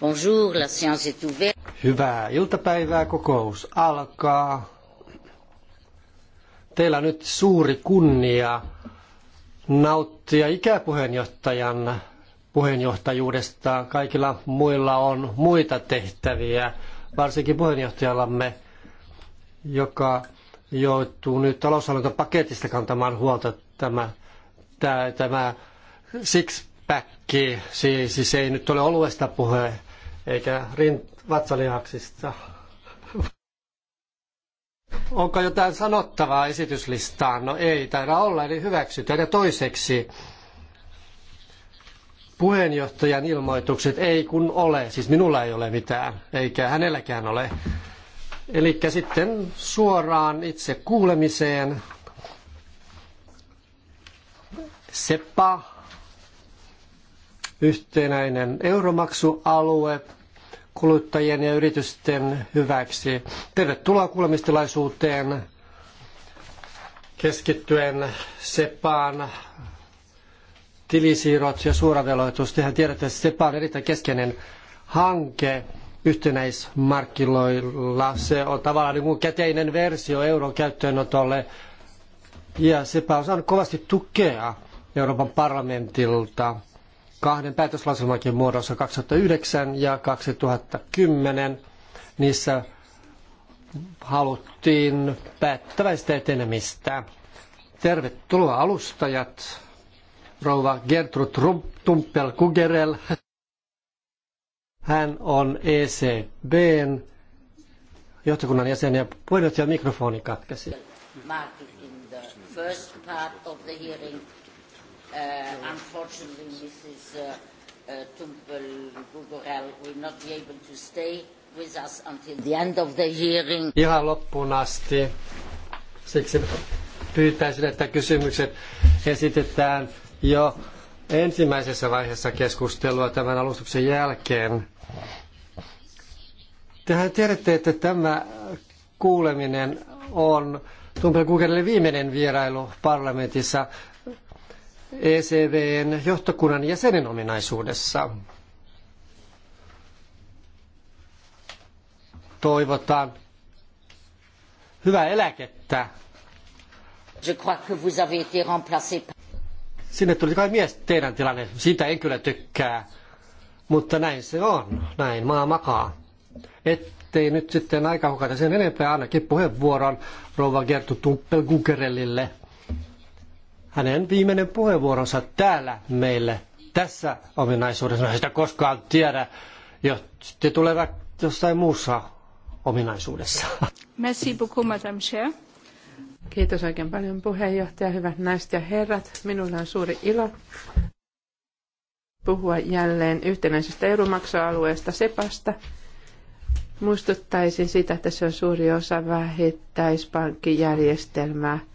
Bonjour, la est ouverte. Hyvää iltapäivää, kokous alkaa. Teillä on nyt suuri kunnia nauttia ikäpuheenjohtajan puheenjohtajuudesta. Kaikilla muilla on muita tehtäviä, varsinkin puheenjohtajallamme, joka joutuu nyt taloushallintopaketista kantamaan huolta tämä, tämä, tämä six-pack, siis, siis ei nyt ole oluesta puhe, eikä rint- vatsalihaksista. Onko jotain sanottavaa esityslistaan? No ei taida olla, eli hyväksytään. Ja toiseksi puheenjohtajan ilmoitukset ei kun ole, siis minulla ei ole mitään, eikä hänelläkään ole. Eli sitten suoraan itse kuulemiseen. Seppa, yhtenäinen euromaksualue, kuluttajien ja yritysten hyväksi. Tervetuloa kuulemistilaisuuteen keskittyen SEPAan tilisiirrot ja suoraveloitus. Tehän tiedätte, että SEPA on erittäin keskeinen hanke yhtenäismarkkinoilla. Se on tavallaan niin kuin käteinen versio euron käyttöönotolle. Ja SEPA on saanut kovasti tukea Euroopan parlamentilta kahden päätöslauselmankin muodossa 2009 ja 2010. Niissä haluttiin päättäväistä etenemistä. Tervetuloa alustajat, rouva Gertrud Tumpel Kugerel. Hän on ECBn johtokunnan jäsen ja puheenjohtaja mikrofoni katkesi. first part of the hearing Uh, unfortunately, Mrs. Uh, uh, Tumpel Gugurel will not be able to stay with us until the end of the hearing. Ihan loppuun asti. Siksi pyytäisin, että kysymykset esitetään jo ensimmäisessä vaiheessa keskustelua tämän alustuksen jälkeen. Tehän tiedätte, että tämä kuuleminen on Tumpel Kukerille viimeinen vierailu parlamentissa ECVn johtokunnan jäsenen ominaisuudessa. Toivotan hyvää eläkettä. Sinne tuli kai mies teidän tilanne. Siitä en kyllä tykkää. Mutta näin se on. Näin maa makaa. Ettei nyt sitten aika hukata sen enempää, ainakin puheenvuoron rouva Gertu tumpel gugerellille hänen viimeinen puheenvuoronsa täällä meille tässä ominaisuudessa. Mä sitä koskaan tiedä, jos te tulevat jossain muussa ominaisuudessa. Merci beaucoup, Madame Chair. Kiitos oikein paljon puheenjohtaja, hyvät naiset ja herrat. Minulla on suuri ilo puhua jälleen yhtenäisestä euromaksualueesta SEPasta. Muistuttaisin sitä, että se on suuri osa vähittäispankkijärjestelmää –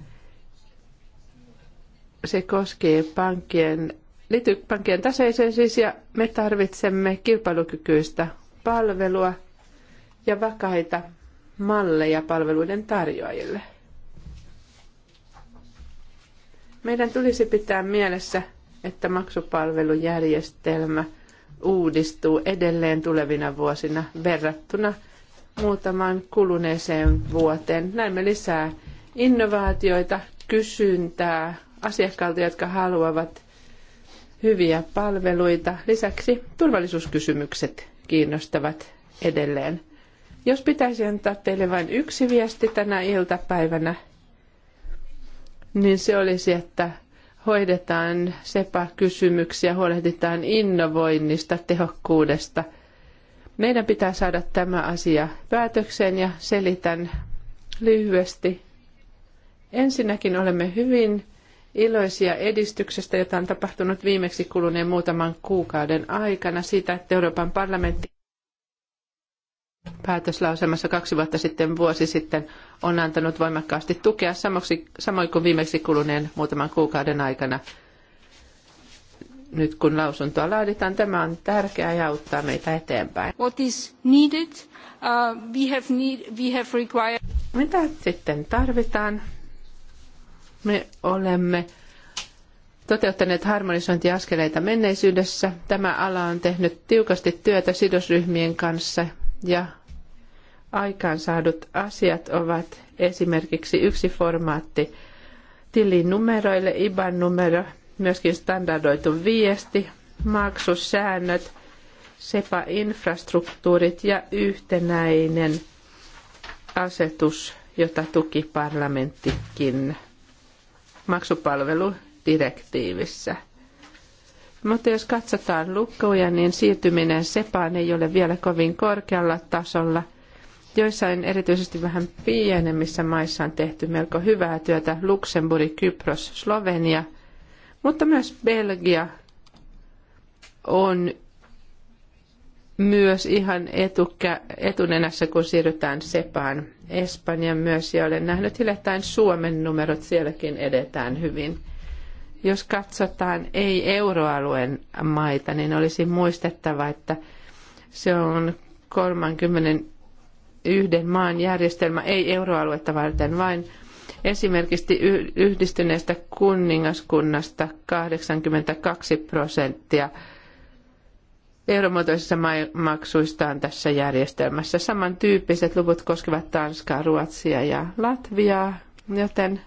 se koskee pankkien, liittyy pankkien taseeseen siis, ja me tarvitsemme kilpailukykyistä palvelua ja vakaita malleja palveluiden tarjoajille. Meidän tulisi pitää mielessä, että maksupalvelujärjestelmä uudistuu edelleen tulevina vuosina verrattuna muutamaan kuluneeseen vuoteen. Näemme lisää innovaatioita, kysyntää, asiakkailta, jotka haluavat hyviä palveluita. Lisäksi turvallisuuskysymykset kiinnostavat edelleen. Jos pitäisi antaa teille vain yksi viesti tänä iltapäivänä, niin se olisi, että hoidetaan SEPA-kysymyksiä, huolehditaan innovoinnista, tehokkuudesta. Meidän pitää saada tämä asia päätökseen ja selitän lyhyesti. Ensinnäkin olemme hyvin iloisia edistyksestä, jota on tapahtunut viimeksi kuluneen muutaman kuukauden aikana siitä, että Euroopan parlamentti päätöslausemassa kaksi vuotta sitten, vuosi sitten, on antanut voimakkaasti tukea samoksi, samoin kuin viimeksi kuluneen muutaman kuukauden aikana. Nyt kun lausuntoa laaditaan, tämä on tärkeää ja auttaa meitä eteenpäin. What is needed? Uh, we have need, we have required... Mitä sitten tarvitaan? Me olemme toteuttaneet harmonisointiaskeleita menneisyydessä. Tämä ala on tehnyt tiukasti työtä sidosryhmien kanssa ja aikaansaadut asiat ovat esimerkiksi yksi formaatti tilin numeroille, IBAN-numero, myöskin standardoitu viesti, maksusäännöt, SEPA-infrastruktuurit ja yhtenäinen asetus, jota tuki parlamenttikin maksupalveludirektiivissä. Mutta jos katsotaan lukuja, niin siirtyminen SEPAan ei ole vielä kovin korkealla tasolla. Joissain erityisesti vähän pienemmissä maissa on tehty melko hyvää työtä, Luxemburg, Kypros, Slovenia, mutta myös Belgia on myös ihan etukä, etunenässä, kun siirrytään SEPAan. Espanjan myös, ja olen nähnyt hiljattain Suomen numerot, sielläkin edetään hyvin. Jos katsotaan ei-euroalueen maita, niin olisi muistettava, että se on 31 maan järjestelmä, ei euroaluetta varten, vain esimerkiksi yhdistyneestä kuningaskunnasta 82 prosenttia – euromuotoisissa maksuistaan tässä järjestelmässä. Samantyyppiset luvut koskevat Tanskaa, Ruotsia ja Latviaa, joten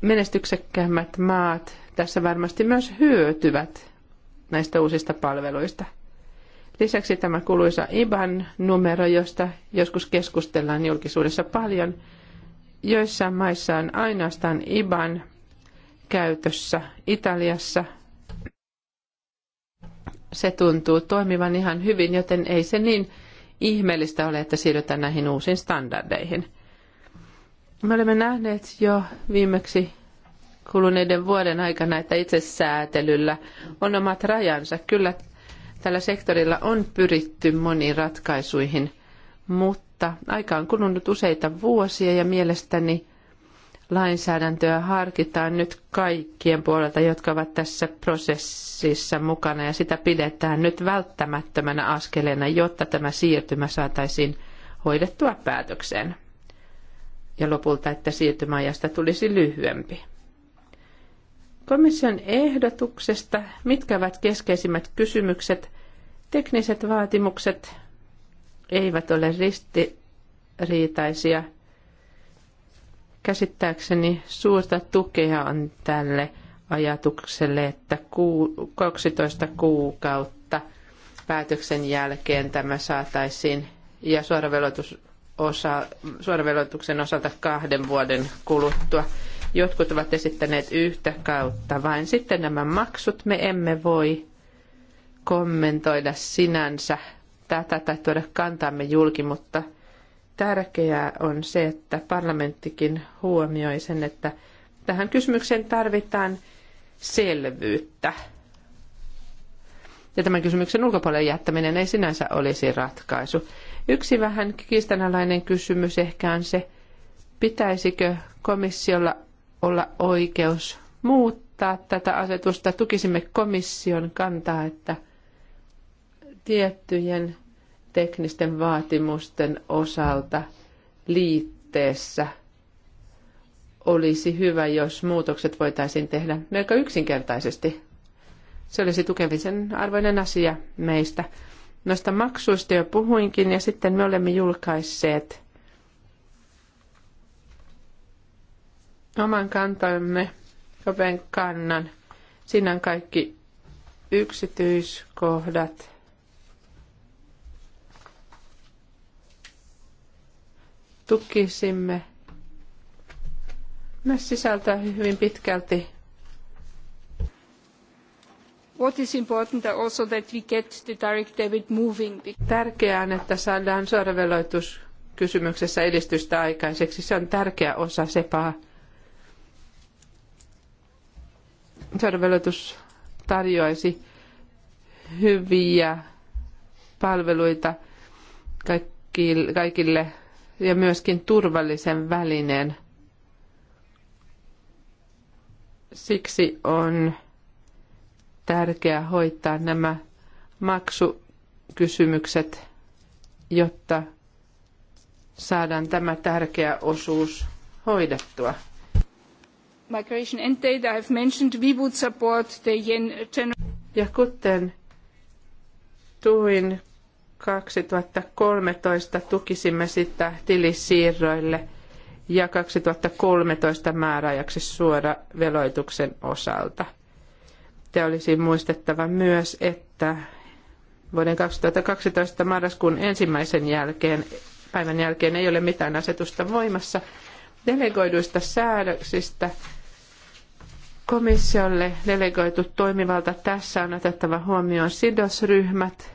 menestyksekkäimmät maat tässä varmasti myös hyötyvät näistä uusista palveluista. Lisäksi tämä kuluisa IBAN-numero, josta joskus keskustellaan julkisuudessa paljon. Joissain maissa on ainoastaan IBAN käytössä. Italiassa, se tuntuu toimivan ihan hyvin, joten ei se niin ihmeellistä ole, että siirrytään näihin uusiin standardeihin. Me olemme nähneet jo viimeksi kuluneiden vuoden aikana, että itsesäätelyllä on omat rajansa. Kyllä tällä sektorilla on pyritty moniin ratkaisuihin, mutta aika on kulunut useita vuosia ja mielestäni – lainsäädäntöä harkitaan nyt kaikkien puolelta, jotka ovat tässä prosessissa mukana ja sitä pidetään nyt välttämättömänä askeleena, jotta tämä siirtymä saataisiin hoidettua päätökseen. Ja lopulta, että siirtymäajasta tulisi lyhyempi. Komission ehdotuksesta, mitkä ovat keskeisimmät kysymykset, tekniset vaatimukset eivät ole ristiriitaisia – Käsittääkseni suurta tukea on tälle ajatukselle, että 12 kuukautta päätöksen jälkeen tämä saataisiin ja suoravelotus osa, osalta kahden vuoden kuluttua. Jotkut ovat esittäneet yhtä kautta, vain sitten nämä maksut me emme voi kommentoida sinänsä tätä tai tuoda kantamme julki, mutta – tärkeää on se, että parlamenttikin huomioi sen, että tähän kysymykseen tarvitaan selvyyttä. Ja tämän kysymyksen ulkopuolelle jättäminen ei sinänsä olisi ratkaisu. Yksi vähän kiistanalainen kysymys ehkä on se, pitäisikö komissiolla olla oikeus muuttaa tätä asetusta. Tukisimme komission kantaa, että tiettyjen teknisten vaatimusten osalta liitteessä olisi hyvä, jos muutokset voitaisiin tehdä melko yksinkertaisesti. Se olisi tukemisen arvoinen asia meistä. Noista maksuista jo puhuinkin ja sitten me olemme julkaisseet oman kantamme, Kopen kannan. Siinä on kaikki yksityiskohdat tukisimme myös sisältää hyvin pitkälti. What is important also that we get the directive moving. Tärkeää on, että saadaan suoraveloitus kysymyksessä edistystä aikaiseksi. Se on tärkeä osa SEPAa. Sorveloitus tarjoaisi hyviä palveluita kaikille ja myöskin turvallisen välineen. Siksi on tärkeää hoitaa nämä maksukysymykset, jotta saadaan tämä tärkeä osuus hoidettua. Migration have mentioned, we would support the general... Ja kuten tuin 2013 tukisimme sitä tilisiirroille ja 2013 määräajaksi suora veloituksen osalta. Te olisi muistettava myös, että vuoden 2012 marraskuun ensimmäisen jälkeen, päivän jälkeen ei ole mitään asetusta voimassa delegoiduista säädöksistä. Komissiolle delegoitu toimivalta tässä on otettava huomioon sidosryhmät,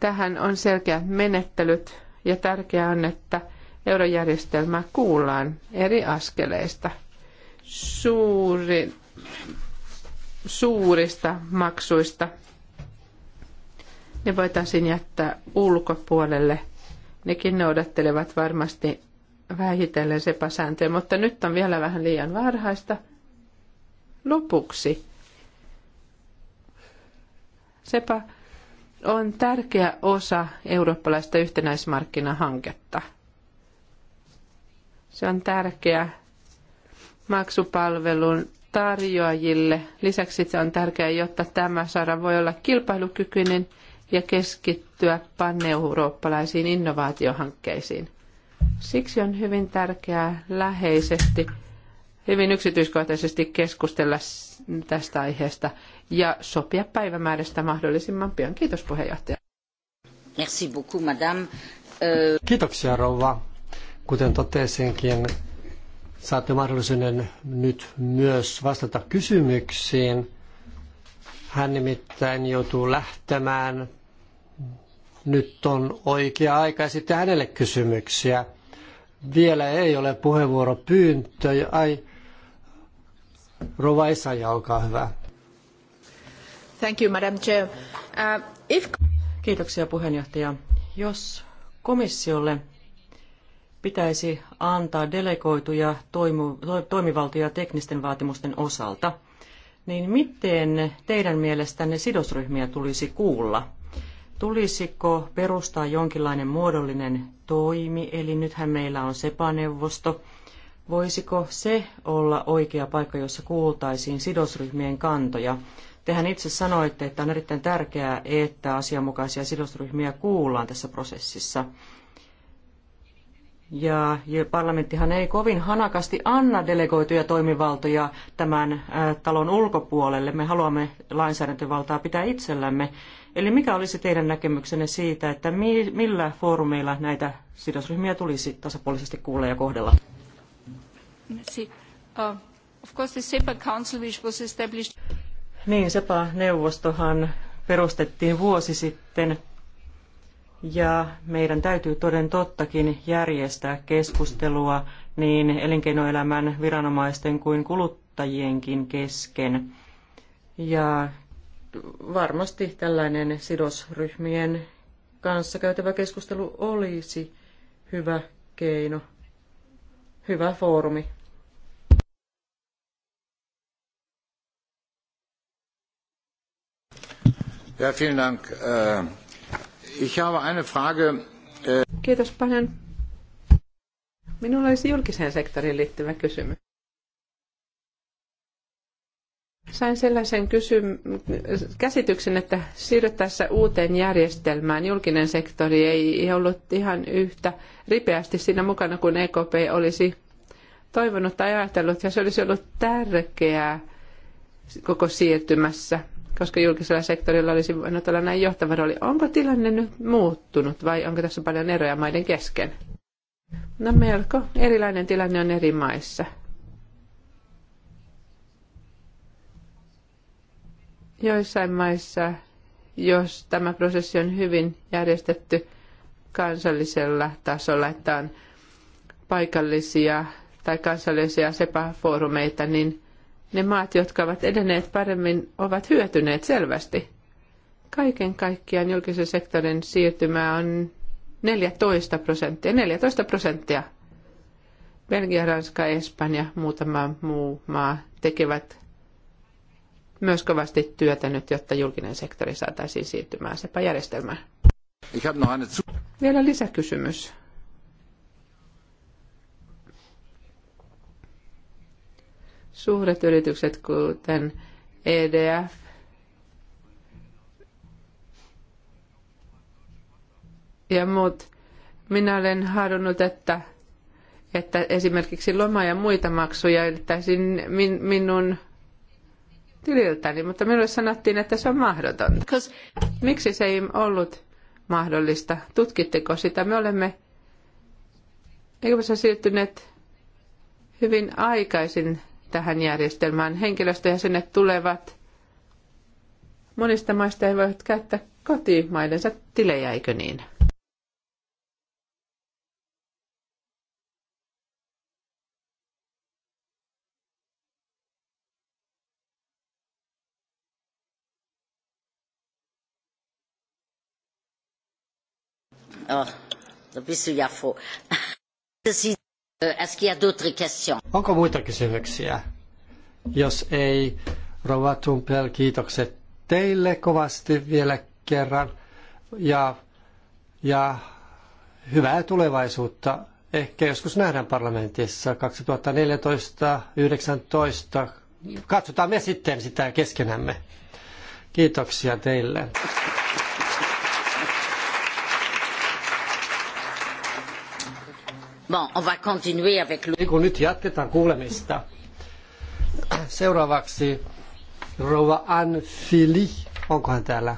Tähän on selkeät menettelyt ja tärkeää on, että eurojärjestelmää kuullaan eri askeleista. Suuri, suurista maksuista ne voitaisiin jättää ulkopuolelle. Nekin noudattelevat varmasti vähitellen sepasääntöjä, mutta nyt on vielä vähän liian varhaista. Lopuksi. Sepa on tärkeä osa eurooppalaista yhtenäismarkkinahanketta. Se on tärkeä maksupalvelun tarjoajille. Lisäksi se on tärkeää, jotta tämä sara voi olla kilpailukykyinen ja keskittyä panneurooppalaisiin innovaatiohankkeisiin. Siksi on hyvin tärkeää läheisesti, hyvin yksityiskohtaisesti keskustella tästä aiheesta ja sopia päivämäärästä mahdollisimman pian. Kiitos puheenjohtaja. Merci beaucoup, madame. Kiitoksia rouva. Kuten totesinkin, saatte mahdollisuuden nyt myös vastata kysymyksiin. Hän nimittäin joutuu lähtemään. Nyt on oikea aika sitten hänelle kysymyksiä. Vielä ei ole puheenvuoropyyntöjä. Ai, Rova Esaja, olkaa hyvä. Uh, Kiitoksia puheenjohtaja. Jos komissiolle pitäisi antaa delegoituja toimivaltoja teknisten vaatimusten osalta, niin miten teidän mielestänne sidosryhmiä tulisi kuulla? Tulisiko perustaa jonkinlainen muodollinen toimi, eli nythän meillä on SEPA-neuvosto. Voisiko se olla oikea paikka, jossa kuultaisiin sidosryhmien kantoja? Tehän itse sanoitte, että on erittäin tärkeää, että asianmukaisia sidosryhmiä kuullaan tässä prosessissa. Ja parlamenttihan ei kovin hanakasti anna delegoituja toimivaltoja tämän talon ulkopuolelle. Me haluamme lainsäädäntövaltaa pitää itsellämme. Eli mikä olisi teidän näkemyksenne siitä, että millä foorumeilla näitä sidosryhmiä tulisi tasapuolisesti kuulla ja kohdella? Uh, of course the Council, which was established niin, SEPA-neuvostohan perustettiin vuosi sitten ja meidän täytyy toden tottakin järjestää keskustelua niin elinkeinoelämän viranomaisten kuin kuluttajienkin kesken. Ja varmasti tällainen sidosryhmien kanssa käytävä keskustelu olisi hyvä keino, hyvä foorumi. Äh, äh, Kiitos paljon. Minulla olisi julkiseen sektoriin liittyvä kysymys. Sain sellaisen kysym- käsityksen, että siirryttäessä uuteen järjestelmään julkinen sektori ei ollut ihan yhtä ripeästi siinä mukana kuin EKP olisi toivonut tai ajatellut, ja se olisi ollut tärkeää koko siirtymässä koska julkisella sektorilla olisi voinut olla näin johtava rooli. Onko tilanne nyt muuttunut vai onko tässä paljon eroja maiden kesken? No melko erilainen tilanne on eri maissa. Joissain maissa, jos tämä prosessi on hyvin järjestetty kansallisella tasolla, että on paikallisia tai kansallisia SEPA-foorumeita, niin – ne maat, jotka ovat edenneet paremmin, ovat hyötyneet selvästi. Kaiken kaikkiaan julkisen sektorin siirtymää on 14 prosenttia. 14 prosenttia. Belgia, Ranska, Espanja, muutama muu maa tekevät myös kovasti työtä nyt, jotta julkinen sektori saataisiin siirtymään sepä järjestelmään. Vielä lisäkysymys. Suuret yritykset, kuten EDF, ja muut. Minä olen halunnut, että, että esimerkiksi loma ja muita maksuja yrittäisin min, minun tililtäni, mutta minulle sanottiin, että se on mahdotonta. Miksi se ei ollut mahdollista? Tutkitteko sitä? Me olemme Egyptissä siirtyneet hyvin aikaisin tähän järjestelmään. Henkilöstöjäsenet tulevat monista maista ei voivat käyttää kotimaidensa tilejä, eikö niin? Oh, då blir så Euh, Onko muita kysymyksiä? Jos ei, Rova Tumpel, kiitokset teille kovasti vielä kerran ja, ja hyvää tulevaisuutta. Ehkä joskus nähdään parlamentissa 2014-2019. Katsotaan me sitten sitä keskenämme. Kiitoksia teille. Bon, on va continuer avec... Kun nyt jatketaan kuulemista. Seuraavaksi Rova Anfili, onkohan täällä?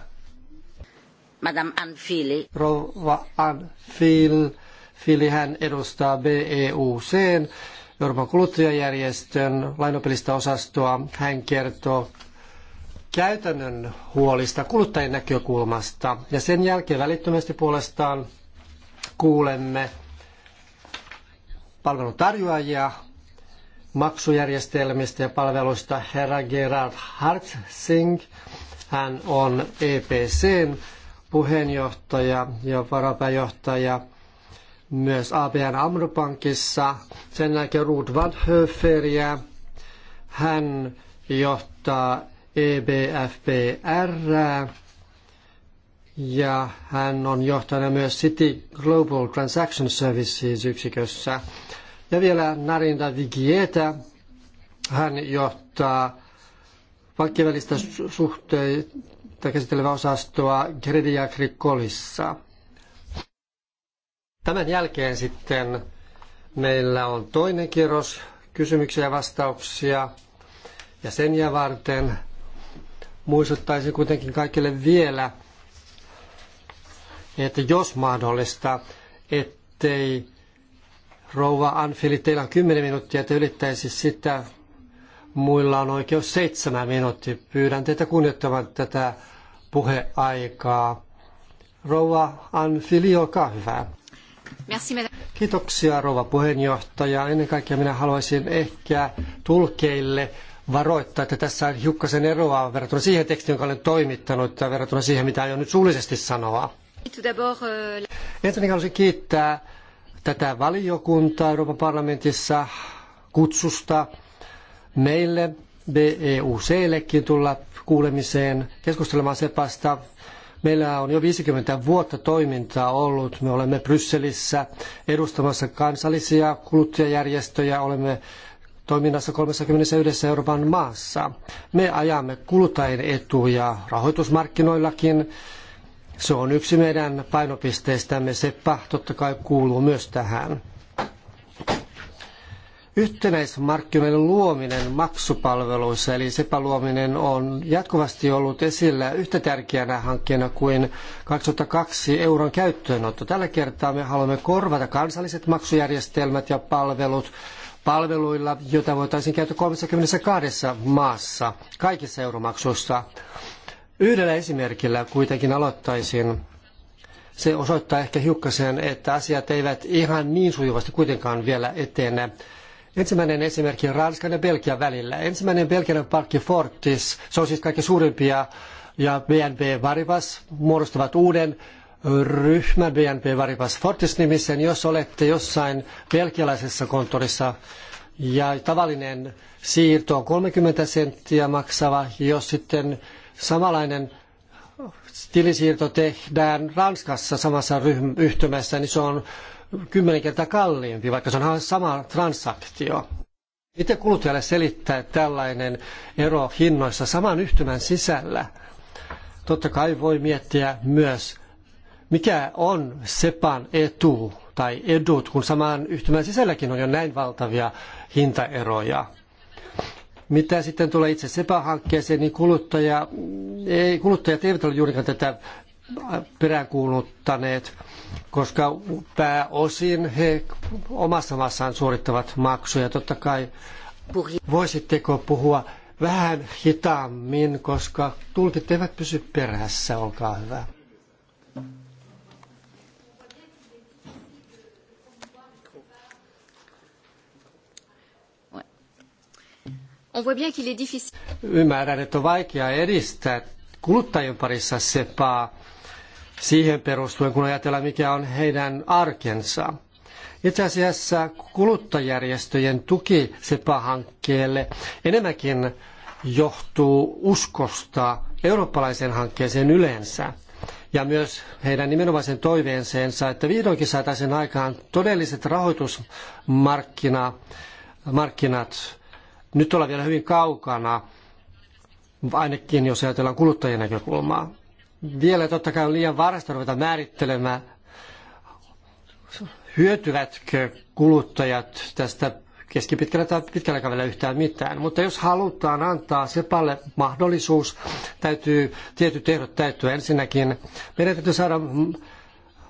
Madame Anfili. Rova Anfil, Fili hän edustaa BEUC, Euroopan kuluttajajärjestön lainopillista osastoa. Hän kertoo käytännön huolista kuluttajien näkökulmasta ja sen jälkeen välittömästi puolestaan kuulemme palveluntarjoajia maksujärjestelmistä ja palveluista. Herra Gerard Hartzing, hän on EPCn puheenjohtaja ja varapääjohtaja myös ABN Amropankissa. Sen jälkeen Ruud Waldhöferiä. Hän johtaa EBFBR ja hän on johtajana myös City Global Transaction Services yksikössä. Ja vielä Narinda Vigietä. hän johtaa pankkivälistä suhteita käsittelevää osastoa Grediak Tämän jälkeen sitten meillä on toinen kierros kysymyksiä ja vastauksia. Ja sen varten muistuttaisin kuitenkin kaikille vielä, että jos mahdollista, ettei rouva Anfili, teillä on 10 minuuttia, että ylittäisi sitä. Muilla on oikeus seitsemän minuuttia. Pyydän teitä kunnioittamaan tätä puheaikaa. Rouva Anfili, olkaa hyvä. Kiitoksia rouva puheenjohtaja. Ennen kaikkea minä haluaisin ehkä tulkeille varoittaa, että tässä on hiukkasen eroa verrattuna siihen tekstiin, jonka olen toimittanut, ja verrattuna siihen, mitä aion nyt suullisesti sanoa. Euh, Ensinnäkin haluaisin kiittää tätä valiokuntaa Euroopan parlamentissa kutsusta meille BEUC-llekin tulla kuulemiseen keskustelemaan Sepasta. Meillä on jo 50 vuotta toimintaa ollut. Me olemme Brysselissä edustamassa kansallisia kuluttajajärjestöjä. Olemme toiminnassa 31 Euroopan maassa. Me ajamme kuluttajien etuja rahoitusmarkkinoillakin se on yksi meidän painopisteistämme. Seppa totta kai kuuluu myös tähän. Yhtenäismarkkinoiden luominen maksupalveluissa, eli SEPA luominen on jatkuvasti ollut esillä yhtä tärkeänä hankkeena kuin 2002 euron käyttöönotto. Tällä kertaa me haluamme korvata kansalliset maksujärjestelmät ja palvelut palveluilla, joita voitaisiin käyttää 32 maassa kaikissa euromaksuissa. Yhdellä esimerkillä kuitenkin aloittaisin. Se osoittaa ehkä hiukkasen, että asiat eivät ihan niin sujuvasti kuitenkaan vielä etene. Ensimmäinen esimerkki on Ranskan ja Belgian välillä. Ensimmäinen belgian parkki Fortis, se on siis kaikki suurimpia, ja BNP Varivas muodostavat uuden ryhmän BNP Varivas Fortis nimisen, jos olette jossain belgialaisessa konttorissa ja tavallinen siirto on 30 senttiä maksava, jos sitten samanlainen tilisiirto tehdään Ranskassa samassa yhtymässä, niin se on kymmenen kertaa kalliimpi, vaikka se on sama transaktio. Miten kuluttajalle selittää tällainen ero hinnoissa saman yhtymän sisällä? Totta kai voi miettiä myös, mikä on SEPAn etu tai edut, kun saman yhtymän sisälläkin on jo näin valtavia hintaeroja. Mitä sitten tulee itse SEPA-hankkeeseen, niin kuluttaja, ei, kuluttajat eivät ole juurikaan tätä peräänkuuluttaneet, koska pääosin he omassa maassaan suorittavat maksuja. Totta kai voisitteko puhua vähän hitaammin, koska tulkit eivät pysy perässä, olkaa hyvä. On voit bien qu'il est difficile. Ymmärrän, että on vaikea edistää kuluttajien parissa sepaa siihen perustuen, kun ajatellaan, mikä on heidän arkensa. Itse asiassa kuluttajärjestöjen tuki SEPA-hankkeelle enemmänkin johtuu uskosta eurooppalaiseen hankkeeseen yleensä ja myös heidän nimenomaisen toiveensa, että vihdoinkin saataisiin aikaan todelliset rahoitusmarkkinat, markkinat, nyt ollaan vielä hyvin kaukana, ainakin jos ajatellaan kuluttajien näkökulmaa. Vielä totta kai on liian varhaista ruveta määrittelemään, hyötyvätkö kuluttajat tästä keskipitkällä tai pitkällä kävellä yhtään mitään. Mutta jos halutaan antaa sepalle mahdollisuus, täytyy tietyt ehdot täyttyä ensinnäkin. Meidän täytyy saada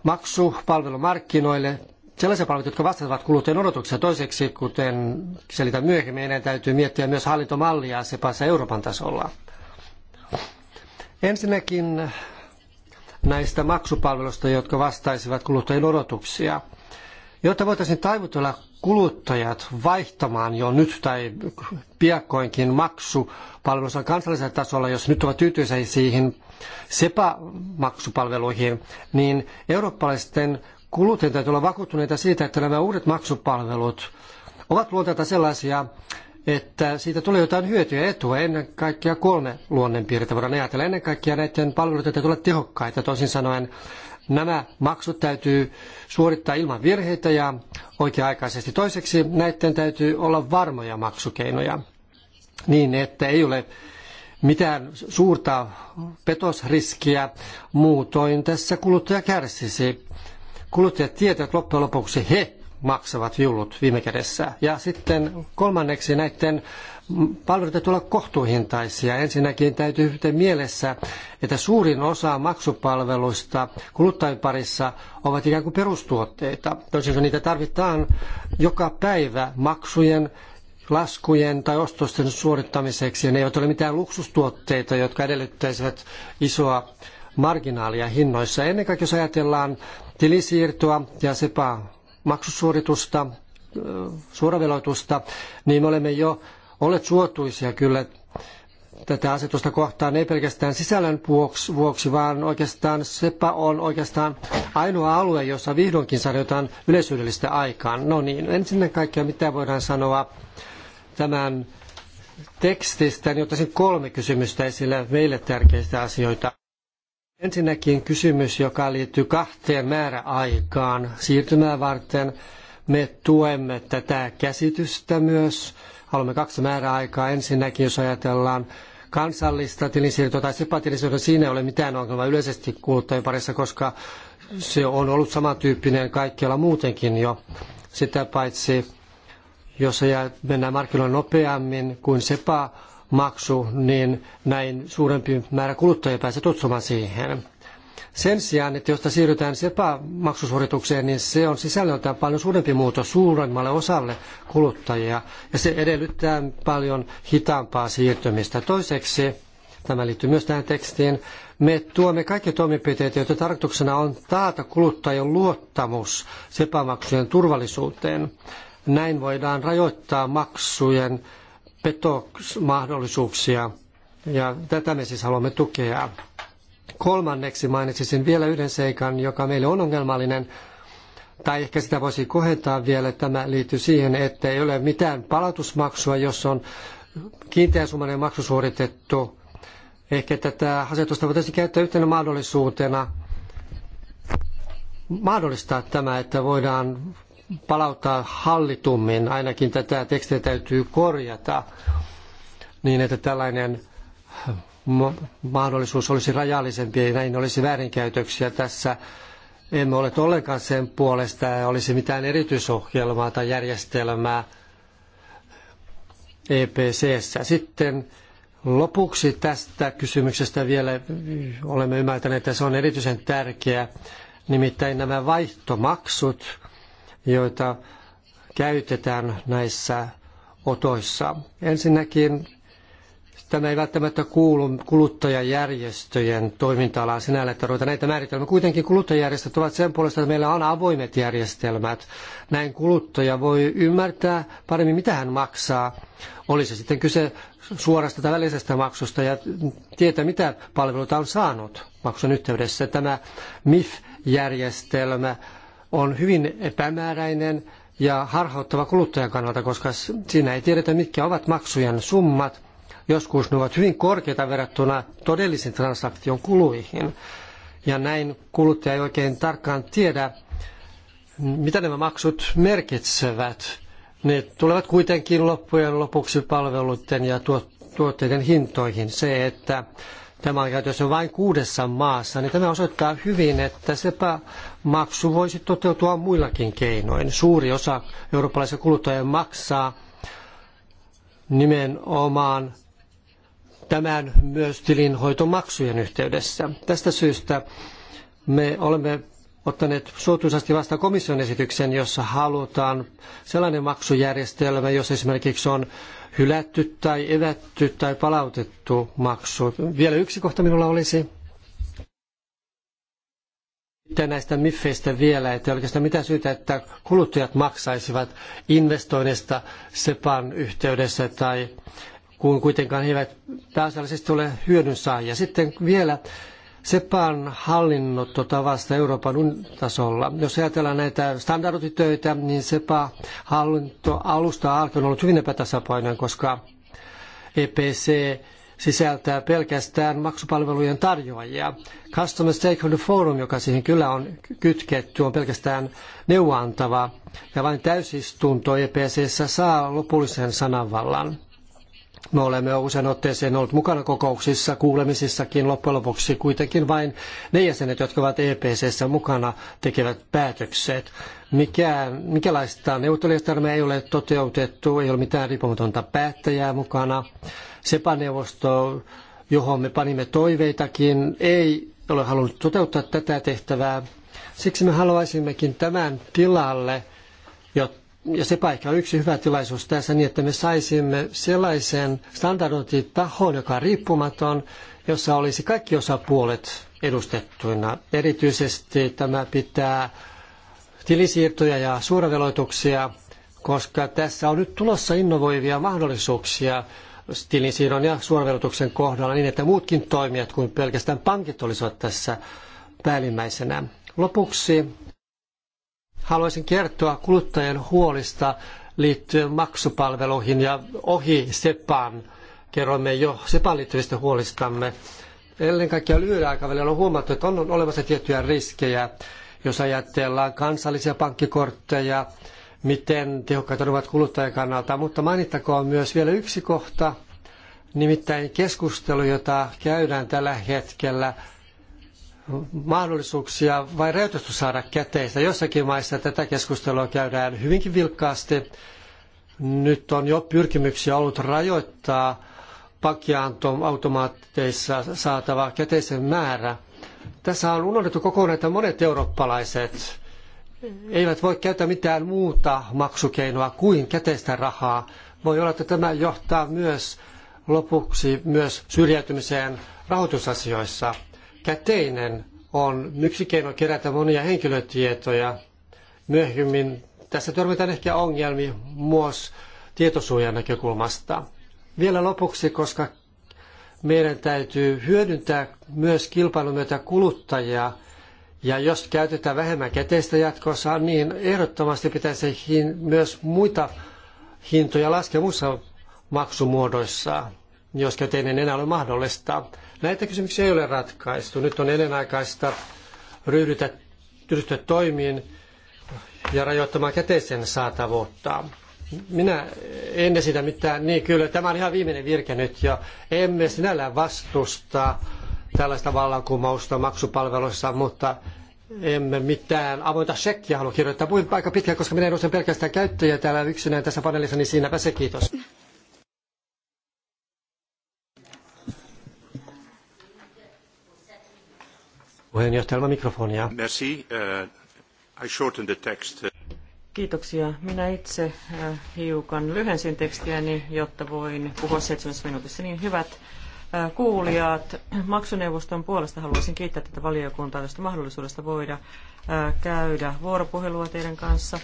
maksu palvelumarkkinoille sellaisia palveluita, jotka vastaavat kuluttajien odotuksia. Toiseksi, kuten selitän myöhemmin, meidän täytyy miettiä myös hallintomallia päässä Euroopan tasolla. Ensinnäkin näistä maksupalveluista, jotka vastaisivat kuluttajien odotuksia. Jotta voitaisiin taivutella kuluttajat vaihtamaan jo nyt tai piakkoinkin maksupalvelussa kansallisella tasolla, jos nyt ovat tyytyväisiä siihen SEPA-maksupalveluihin, niin eurooppalaisten kuluttajien täytyy olla vakuuttuneita siitä, että nämä uudet maksupalvelut ovat luonteelta sellaisia, että siitä tulee jotain hyötyä ja etua. Ennen kaikkea kolme luonnonpiirteitä voidaan ajatella. Ennen kaikkea näiden palveluiden täytyy olla tehokkaita. Toisin sanoen nämä maksut täytyy suorittaa ilman virheitä ja oikea-aikaisesti. Toiseksi näiden täytyy olla varmoja maksukeinoja niin, että ei ole mitään suurta petosriskiä. Muutoin tässä kuluttaja kärsisi kuluttajat tietävät että loppujen lopuksi he maksavat viulut viime kädessä. Ja sitten kolmanneksi näiden palvelut täytyy olla kohtuuhintaisia. Ensinnäkin täytyy pitää mielessä, että suurin osa maksupalveluista kuluttajien parissa ovat ikään kuin perustuotteita. Toisin kuin niitä tarvitaan joka päivä maksujen laskujen tai ostosten suorittamiseksi. Ja ne eivät ole mitään luksustuotteita, jotka edellyttäisivät isoa marginaalia hinnoissa. Ennen kaikkea jos ajatellaan tilisiirtoa ja sepa maksusuoritusta, suoraveloitusta, niin me olemme jo olleet suotuisia kyllä tätä asetusta kohtaan, ei pelkästään sisällön vuoksi, vaan oikeastaan SEPA on oikeastaan ainoa alue, jossa vihdoinkin saadaan jotain yleisyydellistä aikaan. No niin, ensinnä kaikkea mitä voidaan sanoa tämän tekstistä, niin ottaisin kolme kysymystä esille meille tärkeistä asioita. Ensinnäkin kysymys, joka liittyy kahteen määräaikaan siirtymää varten. Me tuemme tätä käsitystä myös. Haluamme kaksi määräaikaa. Ensinnäkin, jos ajatellaan kansallista tilinsiirtoa tai sepatilinsiirtoa, siinä ei ole mitään ongelmaa yleisesti kuluttajien parissa, koska se on ollut samantyyppinen kaikkialla muutenkin jo. Sitä paitsi, jos mennään markkinoille nopeammin kuin sepa maksu, niin näin suurempi määrä kuluttajia pääsee tutsumaan siihen. Sen sijaan, että jos siirrytään SEPA-maksusuoritukseen, niin se on sisällöltään paljon suurempi muutos suuremmalle osalle kuluttajia, ja se edellyttää paljon hitaampaa siirtymistä. Toiseksi, tämä liittyy myös tähän tekstiin, me tuomme kaikki toimenpiteet, joita tarkoituksena on taata kuluttajien luottamus SEPA-maksujen turvallisuuteen. Näin voidaan rajoittaa maksujen petoksmahdollisuuksia. Ja tätä me siis haluamme tukea. Kolmanneksi mainitsisin vielä yhden seikan, joka meille on ongelmallinen, tai ehkä sitä voisi kohentaa vielä. Tämä liittyy siihen, että ei ole mitään palautusmaksua, jos on kiinteäsummainen maksu suoritettu. Ehkä tätä asetusta voitaisiin käyttää yhtenä mahdollisuutena mahdollistaa tämä, että voidaan palauttaa hallitummin. Ainakin tätä tekstiä täytyy korjata niin, että tällainen mahdollisuus olisi rajallisempi ja näin olisi väärinkäytöksiä tässä. Emme ole ollenkaan sen puolesta, että olisi mitään erityisohjelmaa tai järjestelmää EPCssä. Sitten lopuksi tästä kysymyksestä vielä olemme ymmärtäneet, että se on erityisen tärkeä, nimittäin nämä vaihtomaksut – joita käytetään näissä otoissa. Ensinnäkin tämä ei välttämättä kuulu kuluttajajärjestöjen toiminta-alaan sinällä, että ruvetaan näitä määritelmiä. Kuitenkin kuluttajajärjestöt ovat sen puolesta, että meillä on avoimet järjestelmät. Näin kuluttaja voi ymmärtää paremmin, mitä hän maksaa. Oli se sitten kyse suorasta tai välisestä maksusta ja tietää, mitä palveluita on saanut maksun yhteydessä. Tämä MIF-järjestelmä on hyvin epämääräinen ja harhauttava kuluttajan kannalta, koska siinä ei tiedetä, mitkä ovat maksujen summat. Joskus ne ovat hyvin korkeita verrattuna todellisen transaktion kuluihin. Ja näin kuluttaja ei oikein tarkkaan tiedä, mitä nämä maksut merkitsevät. Ne tulevat kuitenkin loppujen lopuksi palveluiden ja tuotteiden hintoihin. Se, että Tämä on käytössä vain kuudessa maassa, niin tämä osoittaa hyvin, että sepä maksu voisi toteutua muillakin keinoin. Suuri osa eurooppalaisia kuluttajia maksaa nimenomaan tämän myös tilinhoitomaksujen yhteydessä. Tästä syystä me olemme ottaneet suotuisasti vastaan komission esityksen, jossa halutaan sellainen maksujärjestelmä, jos esimerkiksi on hylätty tai evätty tai palautettu maksu. Vielä yksi kohta minulla olisi. Sitten näistä miffeistä vielä, että oikeastaan mitä syytä, että kuluttajat maksaisivat investoinnista SEPAn yhteydessä tai kun kuitenkaan he eivät pääasiallisesti ole hyödynsaajia. Sitten vielä SEPAn hallinnototavasta Euroopan tasolla. Jos ajatellaan näitä standarditöitä, niin SEPA-hallinto alusta alkaen on ollut hyvin epätasapainoinen, koska EPC sisältää pelkästään maksupalvelujen tarjoajia. Customer Stakeholder Forum, joka siihen kyllä on kytketty, on pelkästään neuvoantava ja vain täysistunto EPCssä saa lopullisen sananvallan. Me olemme usein otteeseen olleet mukana kokouksissa, kuulemisissakin loppujen lopuksi kuitenkin vain ne jäsenet, jotka ovat EPCssä mukana, tekevät päätökset. Mikä, mikälaista neuvottelijastarmia ei ole toteutettu, ei ole mitään riippumatonta päättäjää mukana. SEPA-neuvosto, johon me panimme toiveitakin, ei ole halunnut toteuttaa tätä tehtävää. Siksi me haluaisimmekin tämän tilalle ja se paikka on yksi hyvä tilaisuus tässä niin, että me saisimme sellaisen standardointitahon, joka on riippumaton, jossa olisi kaikki osapuolet edustettuina. Erityisesti tämä pitää tilisiirtoja ja suoraveloituksia, koska tässä on nyt tulossa innovoivia mahdollisuuksia tilisiirron ja suoraveloituksen kohdalla niin, että muutkin toimijat kuin pelkästään pankit olisivat tässä päällimmäisenä. Lopuksi haluaisin kertoa kuluttajien huolista liittyen maksupalveluihin ja ohi SEPAan. Kerroimme jo SEPAan liittyvistä huolistamme. Ennen kaikkea lyhyellä aikavälillä on huomattu, että on olemassa tiettyjä riskejä, jos ajatellaan kansallisia pankkikortteja, miten tehokkaita ne ovat kuluttajan kannalta. Mutta mainittakoon myös vielä yksi kohta, nimittäin keskustelu, jota käydään tällä hetkellä mahdollisuuksia vai rajoitusta saada käteistä. Jossakin maissa tätä keskustelua käydään hyvinkin vilkkaasti. Nyt on jo pyrkimyksiä ollut rajoittaa pankkiautomaatteissa saatava käteisen määrä. Tässä on unohdettu kokonaan, että monet eurooppalaiset eivät voi käyttää mitään muuta maksukeinoa kuin käteistä rahaa. Voi olla, että tämä johtaa myös lopuksi myös syrjäytymiseen rahoitusasioissa käteinen on yksi keino kerätä monia henkilötietoja. Myöhemmin tässä törmätään ehkä ongelmia myös tietosuojan näkökulmasta. Vielä lopuksi, koska meidän täytyy hyödyntää myös kilpailun myötä kuluttajia, ja jos käytetään vähemmän käteistä jatkossa, niin ehdottomasti pitäisi myös muita hintoja laskea muissa maksumuodoissa, jos käteinen enää ole mahdollista. Näitä kysymyksiä ei ole ratkaistu. Nyt on elinaikaista ryhdytä, ryhtyä toimiin ja rajoittamaan käteisen saatavuutta. Minä en esitä mitään, niin kyllä tämä on ihan viimeinen virke nyt ja emme sinällään vastusta tällaista vallankumousta maksupalveluissa, mutta emme mitään avointa shekkiä halua kirjoittaa. Puhuin aika pitkään, koska minä edustan pelkästään käyttäjiä täällä yksinään tässä paneelissa, niin siinäpä se kiitos. Puheenjohtajalma mikrofonia. Merci. Uh, I shortened the text. Uh, Kiitoksia. Minä itse uh, hiukan lyhensin tekstiäni, jotta voin puhua seitsemässä minuutissa. Niin hyvät kuulijat, maksuneuvoston puolesta haluaisin kiittää tätä valiokuntaa tästä mahdollisuudesta voida käydä vuoropuhelua teidän kanssa.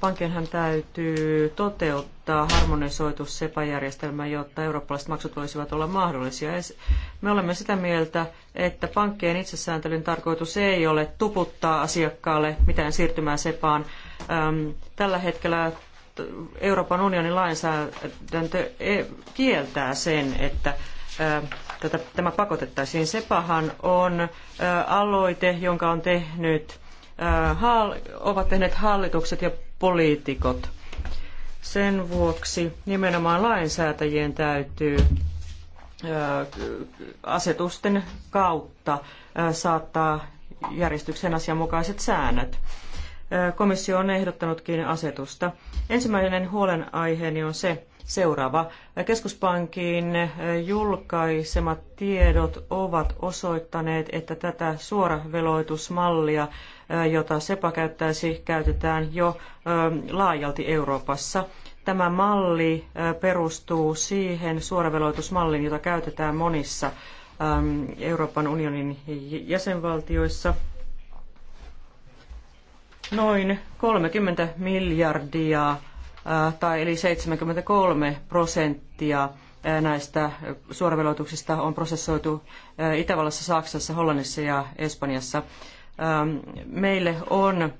Pankkienhan täytyy toteuttaa harmonisoitu SEPA-järjestelmä, jotta eurooppalaiset maksut voisivat olla mahdollisia. Me olemme sitä mieltä, että pankkien itsesääntelyn tarkoitus ei ole tuputtaa asiakkaalle mitään siirtymää SEPAan. Tällä hetkellä Euroopan unionin lainsäädäntö e- kieltää sen, että tämä pakotettaisiin. SEPAhan on aloite, jonka on tehnyt Äh, ovat tehneet hallitukset ja poliitikot. Sen vuoksi nimenomaan lainsäätäjien täytyy äh, asetusten kautta äh, saattaa järjestyksen asianmukaiset säännöt. Komissio on ehdottanutkin asetusta. Ensimmäinen huolenaiheeni on se seuraava. Keskuspankin julkaisemat tiedot ovat osoittaneet, että tätä suoraveloitusmallia jota SEPA käyttäisi, käytetään jo laajalti Euroopassa. Tämä malli perustuu siihen suoraveloitusmalliin, jota käytetään monissa Euroopan unionin jäsenvaltioissa. Noin 30 miljardia tai eli 73 prosenttia näistä suoraveloituksista on prosessoitu Itävallassa, Saksassa, Hollannissa ja Espanjassa. Ähm, meille on, äh,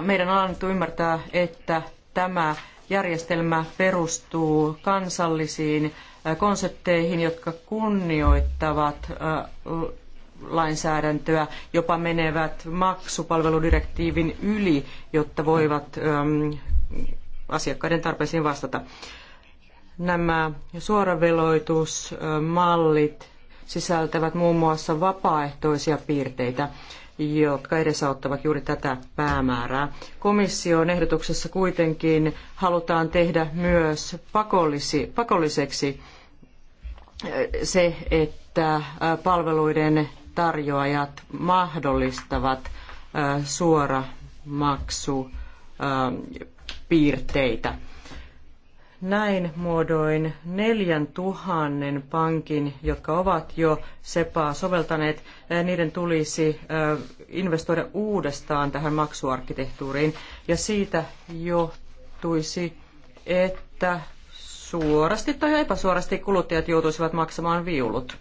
meidän on annettu ymmärtää, että tämä järjestelmä perustuu kansallisiin äh, konsepteihin, jotka kunnioittavat äh, lainsäädäntöä, jopa menevät maksupalveludirektiivin yli, jotta voivat ähm, asiakkaiden tarpeisiin vastata. Nämä suoraveloitusmallit sisältävät muun muassa vapaaehtoisia piirteitä, jotka edesauttavat juuri tätä päämäärää. Komission ehdotuksessa kuitenkin halutaan tehdä myös pakollisi, pakolliseksi eh, se, että eh, palveluiden tarjoajat mahdollistavat eh, suora piirteitä. Näin muodoin neljän tuhannen pankin, jotka ovat jo SEPAa soveltaneet, niiden tulisi investoida uudestaan tähän maksuarkkitehtuuriin. Ja siitä johtuisi, että suorasti tai epäsuorasti kuluttajat joutuisivat maksamaan viulut.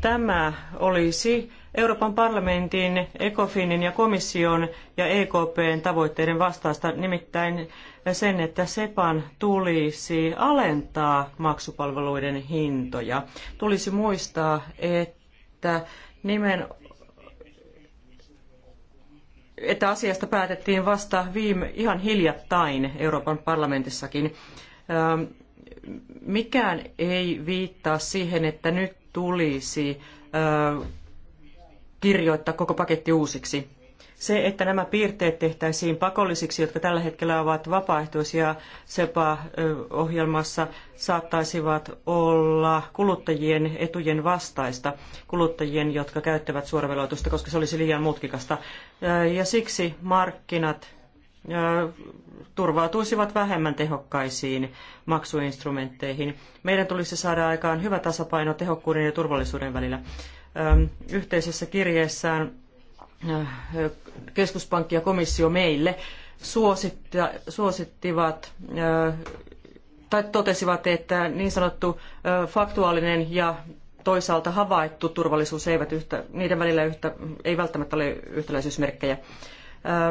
Tämä olisi Euroopan parlamentin, ECOFINin ja komission ja EKPn tavoitteiden vastaista, nimittäin sen, että SEPAN tulisi alentaa maksupalveluiden hintoja. Tulisi muistaa, että nimen että asiasta päätettiin vasta viime, ihan hiljattain Euroopan parlamentissakin. Ähm, mikään ei viittaa siihen, että nyt tulisi äh, kirjoittaa koko paketti uusiksi. Se, että nämä piirteet tehtäisiin pakollisiksi, jotka tällä hetkellä ovat vapaaehtoisia SEPA-ohjelmassa, saattaisivat olla kuluttajien etujen vastaista, kuluttajien, jotka käyttävät suoraveloitusta, koska se olisi liian mutkikasta. Ja siksi markkinat turvautuisivat vähemmän tehokkaisiin maksuinstrumentteihin. Meidän tulisi saada aikaan hyvä tasapaino tehokkuuden ja turvallisuuden välillä yhteisessä kirjeessään äh, keskuspankki ja komissio meille suosittivat äh, tai totesivat, että niin sanottu äh, faktuaalinen ja toisaalta havaittu turvallisuus eivät yhtä, niiden välillä yhtä, ei välttämättä ole yhtäläisyysmerkkejä.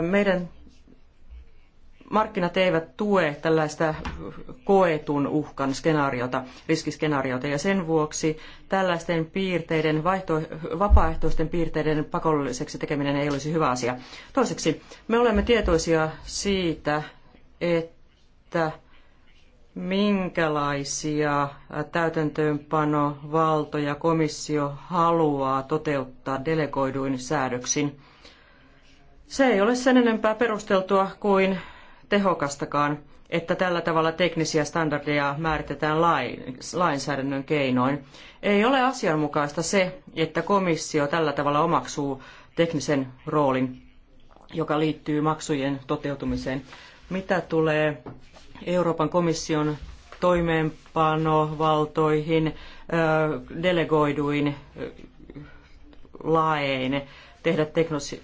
Meidän markkinat eivät tue tällaista koetun uhkan skenaariota, riskiskenaariota, ja sen vuoksi tällaisten piirteiden, vaihto, vapaaehtoisten piirteiden pakolliseksi tekeminen ei olisi hyvä asia. Toiseksi, me olemme tietoisia siitä, että minkälaisia täytäntöönpanovaltoja komissio haluaa toteuttaa delegoiduin säädöksin. Se ei ole sen enempää perusteltua kuin tehokastakaan, että tällä tavalla teknisiä standardeja määritetään lainsäädännön keinoin. Ei ole asianmukaista se, että komissio tällä tavalla omaksuu teknisen roolin, joka liittyy maksujen toteutumiseen. Mitä tulee Euroopan komission toimeenpanovaltoihin, delegoiduin laein tehdä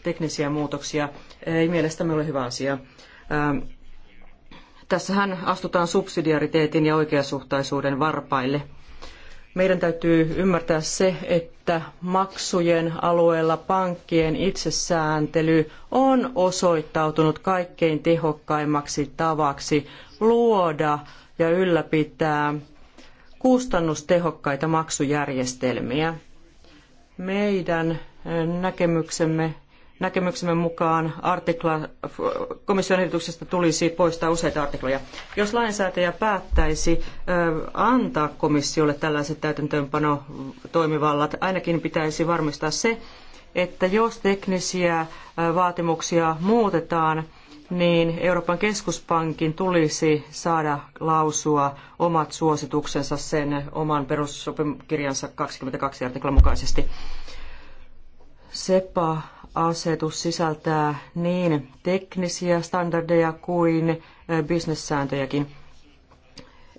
teknisiä muutoksia, ei mielestäni ole hyvä asia. Tässähän astutaan subsidiariteetin ja oikeasuhtaisuuden varpaille. Meidän täytyy ymmärtää se, että maksujen alueella pankkien itsesääntely on osoittautunut kaikkein tehokkaimmaksi tavaksi luoda ja ylläpitää kustannustehokkaita maksujärjestelmiä. Meidän näkemyksemme näkemyksemme mukaan artikla, komission ehdotuksesta tulisi poistaa useita artikloja. Jos lainsäätäjä päättäisi antaa komissiolle tällaiset täytäntöönpanotoimivallat, ainakin pitäisi varmistaa se, että jos teknisiä vaatimuksia muutetaan, niin Euroopan keskuspankin tulisi saada lausua omat suosituksensa sen oman perussopimuskirjansa 22 artiklan mukaisesti. SEPA asetus sisältää niin teknisiä standardeja kuin bisnessääntöjäkin.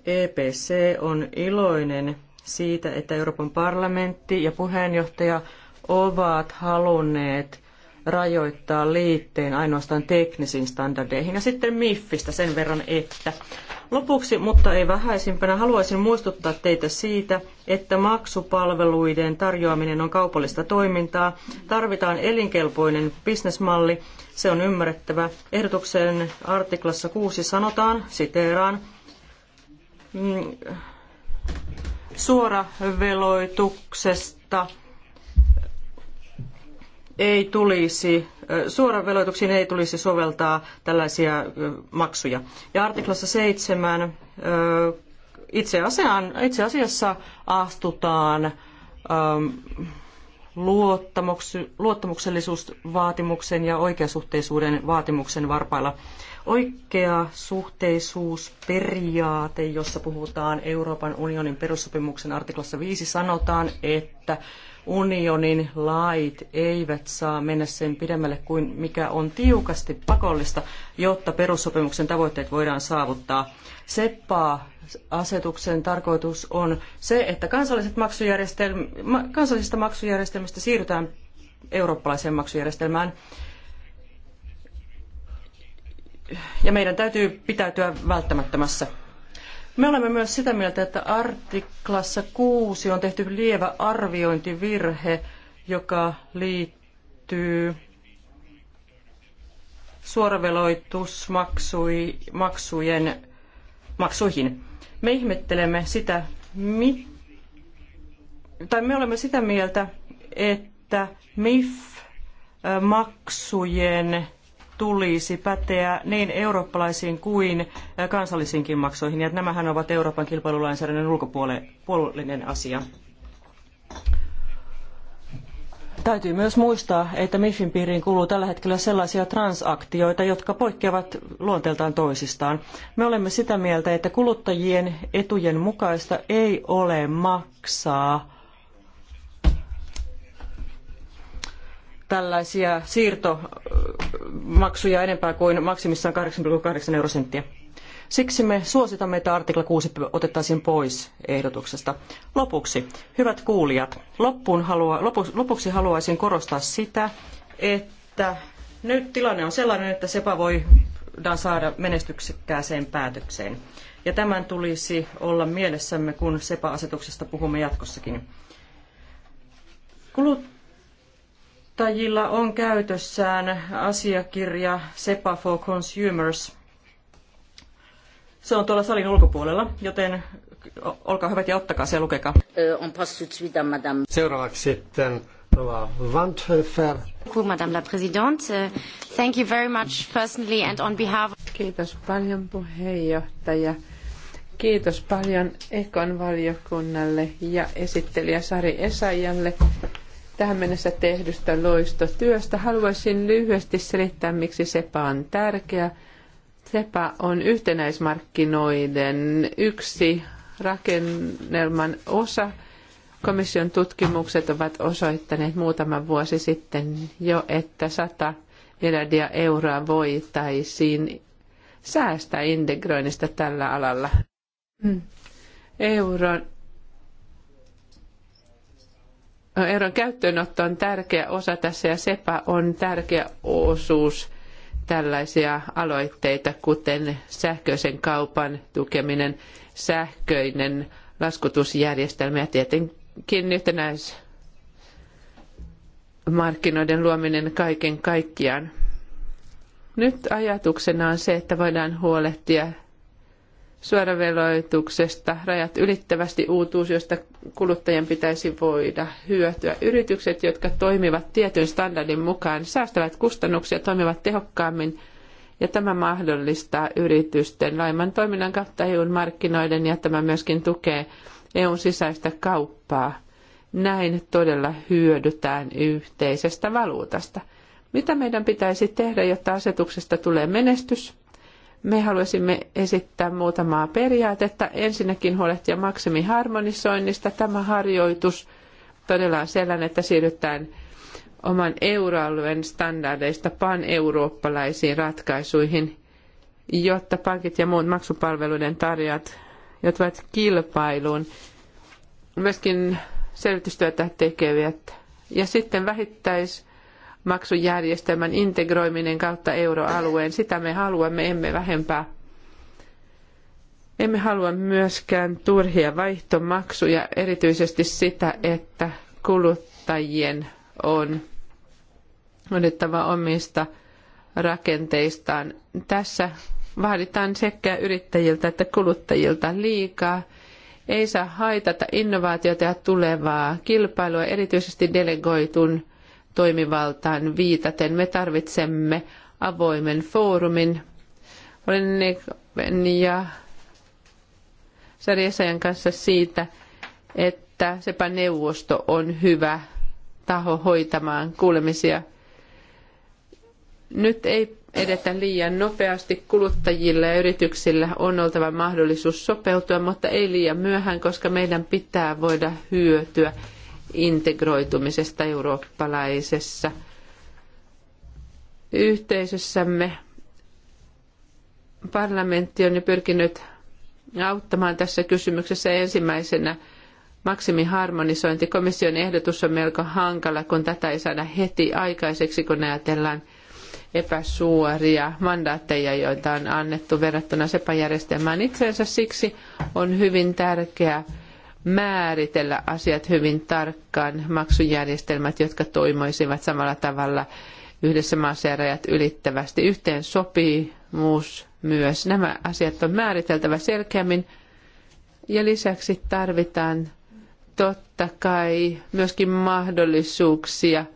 EPC on iloinen siitä, että Euroopan parlamentti ja puheenjohtaja ovat halunneet rajoittaa liitteen ainoastaan teknisiin standardeihin. Ja sitten MIFistä sen verran, että Lopuksi, mutta ei vähäisimpänä, haluaisin muistuttaa teitä siitä, että maksupalveluiden tarjoaminen on kaupallista toimintaa. Tarvitaan elinkelpoinen bisnesmalli, se on ymmärrettävä. Ehdotuksen artiklassa 6 sanotaan, siteeraan, mm, suoraveloituksesta ei tulisi suoraan veloituksiin ei tulisi soveltaa tällaisia maksuja. Ja artiklassa 7 itse, asiaan, itse asiassa astutaan luottamuksellisuusvaatimuksen ja oikeasuhteisuuden vaatimuksen varpailla. Oikeasuhteisuusperiaate, jossa puhutaan Euroopan unionin perussopimuksen artiklassa 5, sanotaan, että unionin lait eivät saa mennä sen pidemmälle kuin mikä on tiukasti pakollista, jotta perussopimuksen tavoitteet voidaan saavuttaa. SEPPA-asetuksen tarkoitus on se, että kansalliset maksujärjestelm- kansallisista maksujärjestelmistä siirrytään eurooppalaiseen maksujärjestelmään. Ja meidän täytyy pitäytyä välttämättömässä me olemme myös sitä mieltä, että artiklassa 6 on tehty lievä arviointivirhe, joka liittyy suoraveloitusmaksujen maksuihin. Me ihmettelemme sitä, mi, tai me olemme sitä mieltä, että MIF-maksujen tulisi päteä niin eurooppalaisiin kuin äh, kansallisiinkin maksoihin, ja nämähän ovat Euroopan kilpailulainsäädännön ulkopuolinen asia. Täytyy myös muistaa, että MIFin piiriin kuuluu tällä hetkellä sellaisia transaktioita, jotka poikkeavat luonteeltaan toisistaan. Me olemme sitä mieltä, että kuluttajien etujen mukaista ei ole maksaa tällaisia siirtomaksuja enempää kuin maksimissaan 8,8 eurosenttiä. Siksi me suositamme, että artikla 6 otettaisiin pois ehdotuksesta. Lopuksi, hyvät kuulijat, halua, lopu, lopuksi haluaisin korostaa sitä, että nyt tilanne on sellainen, että SEPA voidaan saada menestyksekkääseen päätökseen. Ja tämän tulisi olla mielessämme, kun SEPA-asetuksesta puhumme jatkossakin. Kulut kuluttajilla on käytössään asiakirja SEPA for Consumers. Se on tuolla salin ulkopuolella, joten olkaa hyvät ja ottakaa se ja lukekaa. Euh, Seuraavaksi sitten Rova Wandhofer. Madame la Présidente. Euh, thank you very much personally and on behalf... Kiitos paljon puheenjohtaja. Kiitos paljon Ekon valiokunnalle ja esittelijä Sari Esajalle tähän mennessä tehdystä loistotyöstä. Haluaisin lyhyesti selittää, miksi SEPA on tärkeä. SEPA on yhtenäismarkkinoiden yksi rakennelman osa. Komission tutkimukset ovat osoittaneet muutama vuosi sitten jo, että 100 miljardia euroa voitaisiin säästää integroinnista tällä alalla. Mm. Euron euron käyttöönotto on tärkeä osa tässä ja SEPA on tärkeä osuus tällaisia aloitteita, kuten sähköisen kaupan tukeminen, sähköinen laskutusjärjestelmä ja tietenkin yhtenäis markkinoiden luominen kaiken kaikkiaan. Nyt ajatuksena on se, että voidaan huolehtia suoraveloituksesta rajat ylittävästi uutuus, josta kuluttajien pitäisi voida hyötyä. Yritykset, jotka toimivat tietyn standardin mukaan, säästävät kustannuksia, toimivat tehokkaammin ja tämä mahdollistaa yritysten laiman toiminnan kautta EUn markkinoiden ja tämä myöskin tukee EUn sisäistä kauppaa. Näin todella hyödytään yhteisestä valuutasta. Mitä meidän pitäisi tehdä, jotta asetuksesta tulee menestys? me haluaisimme esittää muutamaa periaatetta. Ensinnäkin huolehtia maksimiharmonisoinnista. Tämä harjoitus todella on sellainen, että siirrytään oman euroalueen standardeista pan-eurooppalaisiin ratkaisuihin, jotta pankit ja muut maksupalveluiden tarjoajat joutuvat kilpailuun. Myöskin selvitystyötä tekevät. Ja sitten vähittäis maksujärjestelmän integroiminen kautta euroalueen. Sitä me haluamme, emme vähempää. Emme halua myöskään turhia vaihtomaksuja, erityisesti sitä, että kuluttajien on odottava omista rakenteistaan. Tässä vaaditaan sekä yrittäjiltä että kuluttajilta liikaa. Ei saa haitata innovaatiota ja tulevaa kilpailua, erityisesti delegoitun toimivaltaan viitaten. Me tarvitsemme avoimen foorumin. Olen Neben ja Sarjesajan kanssa siitä, että sepä neuvosto on hyvä taho hoitamaan kuulemisia. Nyt ei edetä liian nopeasti. Kuluttajilla ja yrityksillä on oltava mahdollisuus sopeutua, mutta ei liian myöhään, koska meidän pitää voida hyötyä integroitumisesta eurooppalaisessa yhteisössämme. Parlamentti on jo pyrkinyt auttamaan tässä kysymyksessä ensimmäisenä maksimiharmonisointi. Komission ehdotus on melko hankala, kun tätä ei saada heti aikaiseksi, kun ajatellaan epäsuoria mandaatteja, joita on annettu verrattuna SEPA-järjestelmään. Itseensä siksi on hyvin tärkeää määritellä asiat hyvin tarkkaan, maksujärjestelmät, jotka toimisivat samalla tavalla yhdessä maassa ja rajat ylittävästi. Yhteen myös. Nämä asiat on määriteltävä selkeämmin ja lisäksi tarvitaan totta kai myöskin mahdollisuuksia –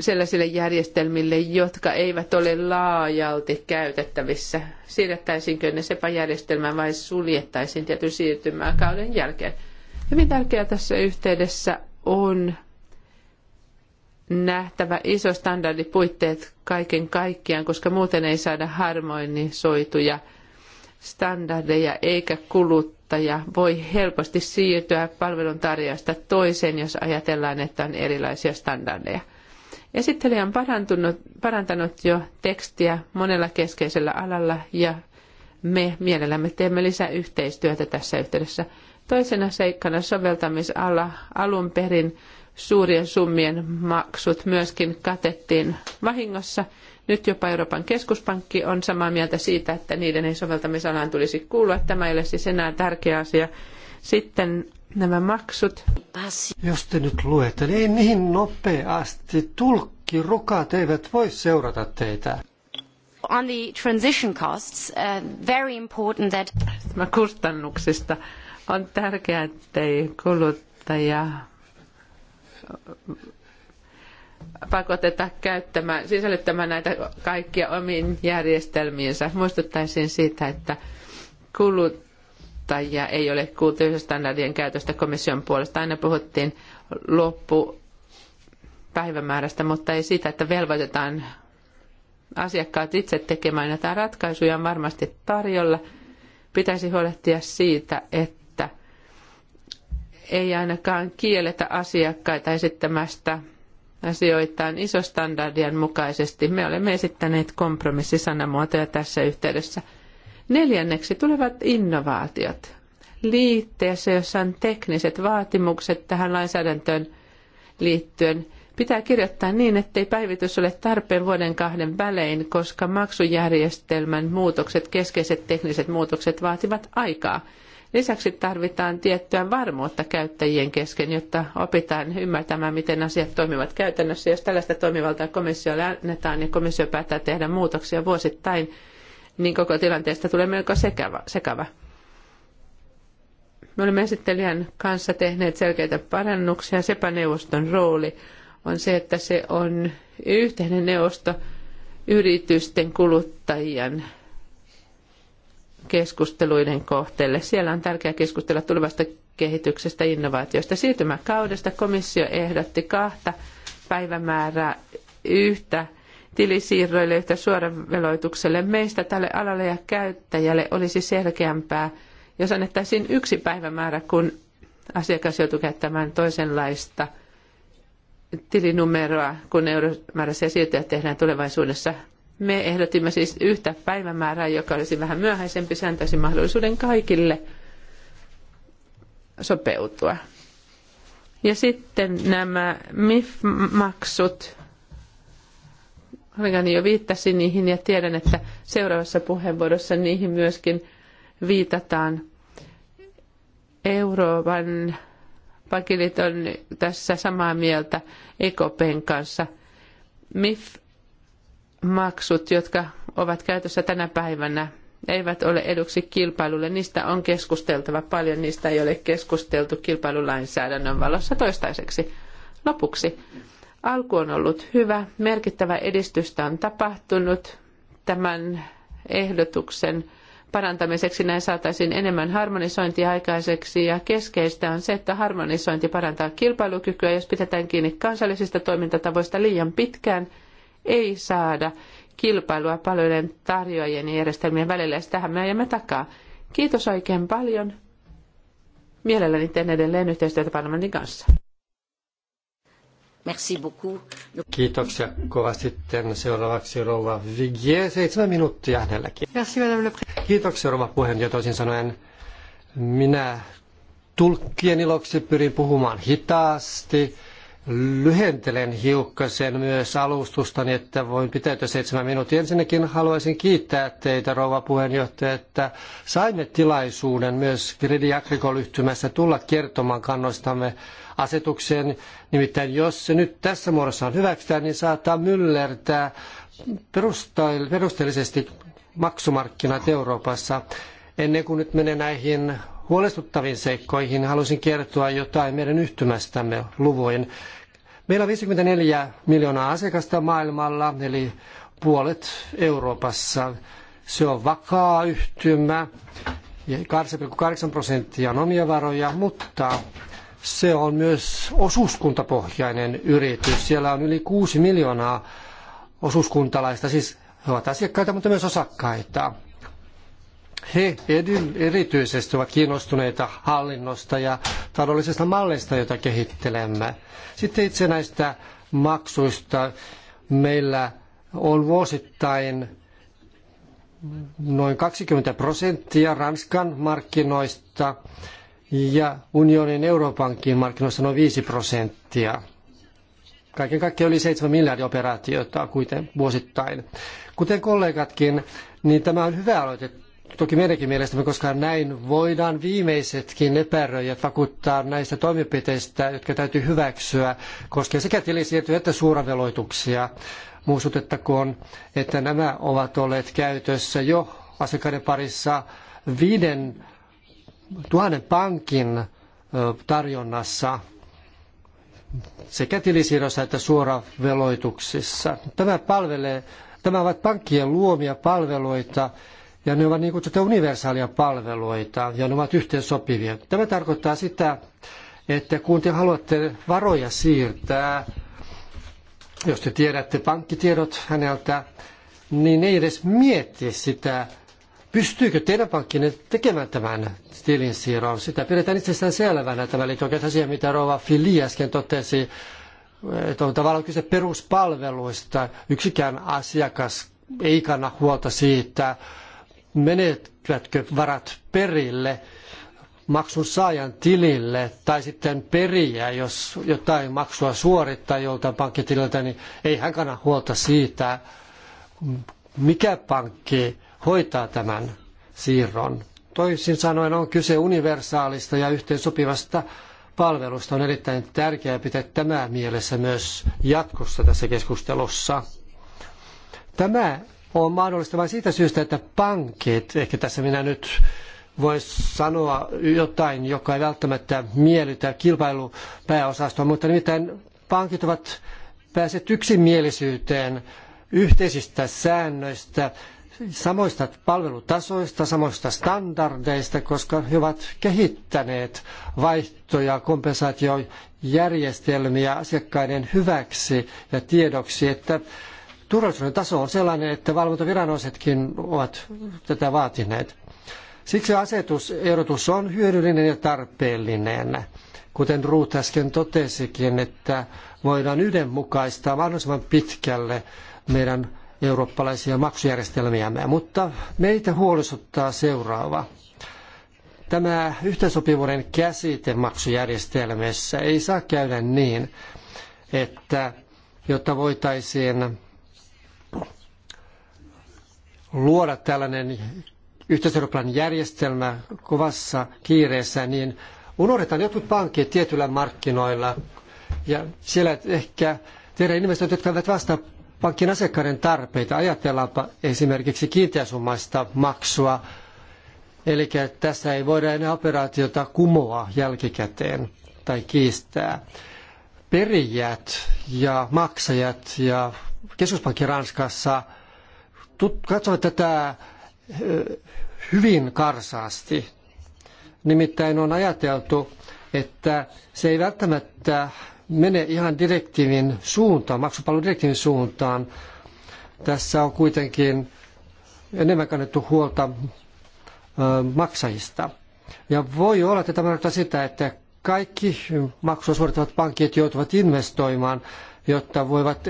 sellaisille järjestelmille, jotka eivät ole laajalti käytettävissä? Siirrettäisiinkö ne SEPA-järjestelmään vai suljettaisiin tietyn siirtymäkauden jälkeen? Hyvin tärkeää tässä yhteydessä on nähtävä iso standardipuitteet kaiken kaikkiaan, koska muuten ei saada harmonisoituja standardeja eikä kuluttaja voi helposti siirtyä palveluntarjoajasta toiseen, jos ajatellaan, että on erilaisia standardeja. Esittelijä on parantunut, parantanut jo tekstiä monella keskeisellä alalla ja me mielellämme teemme lisää yhteistyötä tässä yhteydessä. Toisena seikkana soveltamisala alun perin suurien summien maksut myöskin katettiin vahingossa. Nyt jopa Euroopan keskuspankki on samaa mieltä siitä, että niiden ei soveltamisalaan tulisi kuulua. Tämä ei ole siis enää tärkeä asia. Sitten nämä maksut. Jos te nyt luette, niin niin nopeasti tulkki rukat eivät voi seurata teitä. On the transition costs, uh, very important that... Tämä kustannuksista on tärkeää, ettei kuluttaja pakoteta käyttämään, sisällyttämään näitä kaikkia omiin järjestelmiinsä. Muistuttaisin siitä, että kulut edustajia ei ole kuultu standardien käytöstä komission puolesta. Aina puhuttiin loppu päivämäärästä, mutta ei siitä, että velvoitetaan asiakkaat itse tekemään jotain ratkaisuja on varmasti tarjolla. Pitäisi huolehtia siitä, että ei ainakaan kielletä asiakkaita esittämästä asioitaan isostandardien mukaisesti. Me olemme esittäneet kompromissisanamuotoja tässä yhteydessä – Neljänneksi tulevat innovaatiot. Liitteessä, jossa on tekniset vaatimukset tähän lainsäädäntöön liittyen, pitää kirjoittaa niin, ettei päivitys ole tarpeen vuoden kahden välein, koska maksujärjestelmän muutokset, keskeiset tekniset muutokset vaativat aikaa. Lisäksi tarvitaan tiettyä varmuutta käyttäjien kesken, jotta opitaan ymmärtämään, miten asiat toimivat käytännössä. Jos tällaista toimivaltaa komissiolle annetaan ja niin komissio päättää tehdä muutoksia vuosittain, niin koko tilanteesta tulee melko sekava. sekava. Me olemme esittelijän kanssa tehneet selkeitä parannuksia. SEPA-neuvoston rooli on se, että se on yhteinen neuvosto yritysten kuluttajien keskusteluiden kohteelle. Siellä on tärkeää keskustella tulevasta kehityksestä, innovaatioista. Siirtymäkaudesta komissio ehdotti kahta päivämäärää yhtä tilisiirroille että suoraveloitukselle. Meistä tälle alalle ja käyttäjälle olisi selkeämpää, jos annettaisiin yksi päivämäärä, kun asiakas joutuu käyttämään toisenlaista tilinumeroa, kun euromääräisiä siirtoja tehdään tulevaisuudessa. Me ehdotimme siis yhtä päivämäärää, joka olisi vähän myöhäisempi, se antaisi mahdollisuuden kaikille sopeutua. Ja sitten nämä MIF-maksut, Hangani jo viittasi niihin ja tiedän, että seuraavassa puheenvuorossa niihin myöskin viitataan. Euroopan pakilit on tässä samaa mieltä EKPn kanssa. MIF-maksut, jotka ovat käytössä tänä päivänä, eivät ole eduksi kilpailulle. Niistä on keskusteltava paljon, niistä ei ole keskusteltu kilpailulainsäädännön valossa toistaiseksi. Lopuksi Alku on ollut hyvä, merkittävä edistystä on tapahtunut tämän ehdotuksen parantamiseksi näin saataisiin enemmän harmonisointia aikaiseksi ja keskeistä on se, että harmonisointi parantaa kilpailukykyä, jos pidetään kiinni kansallisista toimintatavoista liian pitkään, ei saada kilpailua palvelujen tarjoajien ja järjestelmien välillä ja sitähän me ajamme takaa. Kiitos oikein paljon. Mielelläni teen edelleen yhteistyötä parlamentin kanssa. Merci beaucoup. Kiitoksia kovasti. Sitten seuraavaksi rouva Vigier, seitsemän minuuttia hänelläkin. Merci, madame le Kiitoksia rouva puheenjohtaja toisin sanoen. Minä tulkkien iloksi pyrin puhumaan hitaasti. Lyhentelen hiukkasen myös alustustani, että voin pitäytyä seitsemän minuuttia. Ensinnäkin haluaisin kiittää teitä, rouva puheenjohtaja, että saimme tilaisuuden myös Gredi Agricol-yhtymässä tulla kertomaan kannoistamme asetukseen. Nimittäin jos se nyt tässä muodossaan hyväksytään, niin saattaa myllertää perusteellisesti maksumarkkinat Euroopassa. Ennen kuin nyt menee näihin huolestuttaviin seikkoihin, haluaisin kertoa jotain meidän yhtymästämme luvuin. Meillä on 54 miljoonaa asiakasta maailmalla, eli puolet Euroopassa. Se on vakaa yhtymä, 8,8 prosenttia on omia varoja, mutta se on myös osuuskuntapohjainen yritys. Siellä on yli kuusi miljoonaa osuuskuntalaista, siis he ovat asiakkaita, mutta myös osakkaita. He erityisesti ovat kiinnostuneita hallinnosta ja taloudellisesta mallista, jota kehittelemme. Sitten itse näistä maksuista meillä on vuosittain noin 20 prosenttia Ranskan markkinoista ja unionin Euroopankin markkinoissa noin 5 prosenttia. Kaiken kaikkiaan yli 7 miljardia operaatiota kuiten vuosittain. Kuten kollegatkin, niin tämä on hyvä aloite toki meidänkin mielestämme, koska näin voidaan viimeisetkin epäröijät vakuuttaa näistä toimenpiteistä, jotka täytyy hyväksyä, koskee sekä tilisiirtoja että suuraveloituksia. Muistutettakoon, että nämä ovat olleet käytössä jo asiakkaiden parissa viiden tuhannen pankin tarjonnassa sekä tilisiirrossa että suoraveloituksissa. Tämä palvelee, tämä ovat pankkien luomia palveluita ja ne ovat niin kutsuttuja universaalia palveluita ja ne ovat yhteensopivia. Tämä tarkoittaa sitä, että kun te haluatte varoja siirtää, jos te tiedätte pankkitiedot häneltä, niin ei edes mietti sitä, Pystyykö teidän pankkinne tekemään tämän tilinsiirron? Sitä pidetään itsestään selvänä. Tämä liittyy oikeastaan siihen, mitä Rova Fili äsken totesi, että on tavallaan kyse peruspalveluista. Yksikään asiakas ei kanna huolta siitä, menevätkö varat perille maksun saajan tilille tai sitten periä, jos jotain maksua suorittaa joltain pankkitililtä, niin ei hän kanna huolta siitä, mikä pankki hoitaa tämän siirron. Toisin sanoen on kyse universaalista ja yhteensopivasta palvelusta. On erittäin tärkeää pitää tämä mielessä myös jatkossa tässä keskustelussa. Tämä on mahdollista vain siitä syystä, että pankit, ehkä tässä minä nyt voisi sanoa jotain, joka ei välttämättä miellytä kilpailupääosastoa, mutta nimittäin pankit ovat päässeet yksimielisyyteen yhteisistä säännöistä samoista palvelutasoista, samoista standardeista, koska he ovat kehittäneet vaihtoja, kompensaatiojärjestelmiä asiakkaiden hyväksi ja tiedoksi, että turvallisuuden taso on sellainen, että valvontaviranomaisetkin ovat tätä vaatineet. Siksi asetusehdotus on hyödyllinen ja tarpeellinen. Kuten Ruut äsken totesikin, että voidaan yhdenmukaistaa mahdollisimman pitkälle meidän eurooppalaisia maksujärjestelmiämme. Mutta meitä huolestuttaa seuraava. Tämä yhteensopivuuden käsite maksujärjestelmässä ei saa käydä niin, että jotta voitaisiin luoda tällainen yhteiseurooppalainen järjestelmä kovassa kiireessä, niin unohdetaan jotkut pankit tietyillä markkinoilla ja siellä ehkä tehdään investointeja, jotka eivät vastaa pankin asiakkaiden tarpeita. Ajatellaanpa esimerkiksi kiinteäsummaista maksua, eli tässä ei voida enää operaatiota kumoa jälkikäteen tai kiistää. Perijät ja maksajat ja keskuspankki Ranskassa katsovat tätä hyvin karsaasti. Nimittäin on ajateltu, että se ei välttämättä mene ihan direktiivin suuntaan, maksupalveludirektiivin suuntaan. Tässä on kuitenkin enemmän kannettu huolta maksajista. Ja voi olla, että tämä tarkoittaa sitä, että kaikki maksua suorittavat pankit joutuvat investoimaan, jotta voivat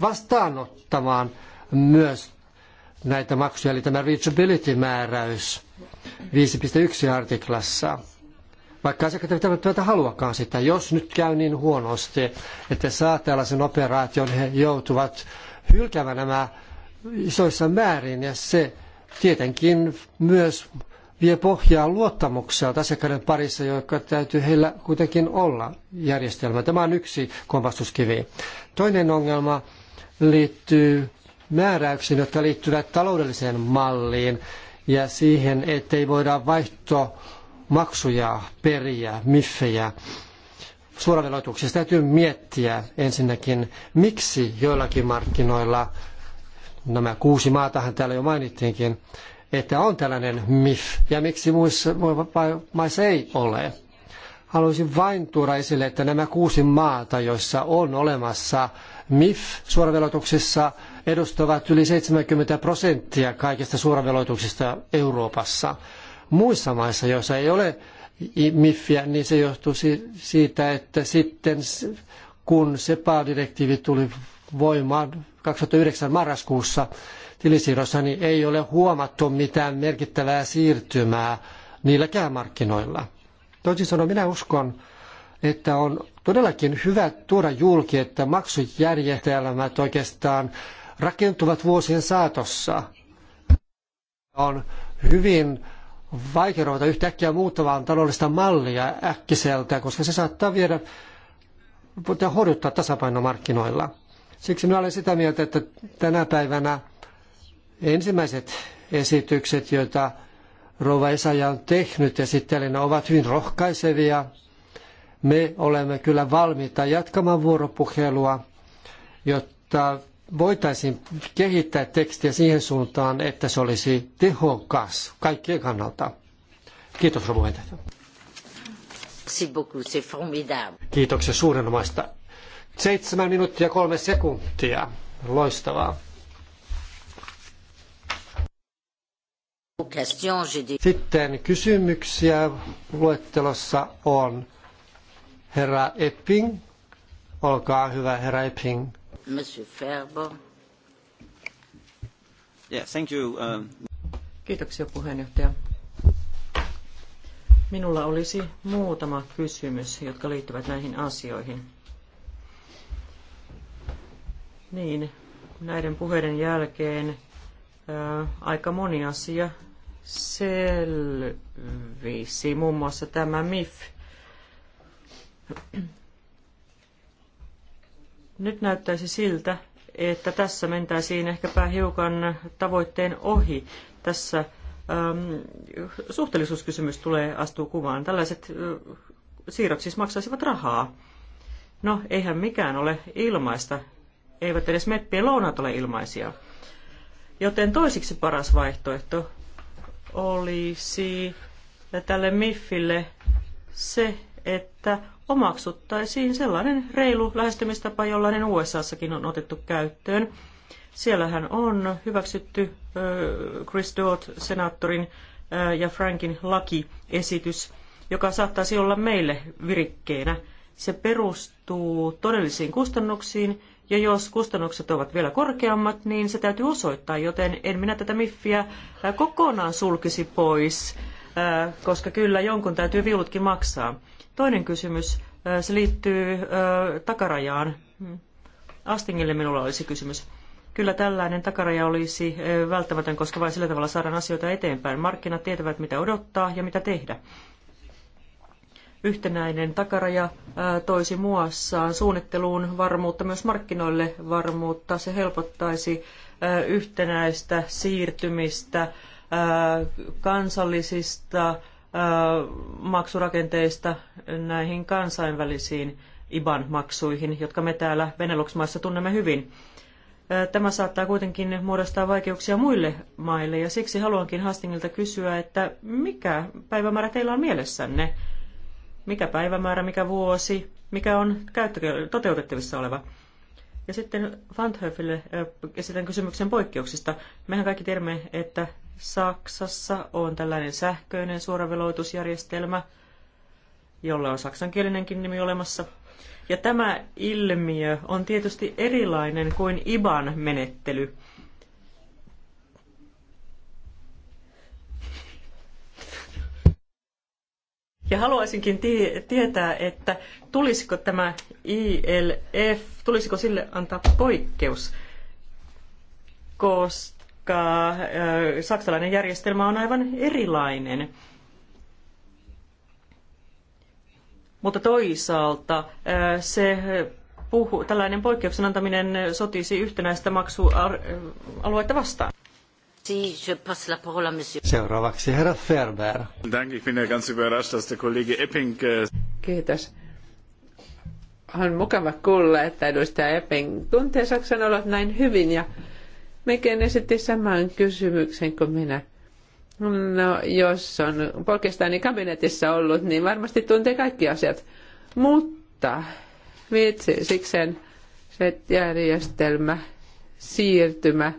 vastaanottamaan myös näitä maksuja, eli tämä reachability-määräys 5.1 artiklassa vaikka asiakkaat eivät haluakaan sitä. Jos nyt käy niin huonosti, että saa tällaisen operaation, he joutuvat hylkäämään nämä isoissa määrin ja se tietenkin myös vie pohjaa luottamukselta asiakkaiden parissa, joka täytyy heillä kuitenkin olla järjestelmä. Tämä on yksi kompastuskivi. Toinen ongelma liittyy määräyksiin, jotka liittyvät taloudelliseen malliin ja siihen, ettei voida vaihtoa maksuja periä, miffejä suoraveloituksia. täytyy miettiä ensinnäkin, miksi joillakin markkinoilla, nämä kuusi maatahan täällä jo mainittiinkin, että on tällainen MIF ja miksi muissa maissa ei ole. Haluaisin vain tuoda esille, että nämä kuusi maata, joissa on olemassa MIF suoraveloituksissa, edustavat yli 70 prosenttia kaikista suoraveloituksista Euroopassa muissa maissa, joissa ei ole MIFiä, niin se johtuu siitä, että sitten kun SEPA-direktiivi tuli voimaan 2009 marraskuussa tilisiirrossa, niin ei ole huomattu mitään merkittävää siirtymää niilläkään markkinoilla. Toisin sanoen minä uskon, että on todellakin hyvä tuoda julki, että maksujärjestelmät oikeastaan rakentuvat vuosien saatossa. On hyvin vaikea ruveta yhtäkkiä muuttamaan taloudellista mallia äkkiseltä, koska se saattaa viedä ja horjuttaa markkinoilla. Siksi minä olen sitä mieltä, että tänä päivänä ensimmäiset esitykset, joita Rova Esaja on tehnyt esittelijänä, ovat hyvin rohkaisevia. Me olemme kyllä valmiita jatkamaan vuoropuhelua, jotta voitaisiin kehittää tekstiä siihen suuntaan, että se olisi tehokas kaikkien kannalta. Kiitos rouva Kiitoksia suurenomaista. Seitsemän minuuttia kolme sekuntia. Loistavaa. Sitten kysymyksiä luettelossa on herra Epping. Olkaa hyvä, herra Epping. Monsieur Ferber. Um, Kiitoksia puheenjohtaja. Minulla olisi muutama kysymys, jotka liittyvät näihin asioihin. Niin, näiden puheiden jälkeen ää, aika moni asia selvisi, muun muassa tämä MIF. Nyt näyttäisi siltä, että tässä mentäisiin ehkäpä hiukan tavoitteen ohi. Tässä äm, suhteellisuuskysymys tulee astuu kuvaan. Tällaiset äh, siirrot siis maksaisivat rahaa. No, eihän mikään ole ilmaista. Eivät edes meppien lounaat ole ilmaisia. Joten toisiksi paras vaihtoehto olisi tälle Miffille se, että omaksuttaisiin sellainen reilu lähestymistapa, jollainen USAssakin on otettu käyttöön. Siellähän on hyväksytty Chris Dodd, senaattorin ja Frankin lakiesitys, joka saattaisi olla meille virikkeenä. Se perustuu todellisiin kustannuksiin, ja jos kustannukset ovat vielä korkeammat, niin se täytyy osoittaa, joten en minä tätä miffiä kokonaan sulkisi pois, koska kyllä jonkun täytyy viulutkin maksaa. Toinen kysymys, se liittyy takarajaan. Astingille minulla olisi kysymys. Kyllä tällainen takaraja olisi välttämätön, koska vain sillä tavalla saadaan asioita eteenpäin. Markkinat tietävät, mitä odottaa ja mitä tehdä. Yhtenäinen takaraja toisi muassaan suunnitteluun varmuutta myös markkinoille varmuutta. Se helpottaisi yhtenäistä siirtymistä kansallisista maksurakenteista näihin kansainvälisiin IBAN-maksuihin, jotka me täällä Benelux-maissa tunnemme hyvin. Tämä saattaa kuitenkin muodostaa vaikeuksia muille maille ja siksi haluankin Hastingilta kysyä, että mikä päivämäärä teillä on mielessänne? Mikä päivämäärä, mikä vuosi, mikä on käyttö- toteutettavissa oleva? Ja sitten Vanthöfille esitän kysymyksen poikkeuksista. Mehän kaikki tiedämme, että Saksassa on tällainen sähköinen suoraveloitusjärjestelmä, jolla on saksankielinenkin nimi olemassa. Ja tämä ilmiö on tietysti erilainen kuin IBAN-menettely. Ja haluaisinkin tietää, että tulisiko tämä ILF, tulisiko sille antaa poikkeus, koska taikka saksalainen järjestelmä on aivan erilainen. Mutta toisaalta se puhu, tällainen poikkeuksen antaminen sotisi yhtenäistä maksualuetta vastaan. Seuraavaksi herra Ferber. ich bin ja ganz überrascht, dass der Kollege Epping... Äh, Kiitos. On mukava kuulla, että edustaja Epping tuntee Saksan olot näin hyvin ja Mekin esitti saman kysymyksen kuin minä. No, jos on Polkestani kabinetissa ollut, niin varmasti tuntee kaikki asiat. Mutta vitsi, siksen se järjestelmä, siirtymä.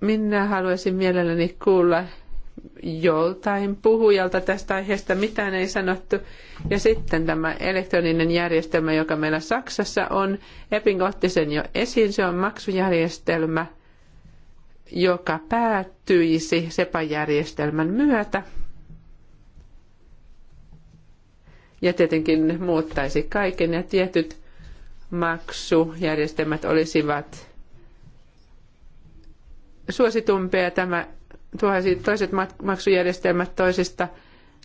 Minä haluaisin mielelläni kuulla joltain puhujalta tästä aiheesta mitään ei sanottu. Ja sitten tämä elektroninen järjestelmä, joka meillä Saksassa on, Epping otti sen jo esiin, se on maksujärjestelmä, joka päättyisi SEPA-järjestelmän myötä. Ja tietenkin muuttaisi kaiken ja tietyt maksujärjestelmät olisivat suositumpia. Tämä tuohaisit toiset maksujärjestelmät toisista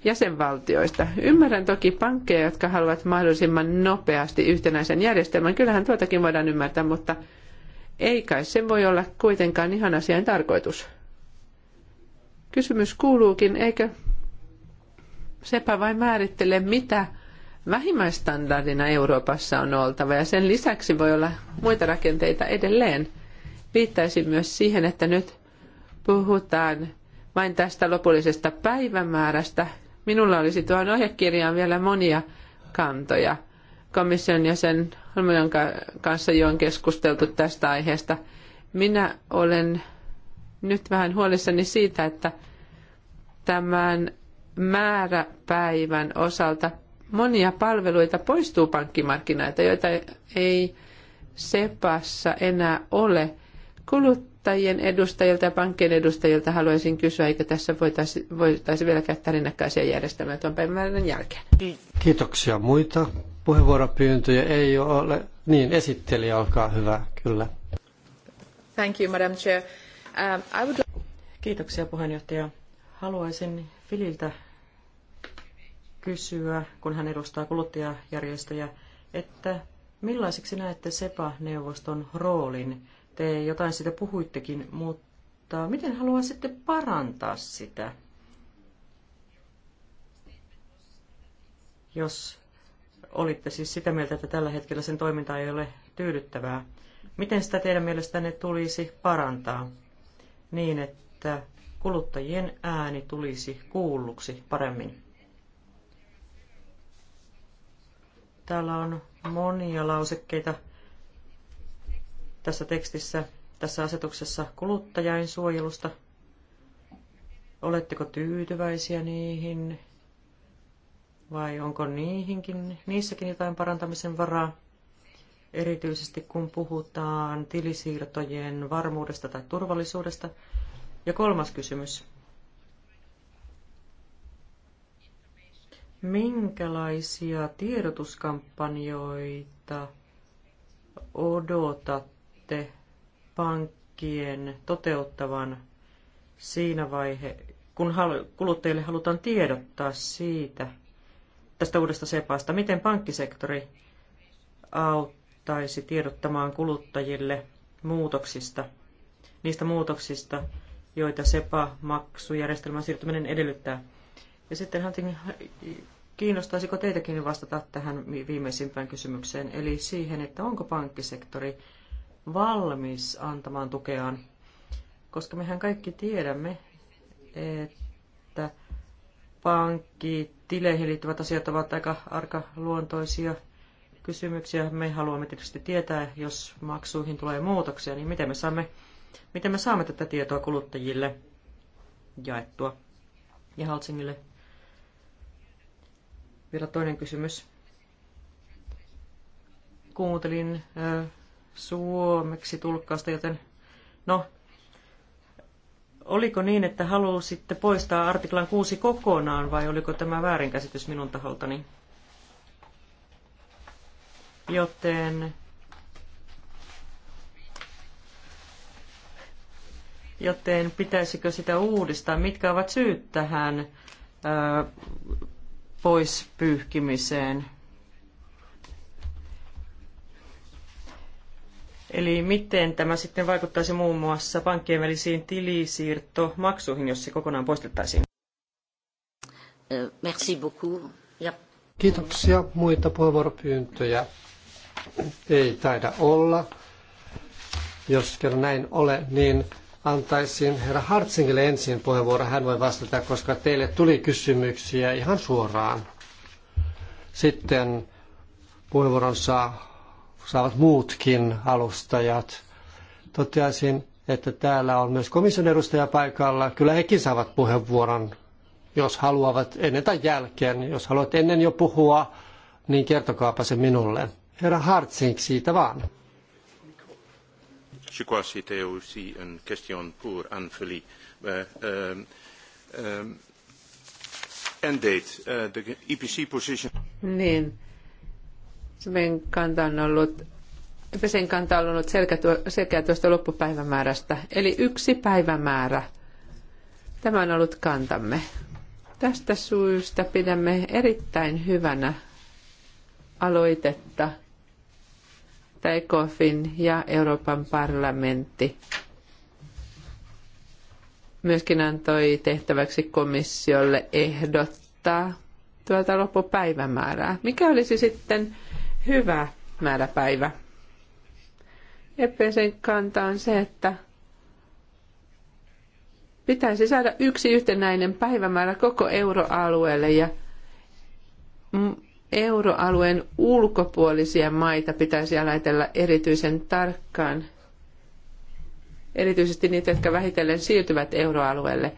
jäsenvaltioista. Ymmärrän toki pankkeja, jotka haluavat mahdollisimman nopeasti yhtenäisen järjestelmän. Kyllähän tuotakin voidaan ymmärtää, mutta ei kai se voi olla kuitenkaan ihan asian tarkoitus. Kysymys kuuluukin, eikö sepä vain määrittele, mitä vähimmäistandardina Euroopassa on oltava, ja sen lisäksi voi olla muita rakenteita edelleen. Viittaisin myös siihen, että nyt puhutaan vain tästä lopullisesta päivämäärästä. Minulla olisi tuohon ohjekirjaan vielä monia kantoja. Komission jäsen Holmion kanssa jo on keskusteltu tästä aiheesta. Minä olen nyt vähän huolissani siitä, että tämän määräpäivän osalta monia palveluita poistuu pankkimarkkinoilta, joita ei SEPassa enää ole. Kulut sijoittajien edustajilta ja pankkien edustajilta haluaisin kysyä, eikö tässä voitaisi, voitaisi vielä käyttää rinnakkaisia järjestelmiä tuon päivän jälkeen. Kiitoksia. Muita puheenvuoropyyntöjä ei ole. Niin, esittelijä, olkaa hyvä. Kyllä. Thank you, Madam Chair. Um, I would... Kiitoksia puheenjohtaja. Haluaisin Fililtä kysyä, kun hän edustaa kuluttajajärjestöjä, että millaiseksi näette SEPA-neuvoston roolin te jotain sitä puhuittekin, mutta miten haluaisitte parantaa sitä? Jos olitte siis sitä mieltä, että tällä hetkellä sen toiminta ei ole tyydyttävää, miten sitä teidän mielestänne tulisi parantaa niin, että kuluttajien ääni tulisi kuulluksi paremmin? Täällä on monia lausekkeita tässä tekstissä, tässä asetuksessa kuluttajain suojelusta. Oletteko tyytyväisiä niihin vai onko niihinkin, niissäkin jotain parantamisen varaa? Erityisesti kun puhutaan tilisiirtojen varmuudesta tai turvallisuudesta. Ja kolmas kysymys. Minkälaisia tiedotuskampanjoita odotat näette pankkien toteuttavan siinä vaihe, kun kuluttajille halutaan tiedottaa siitä, tästä uudesta sepasta, miten pankkisektori auttaisi tiedottamaan kuluttajille muutoksista, niistä muutoksista, joita SEPA-maksujärjestelmän siirtyminen edellyttää. Ja sitten Hunting, kiinnostaisiko teitäkin vastata tähän viimeisimpään kysymykseen, eli siihen, että onko pankkisektori valmis antamaan tukeaan, koska mehän kaikki tiedämme, että pankkitileihin liittyvät asiat ovat aika arkaluontoisia kysymyksiä. Me haluamme tietysti tietää, jos maksuihin tulee muutoksia, niin miten me saamme, miten me saamme tätä tietoa kuluttajille jaettua ja Helsingille. Vielä toinen kysymys. Kuuntelin suomeksi tulkkausta, joten no, oliko niin, että halusitte poistaa artiklan 6 kokonaan vai oliko tämä väärinkäsitys minun taholtani? Joten joten pitäisikö sitä uudistaa? Mitkä ovat syyt tähän ää, pois pyyhkimiseen? Eli miten tämä sitten vaikuttaisi muun muassa pankkien välisiin tilisiirtomaksuihin, jos se kokonaan poistettaisiin? Merci beaucoup. Ja. Kiitoksia. Muita puheenvuoropyyntöjä ei taida olla. Jos kerran näin ole, niin antaisin herra Hartsingille ensin puheenvuoro. Hän voi vastata, koska teille tuli kysymyksiä ihan suoraan. Sitten puheenvuoron saa saavat muutkin alustajat. Toteaisin, että täällä on myös komission edustaja paikalla. Kyllä hekin saavat puheenvuoron, jos haluavat ennen tai jälkeen. Jos haluat ennen jo puhua, niin kertokaapa se minulle. Herra Hartsink, siitä vaan. Je crois c'était aussi une question pour anne end euh, euh, euh, date, uh, the EPC position. Niin, sen kanta on ollut, sen kanta on ollut selkä, tuo, selkeä tuosta loppupäivämäärästä. Eli yksi päivämäärä. Tämä on ollut kantamme. Tästä syystä pidämme erittäin hyvänä aloitetta, että ECOFIN ja Euroopan parlamentti myöskin antoi tehtäväksi komissiolle ehdottaa tuota loppupäivämäärää. Mikä olisi sitten hyvä määräpäivä. Eppesen kanta on se, että pitäisi saada yksi yhtenäinen päivämäärä koko euroalueelle ja euroalueen ulkopuolisia maita pitäisi ajatella erityisen tarkkaan, erityisesti niitä, jotka vähitellen siirtyvät euroalueelle.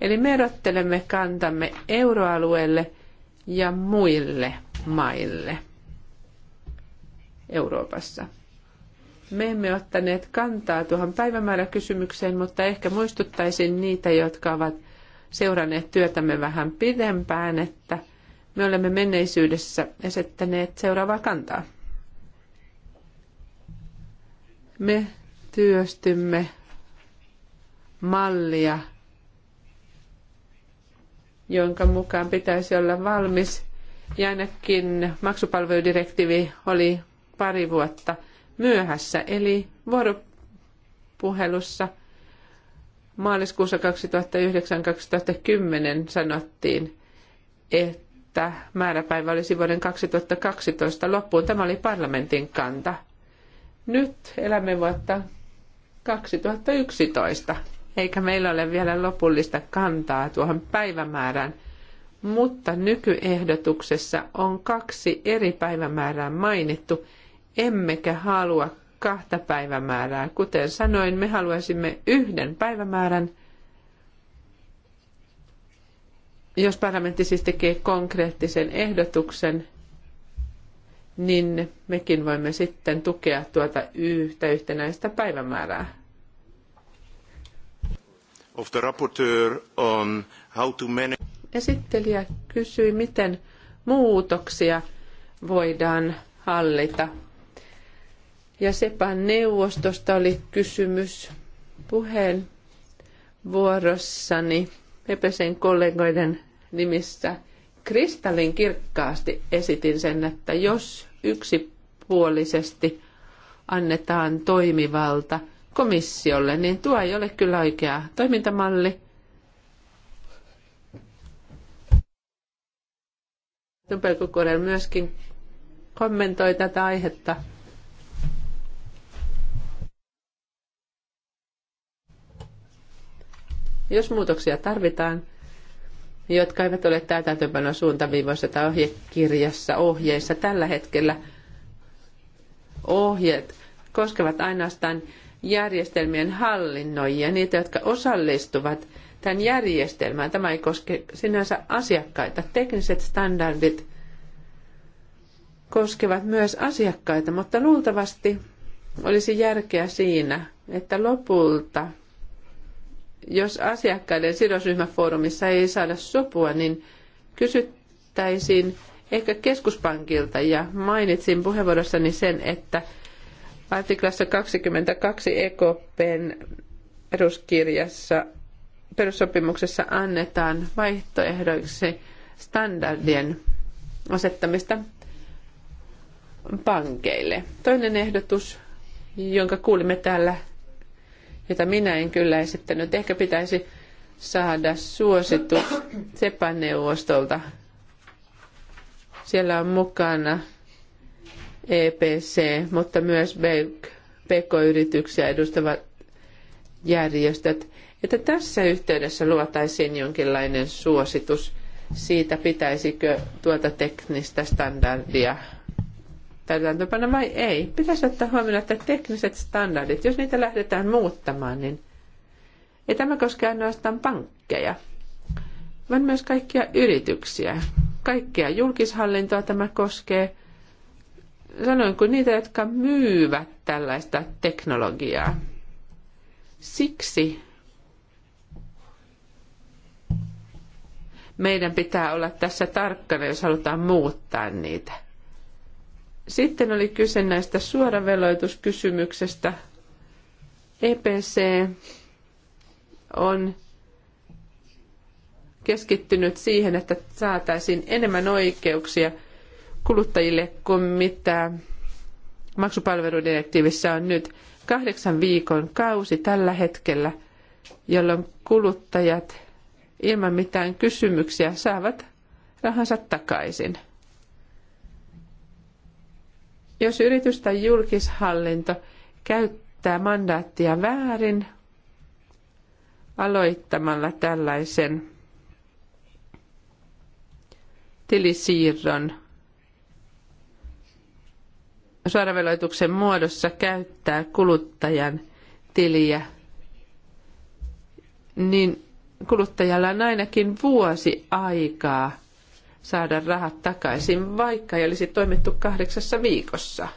Eli me erottelemme kantamme euroalueelle ja muille maille. Euroopassa. Me emme ottaneet kantaa tuohon päivämääräkysymykseen, mutta ehkä muistuttaisin niitä, jotka ovat seuranneet työtämme vähän pidempään, että me olemme menneisyydessä esittäneet seuraavaa kantaa. Me työstymme mallia, jonka mukaan pitäisi olla valmis ja ainakin maksupalveludirektiivi oli pari vuotta myöhässä. Eli vuoropuhelussa maaliskuussa 2009-2010 sanottiin, että määräpäivä olisi vuoden 2012 loppuun. Tämä oli parlamentin kanta. Nyt elämme vuotta 2011, eikä meillä ole vielä lopullista kantaa tuohon päivämäärään, mutta nykyehdotuksessa on kaksi eri päivämäärää mainittu – emmekä halua kahta päivämäärää. Kuten sanoin, me haluaisimme yhden päivämäärän, jos parlamentti siis tekee konkreettisen ehdotuksen, niin mekin voimme sitten tukea tuota yhtä yhtenäistä päivämäärää. Of the rapporteur on how to manage... Esittelijä kysyi, miten muutoksia voidaan hallita ja SEPAn neuvostosta oli kysymys puheen vuorossani Pepesen kollegoiden nimissä kristallin kirkkaasti esitin sen, että jos yksipuolisesti annetaan toimivalta komissiolle, niin tuo ei ole kyllä oikea toimintamalli. Tumpelkukuren myöskin kommentoi tätä aihetta Jos muutoksia tarvitaan, jotka eivät ole täytäntöönpanon suuntaviivoissa tai ohjekirjassa, ohjeissa tällä hetkellä, ohjeet koskevat ainoastaan järjestelmien hallinnoijia, niitä, jotka osallistuvat tämän järjestelmään. Tämä ei koske sinänsä asiakkaita. Tekniset standardit koskevat myös asiakkaita, mutta luultavasti olisi järkeä siinä, että lopulta jos asiakkaiden sidosryhmäfoorumissa ei saada sopua, niin kysyttäisiin ehkä keskuspankilta ja mainitsin puheenvuorossani sen, että artiklassa 22 EKPn peruskirjassa perussopimuksessa annetaan vaihtoehdoiksi standardien asettamista pankeille. Toinen ehdotus, jonka kuulimme täällä jota minä en kyllä esittänyt. Ehkä pitäisi saada suositus SEPA-neuvostolta. Siellä on mukana EPC, mutta myös PK-yrityksiä edustavat järjestöt, että tässä yhteydessä luotaisiin jonkinlainen suositus siitä, pitäisikö tuota teknistä standardia täytäntöpana vai ei. Pitäisi ottaa huomioon, että tekniset standardit, jos niitä lähdetään muuttamaan, niin ei tämä koske ainoastaan pankkeja, vaan myös kaikkia yrityksiä. Kaikkea julkishallintoa tämä koskee. Sanoin kuin niitä, jotka myyvät tällaista teknologiaa. Siksi meidän pitää olla tässä tarkkana, jos halutaan muuttaa niitä sitten oli kyse näistä suoraveloituskysymyksestä. EPC on keskittynyt siihen, että saataisiin enemmän oikeuksia kuluttajille kuin mitä maksupalveludirektiivissä on nyt kahdeksan viikon kausi tällä hetkellä, jolloin kuluttajat ilman mitään kysymyksiä saavat rahansa takaisin. Jos yritys tai julkishallinto käyttää mandaattia väärin aloittamalla tällaisen tilisiirron suoraveloituksen muodossa käyttää kuluttajan tiliä, niin kuluttajalla on ainakin vuosi aikaa saada rahat takaisin, vaikka ei olisi toimittu kahdeksassa viikossa.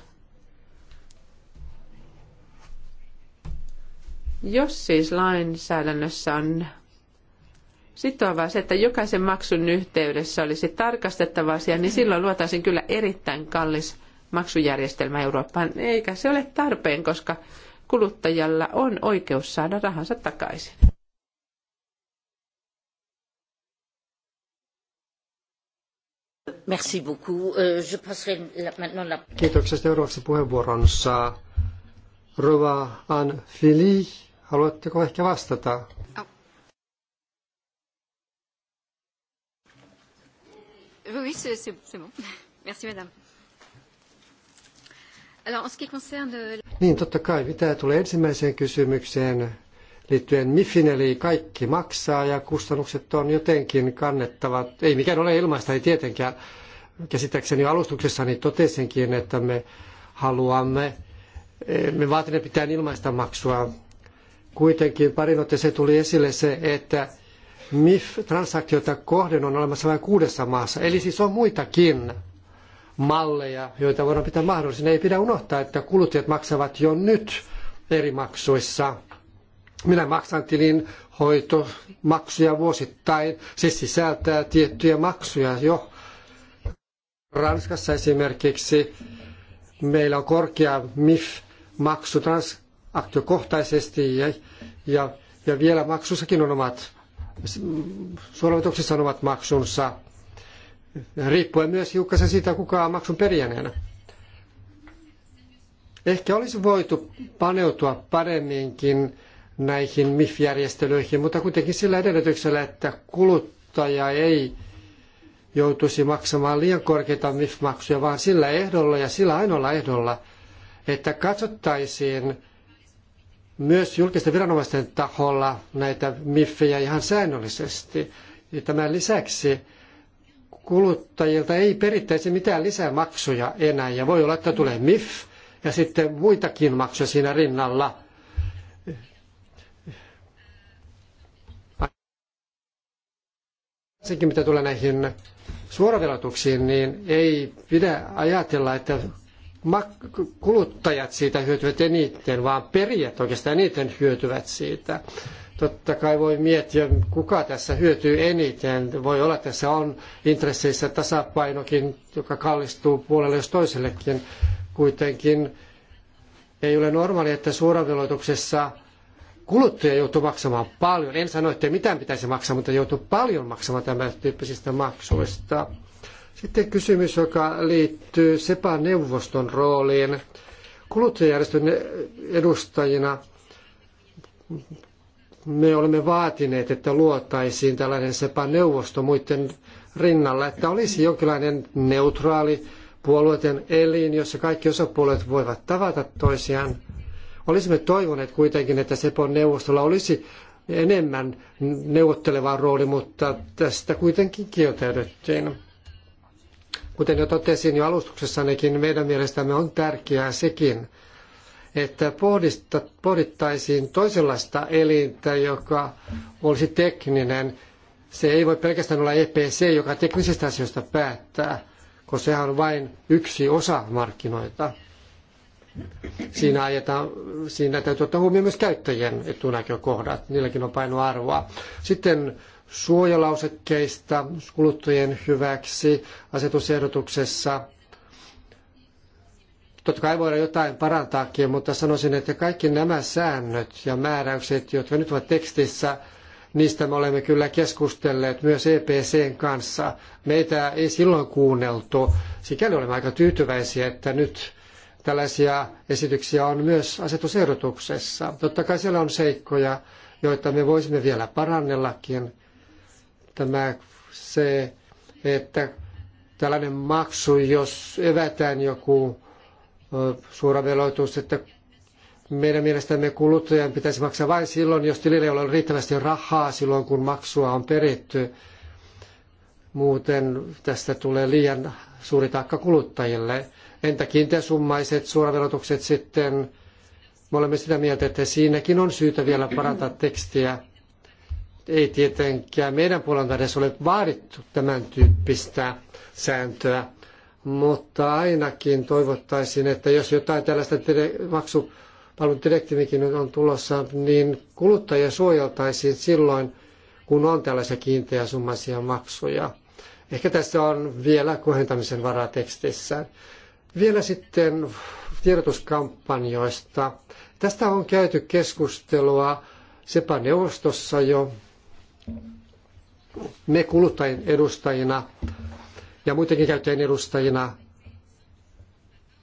Jos siis lainsäädännössä on sitovaa se, että jokaisen maksun yhteydessä olisi tarkastettava asia, niin silloin luotaisin kyllä erittäin kallis maksujärjestelmä Eurooppaan, eikä se ole tarpeen, koska kuluttajalla on oikeus saada rahansa takaisin. Merci beaucoup. Euh, je passerai maintenant la... Kiitoksia. Seuraavaksi puheenvuoron saa Anne Fili, Haluatteko ehkä vastata? Oh. Oui, c'est bon. Merci, madame. Alors, en ce qui concerne... Niin, totta kai. Mitä tulee ensimmäiseen kysymykseen, liittyen MIFin, eli kaikki maksaa ja kustannukset on jotenkin kannettavat. Ei mikään ole ilmaista, ei tietenkään. Käsittääkseni alustuksessani totesinkin, että me haluamme, me vaatimme pitää ilmaista maksua. Kuitenkin parin otteeseen tuli esille se, että MIF-transaktiota kohden on olemassa vain kuudessa maassa, eli siis on muitakin malleja, joita voidaan pitää mahdollisina. Ei pidä unohtaa, että kuluttajat maksavat jo nyt eri maksuissa – minä maksan tilin hoitomaksuja vuosittain. Se sisältää tiettyjä maksuja jo. Ranskassa esimerkiksi meillä on korkea MIF-maksu transaktiokohtaisesti ja, ja, ja vielä maksussakin on omat, suoravetoksissa on omat maksunsa, riippuen myös hiukkasen siitä, kuka on maksun perijäneenä. Ehkä olisi voitu paneutua paremminkin näihin MIF-järjestelyihin, mutta kuitenkin sillä edellytyksellä, että kuluttaja ei joutuisi maksamaan liian korkeita MIF-maksuja, vaan sillä ehdolla ja sillä ainoalla ehdolla, että katsottaisiin myös julkisten viranomaisten taholla näitä MIFejä ihan säännöllisesti. Ja tämän lisäksi kuluttajilta ei perittäisi mitään lisämaksuja enää, ja voi olla, että tulee MIF ja sitten muitakin maksuja siinä rinnalla – Varsinkin mitä tulee näihin suoravelotuksiin, niin ei pidä ajatella, että kuluttajat siitä hyötyvät eniten, vaan perijät oikeastaan eniten hyötyvät siitä. Totta kai voi miettiä, kuka tässä hyötyy eniten. Voi olla, että tässä on intresseissä tasapainokin, joka kallistuu puolelle jos toisellekin. Kuitenkin ei ole normaali, että suoravelotuksessa kuluttaja joutuu maksamaan paljon. En sano, että mitään pitäisi maksaa, mutta joutuu paljon maksamaan tämän tyyppisistä maksuista. Sitten kysymys, joka liittyy SEPA-neuvoston rooliin. Kuluttajajärjestön edustajina me olemme vaatineet, että luotaisiin tällainen SEPA-neuvosto muiden rinnalla, että olisi jonkinlainen neutraali puolueiden elin, jossa kaikki osapuolet voivat tavata toisiaan Olisimme toivoneet kuitenkin, että Sepon neuvostolla olisi enemmän neuvotteleva rooli, mutta tästä kuitenkin kieltäydyttiin. Kuten jo totesin jo alustuksessanikin, meidän mielestämme on tärkeää sekin, että pohdittaisiin toisenlaista elintä, joka olisi tekninen. Se ei voi pelkästään olla EPC, joka teknisistä asioista päättää, koska sehän on vain yksi osa markkinoita. Siinä, ajetaan, siinä täytyy ottaa huomioon myös käyttäjien etunäkökohdat, niilläkin on painoarvoa. Sitten suojalausekkeista kuluttajien hyväksi asetusehdotuksessa. Totta kai voidaan jotain parantaakin, mutta sanoisin, että kaikki nämä säännöt ja määräykset, jotka nyt ovat tekstissä, niistä me olemme kyllä keskustelleet myös EPCn kanssa. Meitä ei silloin kuunneltu. Sikäli olemme aika tyytyväisiä, että nyt Tällaisia esityksiä on myös asetusehdotuksessa. Totta kai siellä on seikkoja, joita me voisimme vielä parannellakin. Tämä se, että tällainen maksu, jos evätään joku suora veloitus, että meidän mielestämme kuluttajan pitäisi maksaa vain silloin, jos tilillä ei ole riittävästi rahaa silloin, kun maksua on peritty. Muuten tästä tulee liian suuri taakka kuluttajille. Entä kiinteäsummaiset suoraverotukset sitten? Me olemme sitä mieltä, että siinäkin on syytä vielä parantaa tekstiä. Ei tietenkään meidän puolelta edes ole vaadittu tämän tyyppistä sääntöä, mutta ainakin toivottaisin, että jos jotain tällaista maksu palveludirektiivikin on tulossa, niin kuluttajia suojeltaisiin silloin, kun on tällaisia kiinteäsummaisia maksuja. Ehkä tässä on vielä kohentamisen varaa tekstissä. Vielä sitten tiedotuskampanjoista. Tästä on käyty keskustelua sepa neuvostossa jo. Me kuluttajien edustajina ja muidenkin käyttäjien edustajina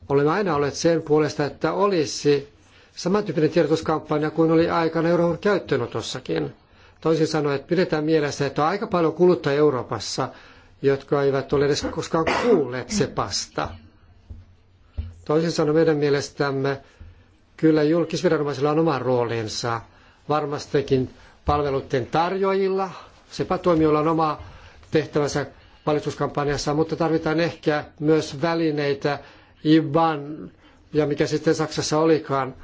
olemme aina olleet sen puolesta, että olisi samantyyppinen tiedotuskampanja kuin oli aikana Euroopan käyttöönotossakin. Toisin sanoen, että pidetään mielessä, että on aika paljon kuluttajia Euroopassa, jotka eivät ole edes koskaan kuulleet sepasta. Toisin sanoen meidän mielestämme kyllä julkisviranomaisilla on oma roolinsa. Varmastikin palveluiden tarjoajilla, sepä toimijoilla on oma tehtävänsä valituskampanjassa, mutta tarvitaan ehkä myös välineitä IBAN ja mikä sitten Saksassa olikaan.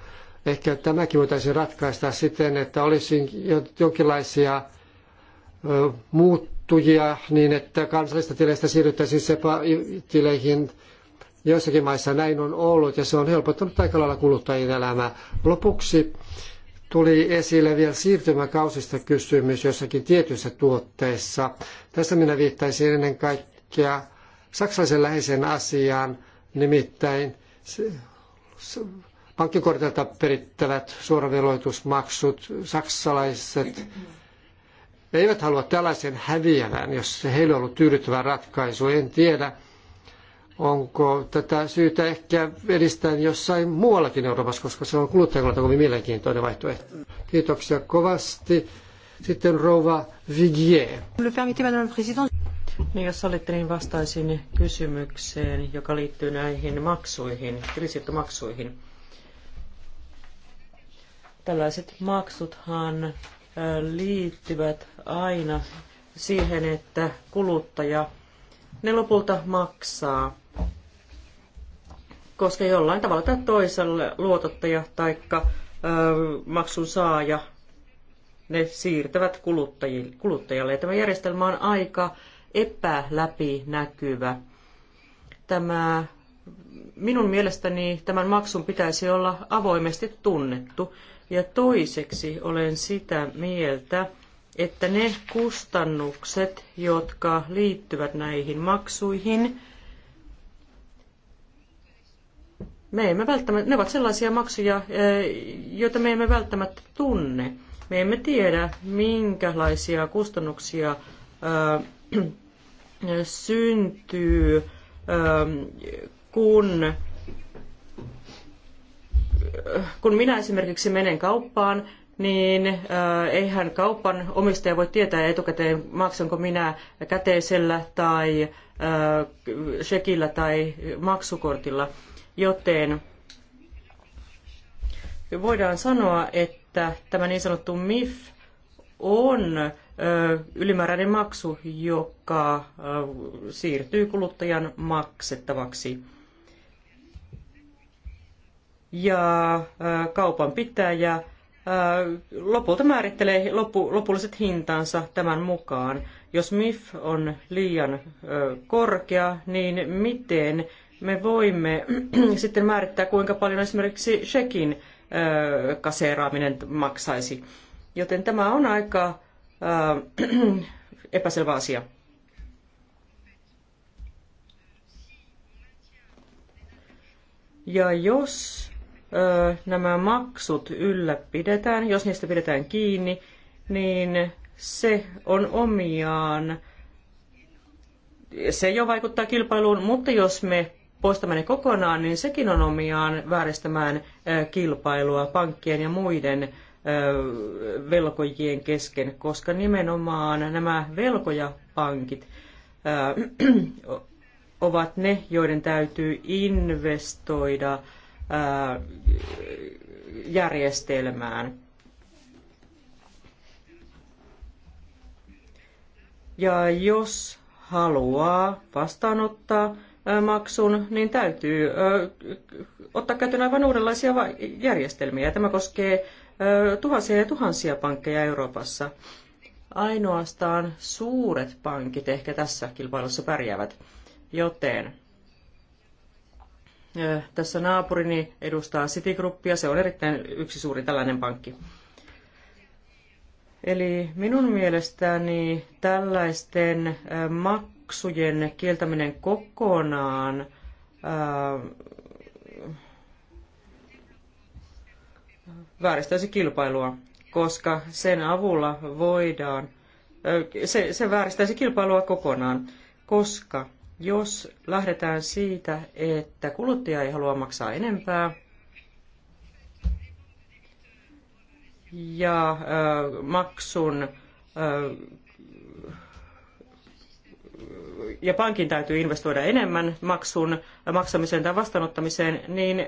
Ehkä tämäkin voitaisiin ratkaista siten, että olisi jonkinlaisia muuttujia niin, että kansallista tileistä siirryttäisiin SEPA-tileihin Joissakin maissa näin on ollut ja se on helpottanut aika lailla kuluttajien elämää. Lopuksi tuli esille vielä siirtymäkausista kysymys jossakin tietyissä tuotteissa. Tässä minä viittaisin ennen kaikkea saksalaisen läheiseen asiaan, nimittäin pankkikortilta perittävät suoraveloitusmaksut, saksalaiset eivät halua tällaisen häviävän, jos se heille on ollut tyydyttävä ratkaisu. En tiedä, Onko tätä syytä ehkä edistää jossain muuallakin Euroopassa, koska se on kuluttajan kannalta kovin mielenkiintoinen vaihtoehto. Kiitoksia kovasti. Sitten rouva Vigier. Niin, jos sallitte, niin vastaisin kysymykseen, joka liittyy näihin maksuihin, kriisittomaksuihin. Tällaiset maksuthan liittyvät aina siihen, että kuluttaja ne lopulta maksaa koska jollain tavalla tai toisella luotottaja tai maksun saaja ne siirtävät kuluttajalle. tämä järjestelmä on aika epäläpinäkyvä. Tämä, minun mielestäni tämän maksun pitäisi olla avoimesti tunnettu. Ja toiseksi olen sitä mieltä, että ne kustannukset, jotka liittyvät näihin maksuihin, me emme välttämättä, ne ovat sellaisia maksuja, eh, joita me emme välttämättä tunne. Me emme tiedä, minkälaisia kustannuksia ää, eh, syntyy, ää, eh, kun, kun minä esimerkiksi menen kauppaan, niin äh, eihän kaupan omistaja voi tietää etukäteen, maksanko minä käteisellä tai äh, shekillä tai maksukortilla. Joten voidaan sanoa, että tämä niin sanottu MIF on ylimääräinen maksu, joka siirtyy kuluttajan maksettavaksi. Ja kaupan pitäjä lopulta määrittelee lopulliset hintansa tämän mukaan. Jos MIF on liian korkea, niin miten me voimme sitten määrittää, kuinka paljon esimerkiksi shekin kaseeraaminen maksaisi. Joten tämä on aika epäselvä asia. Ja jos ö, nämä maksut ylläpidetään, jos niistä pidetään kiinni, niin se on omiaan. Se jo vaikuttaa kilpailuun, mutta jos me poistaminen kokonaan, niin sekin on omiaan vääristämään kilpailua pankkien ja muiden velkojien kesken, koska nimenomaan nämä velkojapankit ovat ne, joiden täytyy investoida järjestelmään. Ja jos haluaa vastaanottaa maksun, niin täytyy ottaa käyttöön aivan uudenlaisia järjestelmiä. Tämä koskee tuhansia ja tuhansia pankkeja Euroopassa. Ainoastaan suuret pankit ehkä tässä kilpailussa pärjäävät, joten tässä naapurini edustaa Citigroupia, se on erittäin yksi suuri tällainen pankki. Eli minun mielestäni tällaisten mak- maksujen kieltäminen kokonaan vääristäisi kilpailua, koska sen avulla voidaan, se, se vääristäisi kilpailua kokonaan, koska jos lähdetään siitä, että kuluttaja ei halua maksaa enempää, ja maksun ja pankin täytyy investoida enemmän maksun äh, maksamiseen tai vastaanottamiseen, niin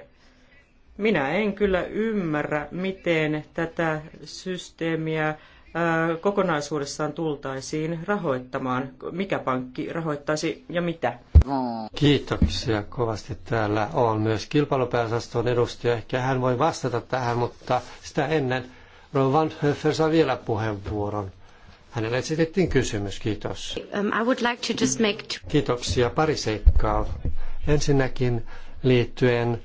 minä en kyllä ymmärrä, miten tätä systeemiä äh, kokonaisuudessaan tultaisiin rahoittamaan. Mikä pankki rahoittaisi ja mitä? Kiitoksia kovasti. Täällä on myös kilpailupääosaston edustaja. Ehkä hän voi vastata tähän, mutta sitä ennen Rovan Höfer saa vielä puheenvuoron. Hänelle esitettiin kysymys, kiitos. Um, I would like to just make... Kiitoksia, pari seikkaa. Ensinnäkin liittyen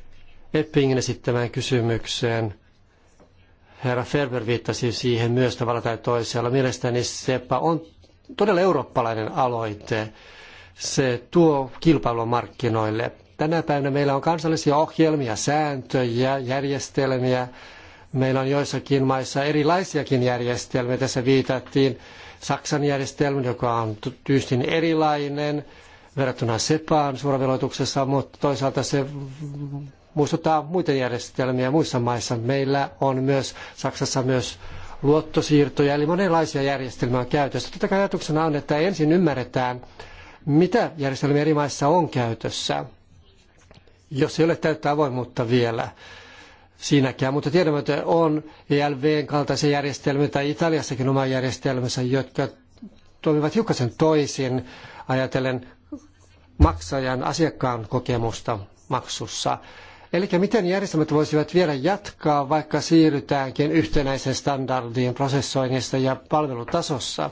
Eppingin esittämään kysymykseen. Herra Ferber viittasi siihen myös tavalla tai toisella. Mielestäni SEPA on todella eurooppalainen aloite. Se tuo kilpailua markkinoille. Tänä päivänä meillä on kansallisia ohjelmia, sääntöjä, järjestelmiä, Meillä on joissakin maissa erilaisiakin järjestelmiä. Tässä viitattiin Saksan järjestelmän, joka on tyystin erilainen verrattuna SEPAan suoraveloituksessa, mutta toisaalta se muistuttaa muita järjestelmiä muissa maissa. Meillä on myös Saksassa myös luottosiirtoja, eli monenlaisia järjestelmiä on käytössä. Totta kai ajatuksena on, että ensin ymmärretään, mitä järjestelmiä eri maissa on käytössä, jos ei ole täyttä avoimuutta vielä siinäkään, mutta tiedämme, että on ELVn kaltaisia järjestelmiä tai Italiassakin oma järjestelmänsä, jotka toimivat hiukkasen toisin ajatellen maksajan asiakkaan kokemusta maksussa. Eli miten järjestelmät voisivat vielä jatkaa, vaikka siirrytäänkin yhtenäiseen standardiin prosessoinnista ja palvelutasossa.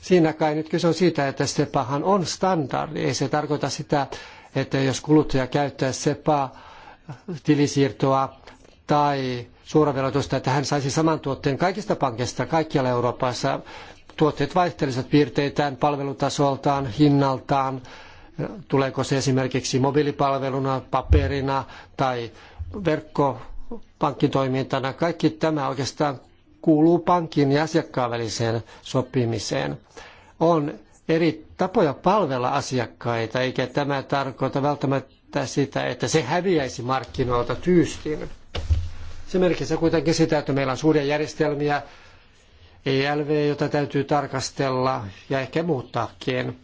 Siinä kai nyt kyse on siitä, että SEPAhan on standardi. Ei se tarkoita sitä, että jos kuluttaja käyttää SEPA tilisiirtoa tai suoraverotusta, että hän saisi saman tuotteen kaikista pankeista kaikkialla Euroopassa. Tuotteet vaihtelisivat piirteitään, palvelutasoltaan, hinnaltaan, tuleeko se esimerkiksi mobiilipalveluna, paperina tai verkkopankkitoimintana. Kaikki tämä oikeastaan kuuluu pankin ja asiakkaan väliseen sopimiseen. On eri tapoja palvella asiakkaita, eikä tämä tarkoita välttämättä sitä, että se häviäisi markkinoilta tyystin. Se merkitsee kuitenkin sitä, että meillä on suuria järjestelmiä, ELV, jota täytyy tarkastella ja ehkä muuttaakin.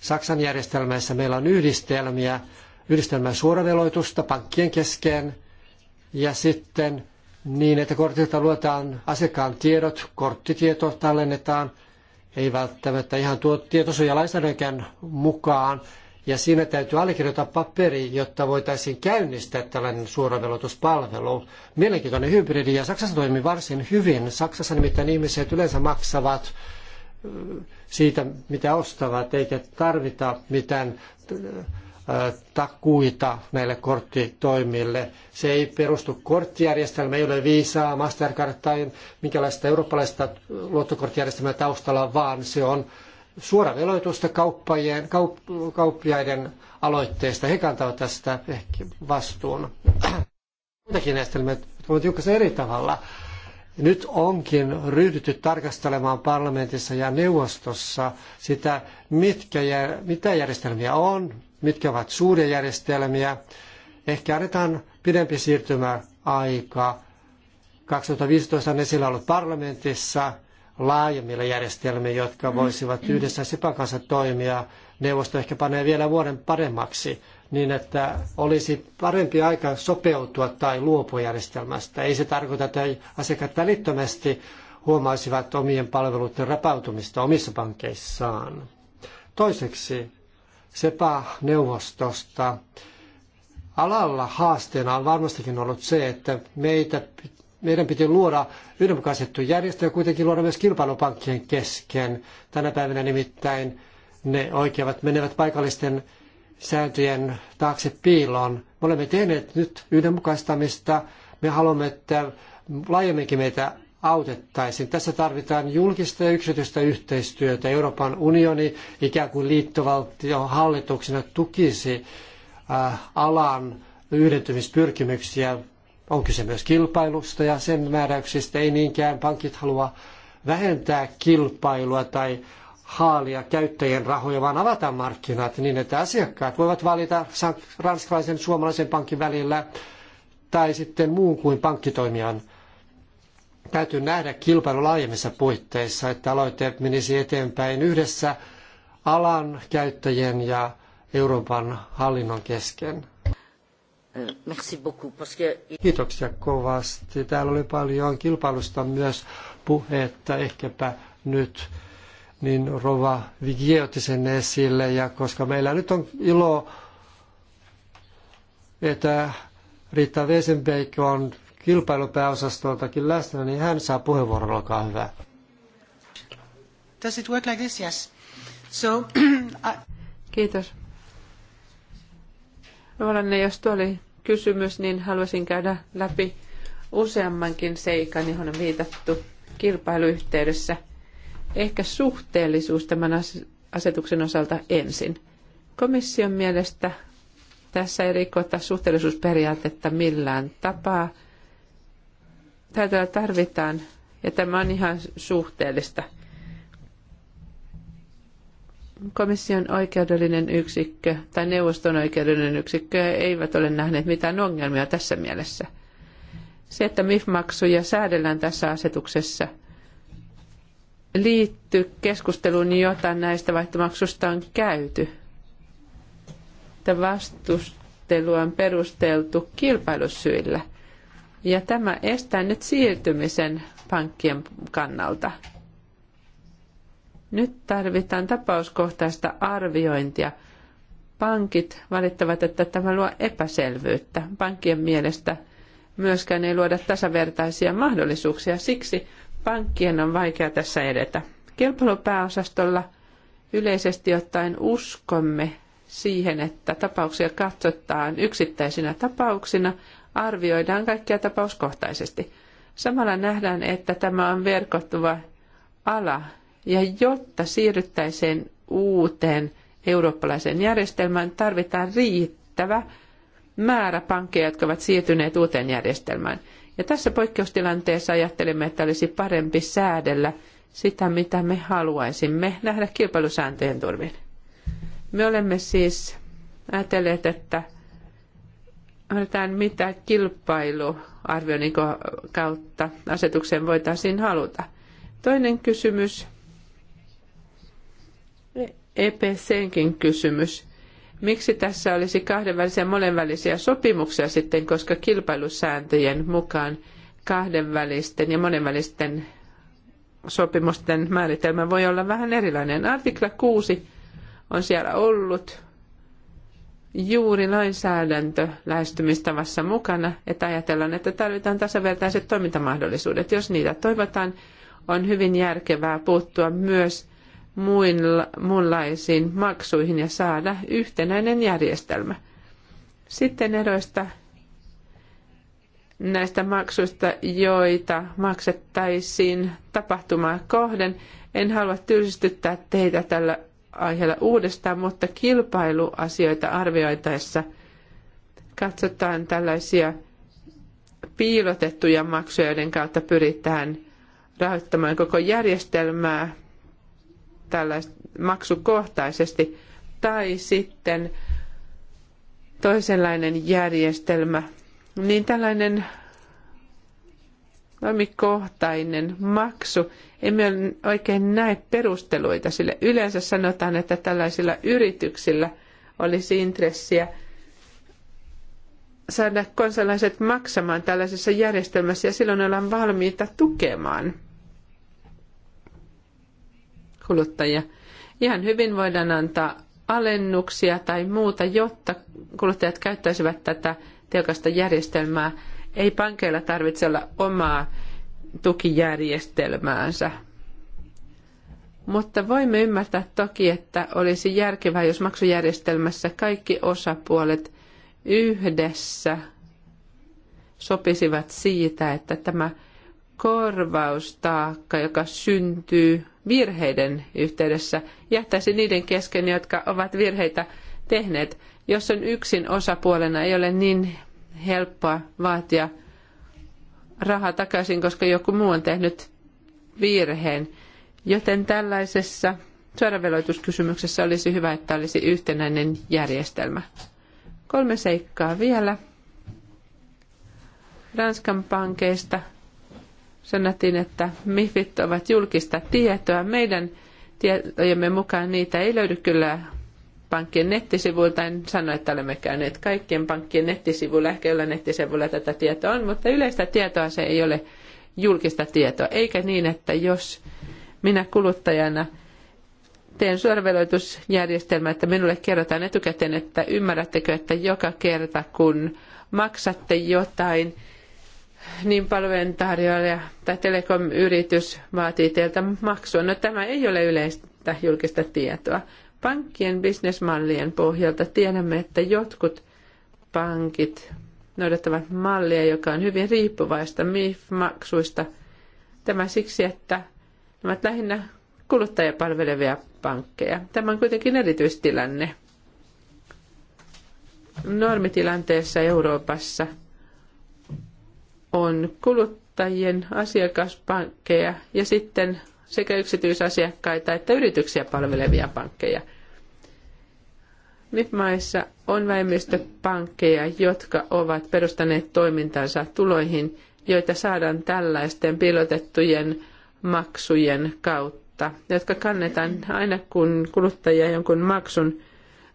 Saksan järjestelmässä meillä on yhdistelmiä, yhdistelmän suoraveloitusta pankkien kesken ja sitten niin, että kortilta luetaan asiakkaan tiedot, korttitieto tallennetaan, ei välttämättä ihan tuo tietosuojalainsäädännönkään mukaan, ja siinä täytyy allekirjoittaa paperi, jotta voitaisiin käynnistää tällainen suoravelotuspalvelu. Mielenkiintoinen hybridi ja Saksassa toimii varsin hyvin. Saksassa nimittäin ihmiset yleensä maksavat siitä, mitä ostavat, eikä tarvita mitään takuita näille korttitoimille. Se ei perustu korttijärjestelmään, ei ole Visaa, Mastercard tai minkälaista eurooppalaista luottokorttijärjestelmää taustalla, vaan se on suora kauppajien, kaup, kauppiaiden aloitteesta. He kantavat tästä ehkä vastuun. Muitakin jotka ovat hiukan eri tavalla. Nyt onkin ryhdytty tarkastelemaan parlamentissa ja neuvostossa sitä, mitkä, mitä järjestelmiä on, mitkä ovat suuria järjestelmiä. Ehkä annetaan pidempi siirtymäaika. 2015 on esillä ollut parlamentissa – laajemmilla järjestelmiä, jotka voisivat yhdessä SIPAn kanssa toimia. Neuvosto ehkä panee vielä vuoden paremmaksi niin, että olisi parempi aika sopeutua tai luopua järjestelmästä. Ei se tarkoita, että asiakkaat välittömästi huomaisivat omien palveluiden rapautumista omissa pankeissaan. Toiseksi SEPA-neuvostosta alalla haasteena on varmastikin ollut se, että meitä meidän piti luoda yhdenmukaistettu järjestö ja kuitenkin luoda myös kilpailupankkien kesken. Tänä päivänä nimittäin ne oikeavat menevät paikallisten sääntöjen taakse piiloon. Me olemme tehneet nyt yhdenmukaistamista. Me haluamme, että laajemminkin meitä autettaisiin. Tässä tarvitaan julkista ja yksityistä yhteistyötä. Euroopan unioni ikään kuin liittovaltion hallituksena tukisi äh, alan yhdentymispyrkimyksiä on kyse myös kilpailusta ja sen määräyksistä. Ei niinkään pankit halua vähentää kilpailua tai haalia käyttäjien rahoja, vaan avata markkinat niin, että asiakkaat voivat valita ranskalaisen ja suomalaisen pankin välillä tai sitten muun kuin pankkitoimijan. Täytyy nähdä kilpailu laajemmissa puitteissa, että aloite menisi eteenpäin yhdessä alan käyttäjien ja Euroopan hallinnon kesken. Euh, merci beaucoup, parce Kiitoksia kovasti. Täällä oli paljon kilpailusta myös puhetta, ehkäpä nyt niin Rova Vigie otti sen esille. Ja koska meillä nyt on ilo, että Riitta Wesenbeik on kilpailupääosastoltakin läsnä, niin hän saa puheenvuoron, olkaa hyvä. Does it work like this? Yes. So, I... Kiitos. jos tuo oli kysymys, niin haluaisin käydä läpi useammankin seikan, johon on viitattu kilpailuyhteydessä. Ehkä suhteellisuus tämän asetuksen osalta ensin. Komission mielestä tässä ei rikota suhteellisuusperiaatetta millään tapaa. Tätä tarvitaan, ja tämä on ihan suhteellista – komission oikeudellinen yksikkö tai neuvoston oikeudellinen yksikkö eivät ole nähneet mitään ongelmia tässä mielessä. Se, että MIF-maksuja säädellään tässä asetuksessa, liittyy keskusteluun, jota näistä vaihtomaksusta on käyty. Että vastustelua on perusteltu kilpailusyillä. Ja tämä estää nyt siirtymisen pankkien kannalta. Nyt tarvitaan tapauskohtaista arviointia. Pankit valittavat, että tämä luo epäselvyyttä. Pankkien mielestä myöskään ei luoda tasavertaisia mahdollisuuksia. Siksi pankkien on vaikea tässä edetä. Kilpailupääosastolla yleisesti ottaen uskomme siihen, että tapauksia katsotaan yksittäisinä tapauksina, arvioidaan kaikkia tapauskohtaisesti. Samalla nähdään, että tämä on verkottuva ala, ja jotta siirryttäisiin uuteen eurooppalaiseen järjestelmään, tarvitaan riittävä määrä pankkeja, jotka ovat siirtyneet uuteen järjestelmään. Ja tässä poikkeustilanteessa ajattelimme, että olisi parempi säädellä sitä, mitä me haluaisimme nähdä kilpailusääntöjen turvin. Me olemme siis ajatelleet, että odotetaan mitä kilpailuarvioinnin kautta asetukseen voitaisiin haluta. Toinen kysymys EPCnkin kysymys. Miksi tässä olisi kahdenvälisiä ja monenvälisiä sopimuksia sitten, koska kilpailusääntöjen mukaan kahdenvälisten ja monenvälisten sopimusten määritelmä voi olla vähän erilainen. Artikla 6 on siellä ollut juuri lainsäädäntö lähestymistavassa mukana, että ajatellaan, että tarvitaan tasavertaiset toimintamahdollisuudet. Jos niitä toivotaan, on hyvin järkevää puuttua myös muin, muunlaisiin maksuihin ja saada yhtenäinen järjestelmä. Sitten eroista näistä maksuista, joita maksettaisiin tapahtumaa kohden. En halua tylsistyttää teitä tällä aiheella uudestaan, mutta kilpailuasioita arvioitaessa katsotaan tällaisia piilotettuja maksuja, joiden kautta pyritään rahoittamaan koko järjestelmää maksukohtaisesti tai sitten toisenlainen järjestelmä, niin tällainen toimikohtainen maksu. Emme oikein näe perusteluita sille. Yleensä sanotaan, että tällaisilla yrityksillä olisi intressiä saada kansalaiset maksamaan tällaisessa järjestelmässä ja silloin ollaan valmiita tukemaan – kuluttajia. Ihan hyvin voidaan antaa alennuksia tai muuta, jotta kuluttajat käyttäisivät tätä tehokasta järjestelmää. Ei pankeilla tarvitse olla omaa tukijärjestelmäänsä. Mutta voimme ymmärtää toki, että olisi järkevää, jos maksujärjestelmässä kaikki osapuolet yhdessä sopisivat siitä, että tämä korvaustaakka, joka syntyy virheiden yhteydessä jättäisi niiden kesken, jotka ovat virheitä tehneet. Jos on yksin osapuolena, ei ole niin helppoa vaatia rahaa takaisin, koska joku muu on tehnyt virheen. Joten tällaisessa suoraveloituskysymyksessä olisi hyvä, että olisi yhtenäinen järjestelmä. Kolme seikkaa vielä. Ranskan pankeista sanottiin, että MIFit ovat julkista tietoa. Meidän tietojemme mukaan niitä ei löydy kyllä pankkien nettisivuilta. En sano, että olemme käyneet kaikkien pankkien nettisivuilla, ehkä jollain nettisivuilla tätä tietoa on, mutta yleistä tietoa se ei ole julkista tietoa. Eikä niin, että jos minä kuluttajana teen sorveloitusjärjestelmä, että minulle kerrotaan etukäteen, että ymmärrättekö, että joka kerta kun maksatte jotain, niin palvelujen tarjoaja tai telekom-yritys vaatii teiltä maksua. No tämä ei ole yleistä julkista tietoa. Pankkien bisnesmallien pohjalta tiedämme, että jotkut pankit noudattavat mallia, joka on hyvin riippuvaista MIF-maksuista. Tämä siksi, että ne ovat lähinnä kuluttajapalvelevia pankkeja. Tämä on kuitenkin erityistilanne. Normitilanteessa Euroopassa – on kuluttajien asiakaspankkeja ja sitten sekä yksityisasiakkaita että yrityksiä palvelevia pankkeja. MIP-maissa on vähemmistöpankkeja, jotka ovat perustaneet toimintansa tuloihin, joita saadaan tällaisten piilotettujen maksujen kautta, jotka kannetaan aina kun kuluttaja jonkun maksun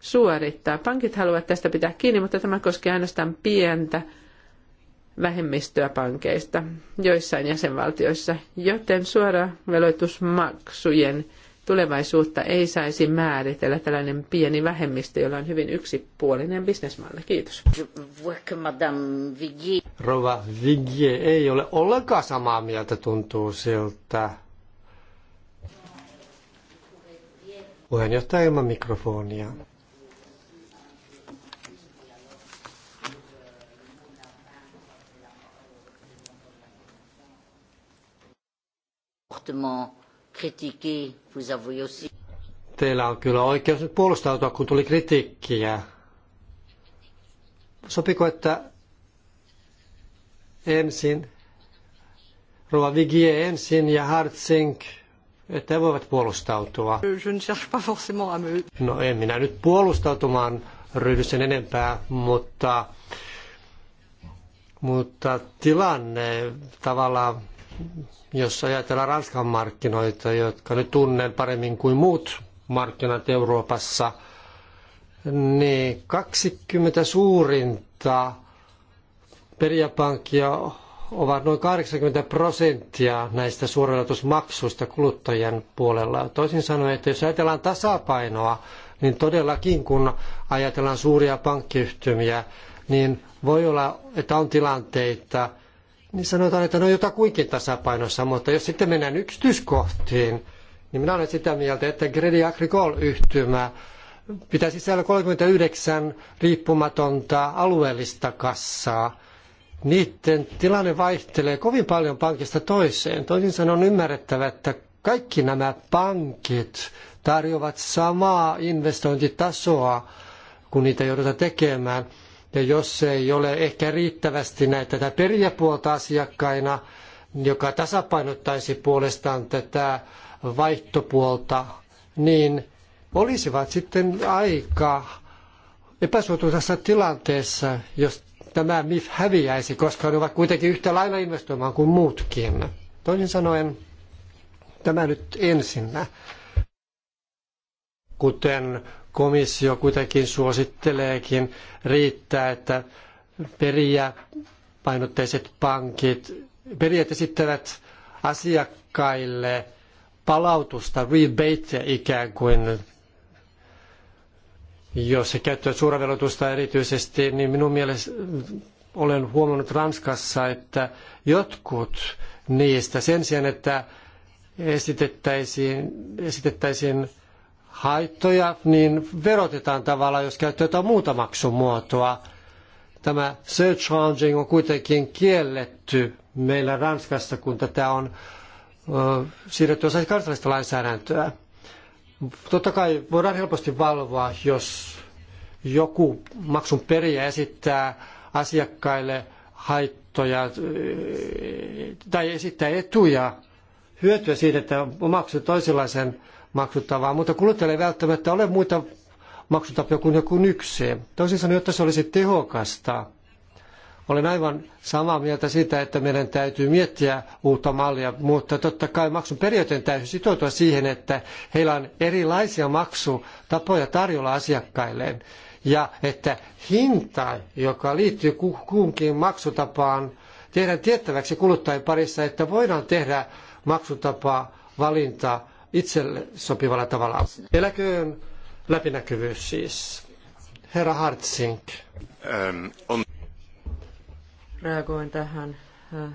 suorittaa. Pankit haluavat tästä pitää kiinni, mutta tämä koskee ainoastaan pientä vähemmistöä pankeista joissain jäsenvaltioissa, joten suora veloitusmaksujen tulevaisuutta ei saisi määritellä tällainen pieni vähemmistö, jolla on hyvin yksipuolinen bisnesmalli. Kiitos. Rova Vigie ei ole ollenkaan samaa mieltä, tuntuu siltä. Puheenjohtaja ilman mikrofonia. fortement critiqué, vous avouez aussi. Teillä on kyllä oikeus nyt puolustautua, kun tuli kritiikkiä. Sopiko, että ensin, Rova Vigier ensin ja Hartzink, että he voivat puolustautua. No en minä nyt puolustautumaan ryhdy sen enempää, mutta, mutta tilanne tavallaan jos ajatellaan Ranskan markkinoita, jotka nyt tunnen paremmin kuin muut markkinat Euroopassa, niin 20 suurinta periapankkia ovat noin 80 prosenttia näistä suoranotusmaksuista kuluttajien puolella. Toisin sanoen, että jos ajatellaan tasapainoa, niin todellakin kun ajatellaan suuria pankkiyhtymiä, niin voi olla, että on tilanteita, niin sanotaan, että no jotakuinkin tasapainossa, mutta jos sitten mennään yksityiskohtiin, niin minä olen sitä mieltä, että Gredi Agricole-yhtymä pitää sisällä 39 riippumatonta alueellista kassaa. Niiden tilanne vaihtelee kovin paljon pankista toiseen. Toisin sanoen on ymmärrettävä, että kaikki nämä pankit tarjoavat samaa investointitasoa, kun niitä joudutaan tekemään – ja jos ei ole ehkä riittävästi näitä tätä perijäpuolta asiakkaina, joka tasapainottaisi puolestaan tätä vaihtopuolta, niin olisivat sitten aika epäsuotuisessa tilanteessa, jos tämä MIF häviäisi, koska ne ovat kuitenkin yhtä lailla investoimaan kuin muutkin. Toisin sanoen, tämä nyt ensinnä. Kuten komissio kuitenkin suositteleekin riittää, että periä painotteiset pankit, perijät esittävät asiakkaille palautusta, rebate ikään kuin, jos he käyttävät suoravelotusta erityisesti, niin minun mielestä olen huomannut Ranskassa, että jotkut niistä sen sijaan, että esitettäisiin, esitettäisiin haittoja, niin verotetaan tavallaan, jos käyttää jotain muuta maksumuotoa. Tämä surcharging on kuitenkin kielletty meillä Ranskassa, kun tätä on siirretty osaksi kansallista lainsäädäntöä. Totta kai voidaan helposti valvoa, jos joku maksun perijä esittää asiakkaille haittoja tai esittää etuja, hyötyä siitä, että omaksuu toisenlaisen maksuttavaa, mutta kuluttajalle ei välttämättä ole muita maksutapia kuin joku yksi. Toisin sanoen, jotta se olisi tehokasta, olen aivan samaa mieltä siitä, että meidän täytyy miettiä uutta mallia, mutta totta kai maksun periaatteen täytyy sitoutua siihen, että heillä on erilaisia maksutapoja tarjolla asiakkailleen. Ja että hinta, joka liittyy kunkin maksutapaan, tehdään tiettäväksi kuluttajien parissa, että voidaan tehdä maksutapa valinta itselle sopivalla tavalla. Eläköön läpinäkyvyys siis. Herra Hartsink. Ähm, on... Reagoin tähän äh,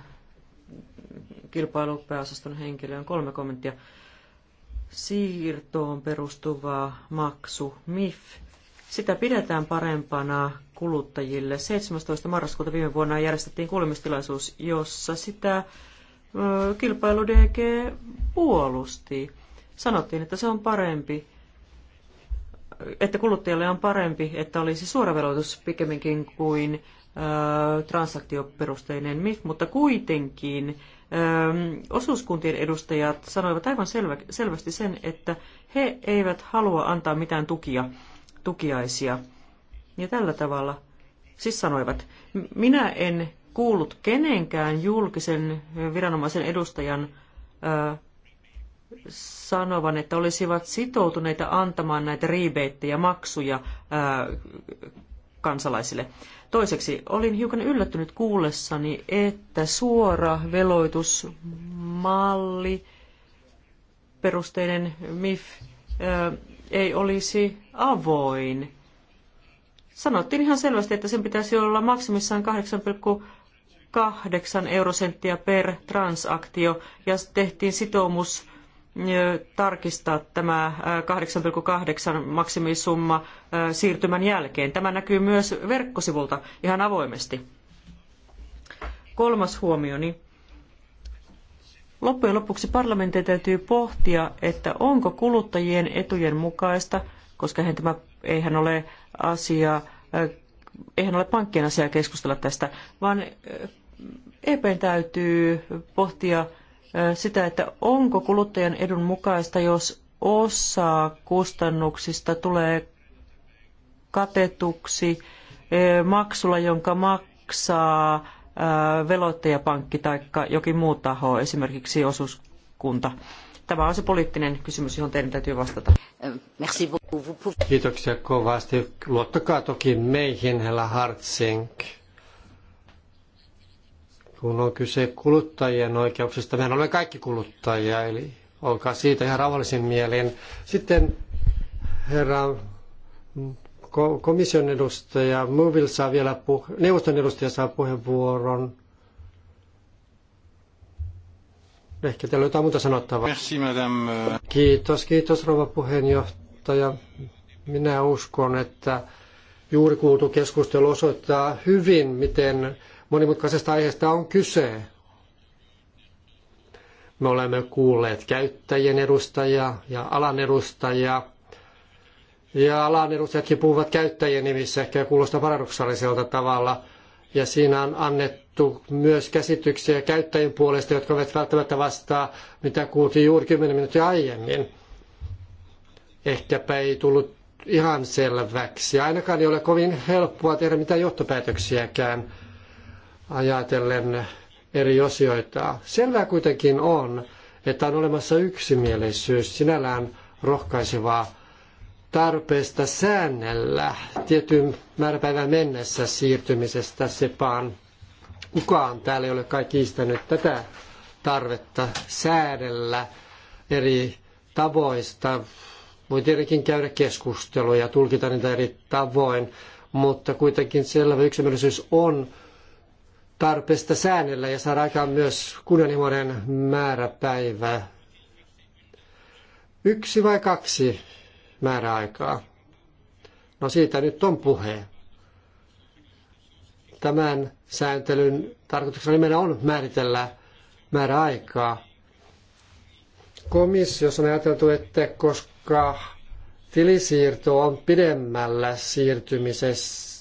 kilpailupääosaston henkilöön kolme kommenttia. Siirtoon perustuva maksu MIF. Sitä pidetään parempana kuluttajille. 17. marraskuuta viime vuonna järjestettiin kuulemistilaisuus, jossa sitä äh, kilpailu DG puolusti sanottiin, että se on parempi, että kuluttajalle on parempi, että olisi suoraveloitus pikemminkin kuin transaktioperusteinen MIF, mutta kuitenkin osuuskuntien edustajat sanoivat aivan selvä, selvästi sen, että he eivät halua antaa mitään tukia, tukiaisia. Ja tällä tavalla, siis sanoivat, minä en kuullut kenenkään julkisen viranomaisen edustajan sanovan, että olisivat sitoutuneita antamaan näitä rebateja, maksuja ää, kansalaisille. Toiseksi olin hiukan yllättynyt kuullessani, että suora veloitusmalli perusteinen MIF ää, ei olisi avoin. Sanottiin ihan selvästi, että sen pitäisi olla maksimissaan 8,8 eurosenttiä per transaktio ja tehtiin sitoumus tarkistaa tämä 8,8 maksimisumma siirtymän jälkeen. Tämä näkyy myös verkkosivulta ihan avoimesti. Kolmas huomioni. Loppujen lopuksi parlamentin täytyy pohtia, että onko kuluttajien etujen mukaista, koska eihän tämä eihän ole asia, eihän ole pankkien asia keskustella tästä, vaan EPn täytyy pohtia sitä, että onko kuluttajan edun mukaista, jos osa kustannuksista tulee katetuksi maksulla, jonka maksaa veloittajapankki tai jokin muu taho, esimerkiksi osuuskunta. Tämä on se poliittinen kysymys, johon teidän täytyy vastata. Kiitoksia kovasti. Luottakaa toki meihin, Hella Hartsink kun on kyse kuluttajien oikeuksista. Mehän olemme kaikki kuluttajia, eli olkaa siitä ihan rauhallisin mielin. Sitten herra komission edustaja, Muvil saa vielä puh- neuvoston edustaja saa puheenvuoron. Ehkä teillä on jotain muuta sanottavaa. Merci, madame. Kiitos, kiitos rouva puheenjohtaja. Minä uskon, että juuri kuultu keskustelu osoittaa hyvin, miten monimutkaisesta aiheesta on kyse. Me olemme kuulleet käyttäjien edustajia ja alan edustajia. Ja alan edustajatkin puhuvat käyttäjien nimissä, ehkä kuulostaa paradoksaaliselta tavalla. Ja siinä on annettu myös käsityksiä käyttäjien puolesta, jotka ovat välttämättä vastaa, mitä kuultiin juuri 10 minuuttia aiemmin. Ehkäpä ei tullut ihan selväksi. Ainakaan ei ole kovin helppoa tehdä mitään johtopäätöksiäkään ajatellen eri osioita. Selvää kuitenkin on, että on olemassa yksimielisyys sinällään rohkaisevaa tarpeesta säännellä tietyn määräpäivän mennessä siirtymisestä sepaan. Kukaan täällä ei ole kai kiistänyt tätä tarvetta säädellä eri tavoista. Voi tietenkin käydä keskusteluja ja tulkita niitä eri tavoin, mutta kuitenkin selvä yksimielisyys on tarpeesta säännellä ja saada aikaan myös kunnianhimoinen määräpäivä. Yksi vai kaksi määräaikaa? No siitä nyt on puhe. Tämän sääntelyn tarkoituksena nimenomaan on määritellä määräaikaa. Komissiossa on ajateltu, että koska tilisiirto on pidemmällä siirtymisessä,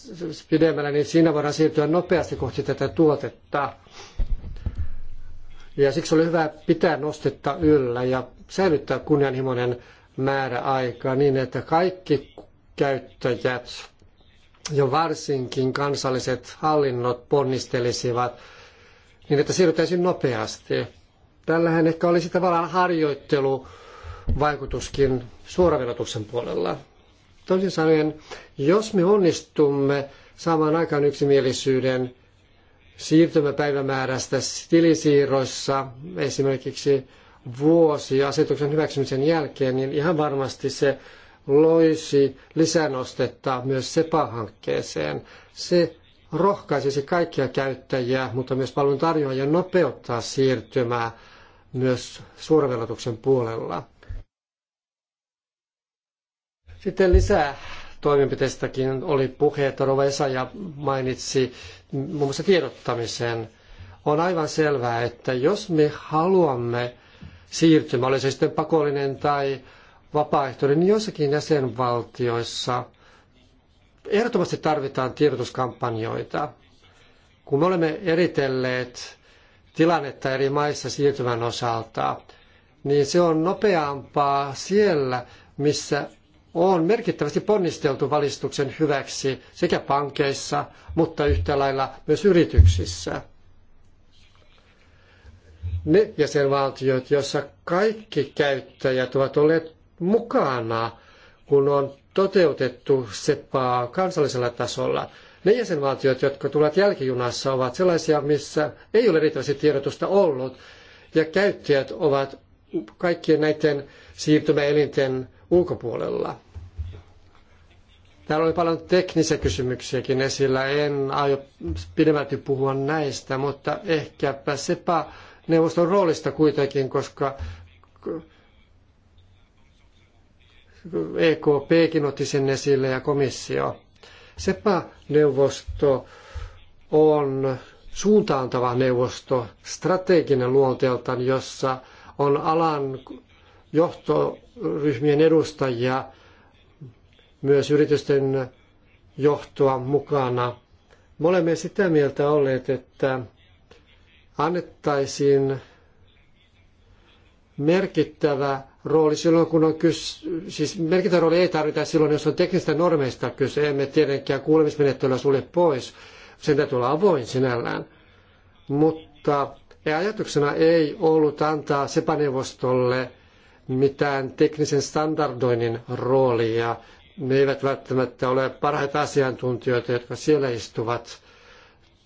pidemmällä, niin siinä voidaan siirtyä nopeasti kohti tätä tuotetta. Ja siksi oli hyvä pitää nostetta yllä ja säilyttää kunnianhimoinen aikaa niin, että kaikki käyttäjät ja varsinkin kansalliset hallinnot ponnistelisivat niin, että siirrytäisiin nopeasti. Tällähän ehkä olisi tavallaan harjoittelu vaikutuskin suoraverotuksen puolella. Toisin sanoen, jos me onnistumme saamaan aikaan yksimielisyyden siirtymäpäivämäärästä tilisiirroissa esimerkiksi vuosi asetuksen hyväksymisen jälkeen, niin ihan varmasti se loisi lisänostetta myös SEPA-hankkeeseen. Se rohkaisisi kaikkia käyttäjiä, mutta myös palveluntarjoajia tarjoajia nopeuttaa siirtymää myös suoravelotuksen puolella. Sitten lisää toimenpiteistäkin oli puhe, että Rova Esaja mainitsi muun mm. muassa tiedottamisen. On aivan selvää, että jos me haluamme siirtymä, oli se sitten pakollinen tai vapaaehtoinen, niin joissakin jäsenvaltioissa ehdottomasti tarvitaan tiedotuskampanjoita. Kun me olemme eritelleet tilannetta eri maissa siirtymän osalta, niin se on nopeampaa siellä, missä on merkittävästi ponnisteltu valistuksen hyväksi sekä pankeissa, mutta yhtä lailla myös yrityksissä. Ne jäsenvaltiot, joissa kaikki käyttäjät ovat olleet mukana, kun on toteutettu SEPAa kansallisella tasolla. Ne jäsenvaltiot, jotka tulevat jälkijunassa, ovat sellaisia, missä ei ole riittävästi tiedotusta ollut, ja käyttäjät ovat kaikkien näiden siirtymäelinten ulkopuolella. Täällä oli paljon teknisiä kysymyksiäkin esillä, en aio pidemmälti puhua näistä, mutta ehkäpä sepä neuvoston roolista kuitenkin, koska EKPkin otti sen esille ja komissio. Sepä neuvosto on suuntaantava neuvosto, strateginen luonteeltaan, jossa on alan johtoryhmien edustajia – myös yritysten johtoa mukana. Me olemme sitä mieltä olleet, että annettaisiin merkittävä rooli silloin, kun on kyse, siis merkittävä rooli ei tarvita silloin, jos on teknistä normeista kyse, emme tietenkään kuulemismenettelyä sulle pois, sen täytyy olla avoin sinällään. Mutta ajatuksena ei ollut antaa SEPA-neuvostolle mitään teknisen standardoinnin roolia ne eivät välttämättä ole parhaita asiantuntijoita, jotka siellä istuvat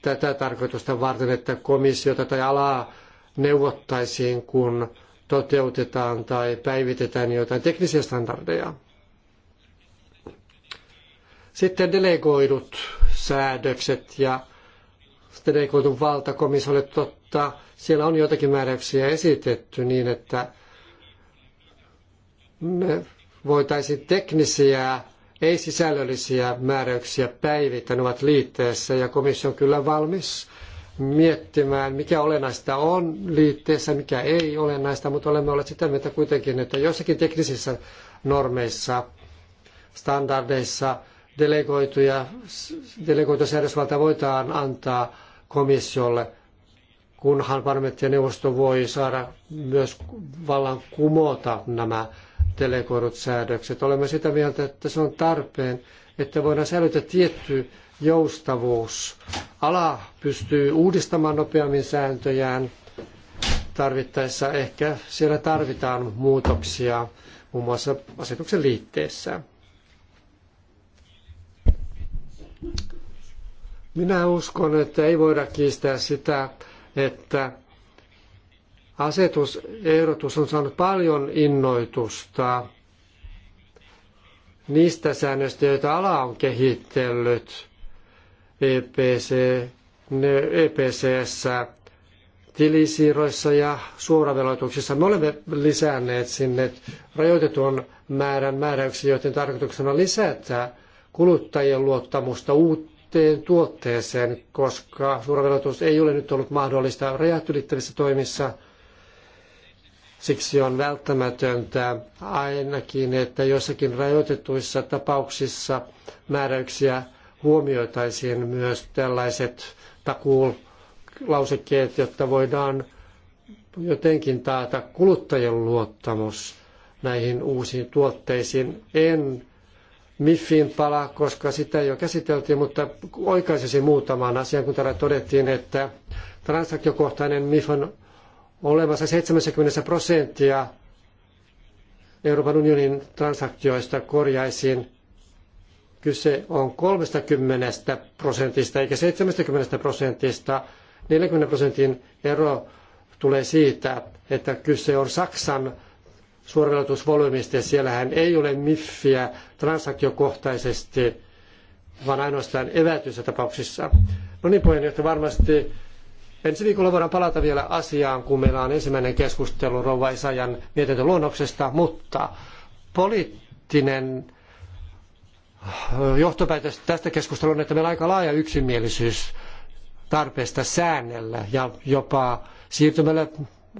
tätä tarkoitusta varten, että komissiota tai alaa neuvottaisiin, kun toteutetaan tai päivitetään jotain teknisiä standardeja. Sitten delegoidut säädökset ja delegoitu valta komissiolle totta. Siellä on joitakin määräyksiä esitetty niin, että ne voitaisiin teknisiä, ei sisällöllisiä määräyksiä päivittää. Ne ovat liitteessä ja komissio on kyllä valmis miettimään, mikä olennaista on liitteessä, mikä ei olennaista, mutta olemme olleet sitä mieltä kuitenkin, että joissakin teknisissä normeissa, standardeissa delegoituja, delegoitu säädösvalta voidaan antaa komissiolle, kunhan parlamentti ja neuvosto voi saada myös vallan kumota nämä telekorot säädökset. Olemme sitä mieltä, että se on tarpeen, että voidaan säilyttää tietty joustavuus. Ala pystyy uudistamaan nopeammin sääntöjään tarvittaessa. Ehkä siellä tarvitaan muutoksia muun muassa asetuksen liitteessä. Minä uskon, että ei voida kiistää sitä, että Asetusehdotus on saanut paljon innoitusta niistä säännöistä, joita ala on kehitellyt EPC, EPCS e tilisiirroissa ja suoraveloituksissa. Me olemme lisänneet sinne rajoitetun määrän määräyksiä, joiden tarkoituksena lisätä kuluttajien luottamusta uuteen tuotteeseen, koska suoraveloitus ei ole nyt ollut mahdollista rajat ylittävissä toimissa – Siksi on välttämätöntä ainakin, että jossakin rajoitetuissa tapauksissa määräyksiä huomioitaisiin myös tällaiset takuulausekkeet, jotta voidaan jotenkin taata kuluttajien luottamus näihin uusiin tuotteisiin. En MIFin palaa, koska sitä jo käsiteltiin, mutta oikaisisin muutaman asian, kun täällä todettiin, että transaktiokohtainen MIF on olemassa 70 prosenttia Euroopan unionin transaktioista korjaisiin. Kyse on 30 prosentista eikä 70 prosentista. 40 prosentin ero tulee siitä, että kyse on Saksan suoravelotusvolyymista ja siellähän ei ole miffiä transaktiokohtaisesti, vaan ainoastaan evätyissä tapauksissa. No niin puheenjohtaja, varmasti Ensi viikolla voidaan palata vielä asiaan, kun meillä on ensimmäinen keskustelu Rouva Isajan mietintöluonnoksesta, mutta poliittinen eh, johtopäätös tästä keskustelusta on, että meillä on aika laaja yksimielisyys tarpeesta säännellä ja jopa siirtymällä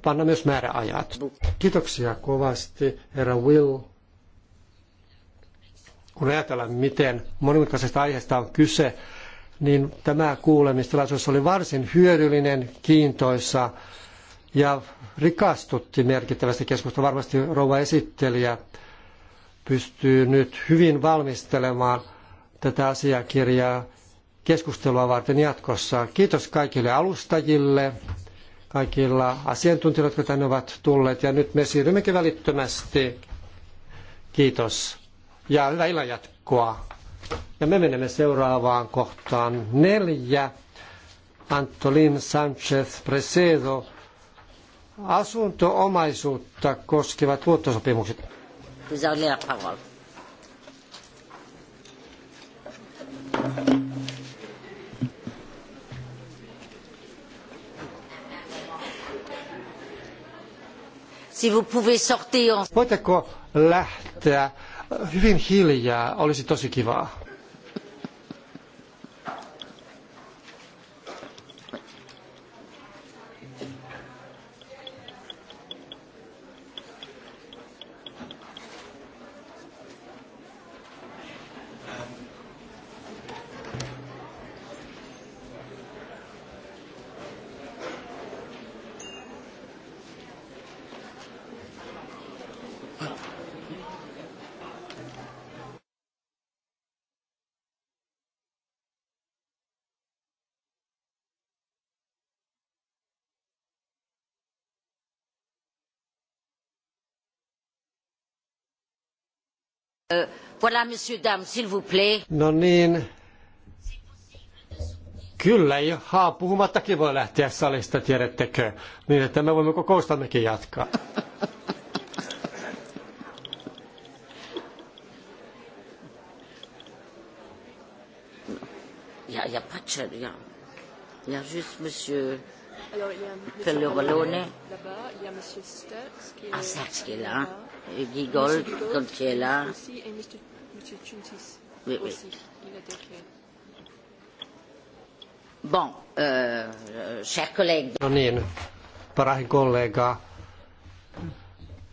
panna myös määräajat. Kiitoksia kovasti, herra Will. Kun ajatellaan, miten monimutkaisesta aiheesta on kyse, niin tämä kuulemistilaisuus oli varsin hyödyllinen, kiintoisa ja rikastutti merkittävästi keskustelua. Varmasti rouva esittelijä pystyy nyt hyvin valmistelemaan tätä asiakirjaa keskustelua varten jatkossa. Kiitos kaikille alustajille, kaikilla asiantuntijoille, jotka tänne ovat tulleet. Ja nyt me siirrymmekin välittömästi. Kiitos ja hyvää illanjatkoa. jatkoa. Ja me menemme seuraavaan kohtaan neljä. Antolin Sanchez Presedo, asuntoomaisuutta koskevat luottosopimukset. Si vous pouvez sortir... Voitteko lähteä hyvin hiljaa, olisi tosi kivaa. Euh, voilà, monsieur, dames, s'il vous plaît. No niin. Kyllä, jaha, puhumattakin voi lähteä salista, tiedättekö, niin että me voimme kokoustammekin jatkaa. Il n'y a, y a pas monsieur Alors, il ah, Sturz qui est là Gigold, quand Oui, oui. Bon, euh, chers collègues. No niin, parahin kollega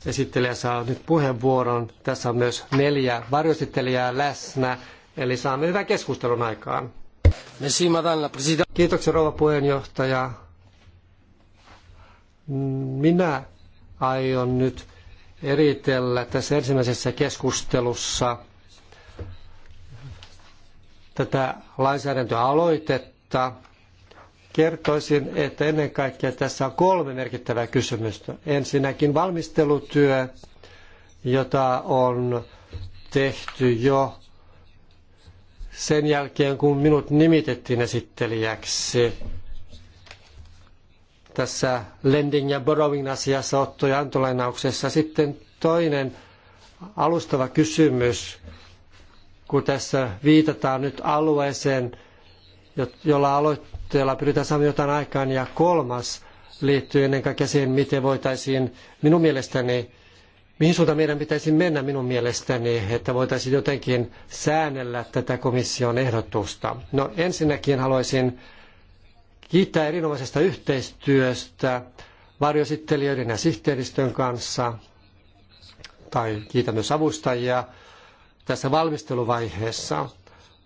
esittelijä saa nyt puheenvuoron. Tässä on myös neljä varjoesittelijää läsnä, eli saamme hyvän keskustelun aikaan. Merci, madame la Kiitoksia, rouva puheenjohtaja. Minä aion nyt eritellä tässä ensimmäisessä keskustelussa tätä lainsäädäntöaloitetta, kertoisin, että ennen kaikkea tässä on kolme merkittävää kysymystä. Ensinnäkin valmistelutyö, jota on tehty jo sen jälkeen, kun minut nimitettiin esittelijäksi tässä lending ja borrowing asiassa otto- ja antolainauksessa. Sitten toinen alustava kysymys, kun tässä viitataan nyt alueeseen, jolla aloitteella pyritään saamaan jotain aikaan, ja kolmas liittyy ennen kaikkea siihen, miten voitaisiin minun mielestäni, mihin suuntaan meidän pitäisi mennä minun mielestäni, että voitaisiin jotenkin säännellä tätä komission ehdotusta. No ensinnäkin haluaisin kiittää erinomaisesta yhteistyöstä varjosittelijöiden ja sihteeristön kanssa, tai kiitän myös avustajia tässä valmisteluvaiheessa.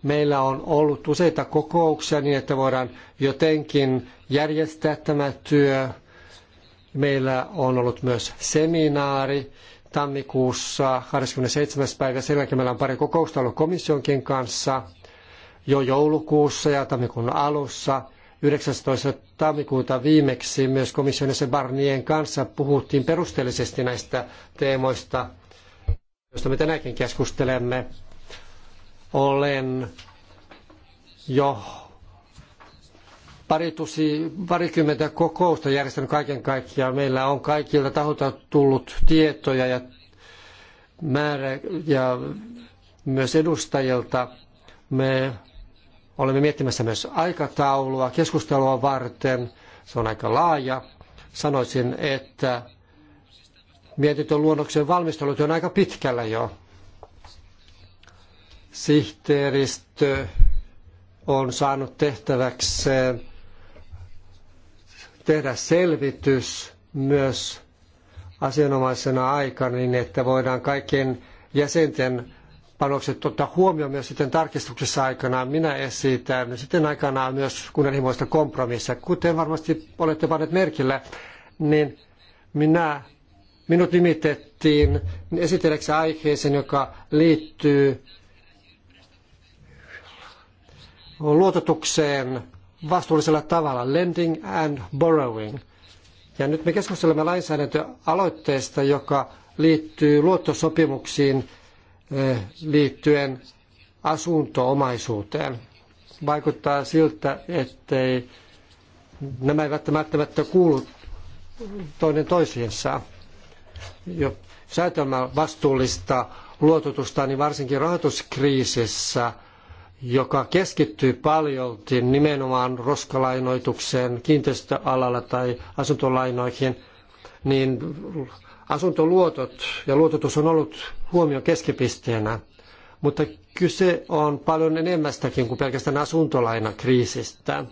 Meillä on ollut useita kokouksia niin, että voidaan jotenkin järjestää tämä työ. Meillä on ollut myös seminaari tammikuussa 27. päivä. Sen jälkeen meillä on pari kokousta ollut komissionkin kanssa jo joulukuussa ja tammikuun alussa – 19. tammikuuta viimeksi myös komissionissa Barnien kanssa puhuttiin perusteellisesti näistä teemoista, joista me tänäänkin keskustelemme. Olen jo pari tusi, parikymmentä kokousta järjestänyt kaiken kaikkiaan. Meillä on kaikilta taholta tullut tietoja ja, määrä, ja myös edustajilta. Me Olemme miettimässä myös aikataulua keskustelua varten. Se on aika laaja. Sanoisin, että mietintön luonnoksen valmistelut on aika pitkällä jo. Sihteeristö on saanut tehtäväkseen tehdä selvitys myös asianomaisena aikana, niin että voidaan kaikkien jäsenten panokset ottaa huomioon myös sitten tarkistuksessa aikanaan. Minä esitän sitten aikanaan myös kunnianhimoista kompromissia. Kuten varmasti olette panneet merkille, niin minä, minut nimitettiin esitelleksi aiheeseen, joka liittyy luototukseen vastuullisella tavalla, lending and borrowing. Ja nyt me keskustelemme lainsäädäntöaloitteesta, joka liittyy luottosopimuksiin – Eh, liittyen asuntoomaisuuteen. Vaikuttaa siltä, ettei nämä eivät välttämättä kuulu toinen toisiinsa. Jos ajatellaan vastuullista luototusta, niin varsinkin rahoituskriisissä, joka keskittyy paljolti nimenomaan roskalainoitukseen kiinteistöalalla tai asuntolainoihin, niin Asuntoluotot ja luototus on ollut huomion keskipisteenä, mutta kyse on paljon enemmästäkin kuin pelkästään asuntolainakriisistä.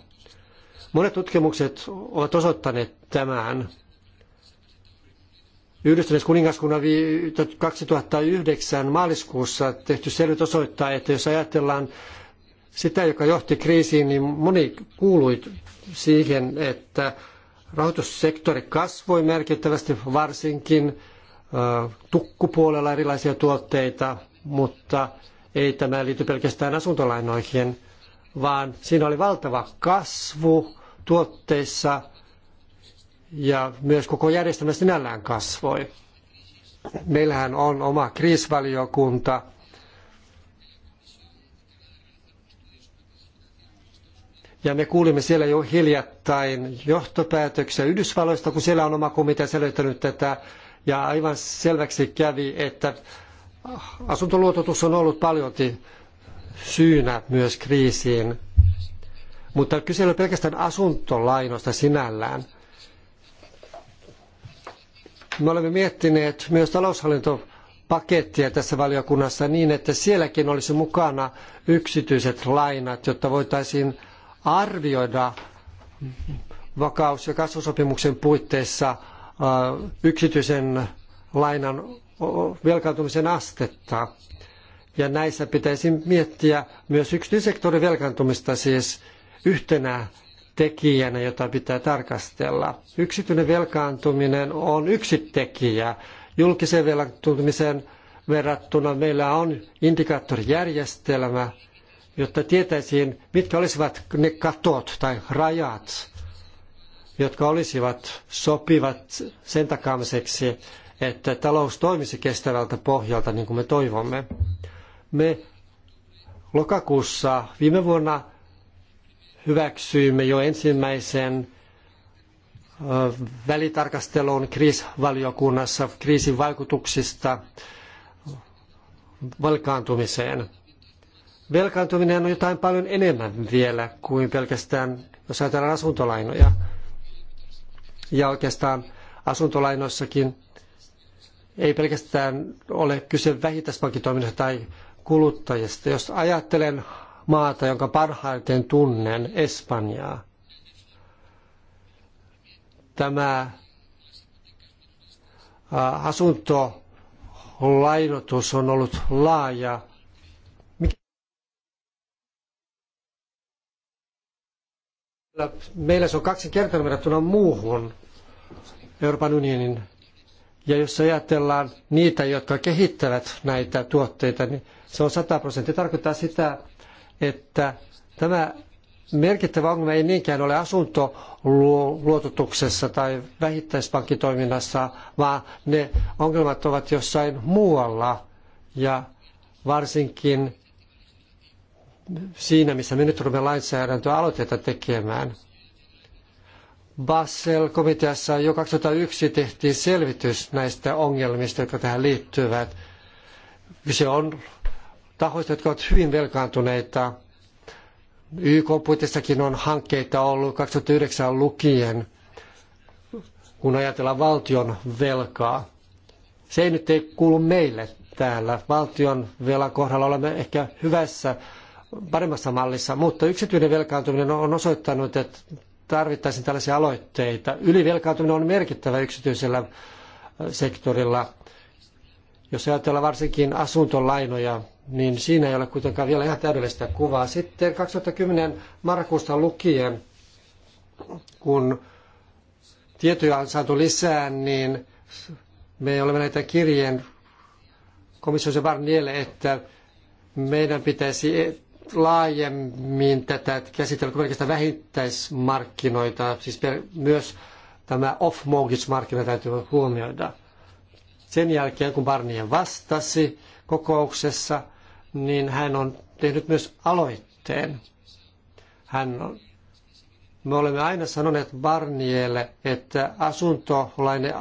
Monet tutkimukset ovat osoittaneet tämän. Yhdistyneessä kuningaskunnan 2009 maaliskuussa tehty selvitys osoittaa, että jos ajatellaan sitä, joka johti kriisiin, niin moni kuului siihen, että Rahoitussektori kasvoi merkittävästi varsinkin tukkupuolella erilaisia tuotteita, mutta ei tämä liity pelkästään asuntolainoihin, vaan siinä oli valtava kasvu tuotteissa ja myös koko järjestelmä sinällään kasvoi. Meillähän on oma kriisivaliokunta, Ja me kuulimme siellä jo hiljattain johtopäätöksiä Yhdysvalloista, kun siellä on oma komitea selvittänyt tätä. Ja aivan selväksi kävi, että asuntoluototus on ollut paljolti syynä myös kriisiin. Mutta kyse ei ole pelkästään asuntolainoista sinällään. Me olemme miettineet myös taloushallintopakettia tässä valiokunnassa niin, että sielläkin olisi mukana yksityiset lainat, jotta voitaisiin arvioida vakaus- ja kasvusopimuksen puitteissa äh, yksityisen lainan velkaantumisen astetta. Ja näissä pitäisi miettiä myös yksityissektorin velkaantumista siis yhtenä tekijänä, jota pitää tarkastella. Yksityinen velkaantuminen on yksi tekijä. Julkiseen velkaantumiseen verrattuna meillä on indikaattorijärjestelmä, jotta tietäisiin, mitkä olisivat ne katot tai rajat, jotka olisivat sopivat sen takaamiseksi, että talous toimisi kestävältä pohjalta, niin kuin me toivomme. Me lokakuussa viime vuonna hyväksyimme jo ensimmäisen välitarkastelun kriisivaliokunnassa kriisin vaikutuksista velkaantumiseen. Velkaantuminen on jotain paljon enemmän vielä kuin pelkästään, jos ajatellaan asuntolainoja. Ja oikeastaan asuntolainoissakin ei pelkästään ole kyse vähittäispankkitoiminnasta tai kuluttajista. Jos ajattelen maata, jonka parhaiten tunnen, Espanjaa, tämä asuntolainotus on ollut laaja meillä se on kaksinkertainen verrattuna muuhun Euroopan unionin. Ja jos ajatellaan niitä, jotka kehittävät näitä tuotteita, niin se on 100 prosenttia. Tarkoittaa sitä, että tämä merkittävä ongelma ei niinkään ole asuntoluototuksessa tai vähittäispankkitoiminnassa, vaan ne ongelmat ovat jossain muualla ja varsinkin siinä, missä me nyt rupeamme lainsäädäntöaloitetta tekemään. Basel-komiteassa jo 2001 tehtiin selvitys näistä ongelmista, jotka tähän liittyvät. Kyse on tahoista, jotka ovat hyvin velkaantuneita. YK puitteissakin on hankkeita ollut 2009 lukien, kun ajatellaan valtion velkaa. Se ei nyt ei kuulu meille täällä. Valtion velan kohdalla olemme ehkä hyvässä paremmassa mallissa, mutta yksityinen velkaantuminen on osoittanut, että tarvittaisiin tällaisia aloitteita. Ylivelkaantuminen on merkittävä yksityisellä sektorilla. Jos ajatellaan varsinkin asuntolainoja, niin siinä ei ole kuitenkaan vielä ihan täydellistä kuvaa. Sitten 2010 marraskuusta lukien, kun tietoja on saatu lisää, niin me olemme näitä kirjeen komissiossa Barnielle, että meidän pitäisi laajemmin tätä käsitellä kuin pelkästään vähittäismarkkinoita, siis myös tämä off-mortgage-markkina täytyy huomioida. Sen jälkeen, kun Barnier vastasi kokouksessa, niin hän on tehnyt myös aloitteen. Hän on, me olemme aina sanoneet Barnielle, että asuntolainen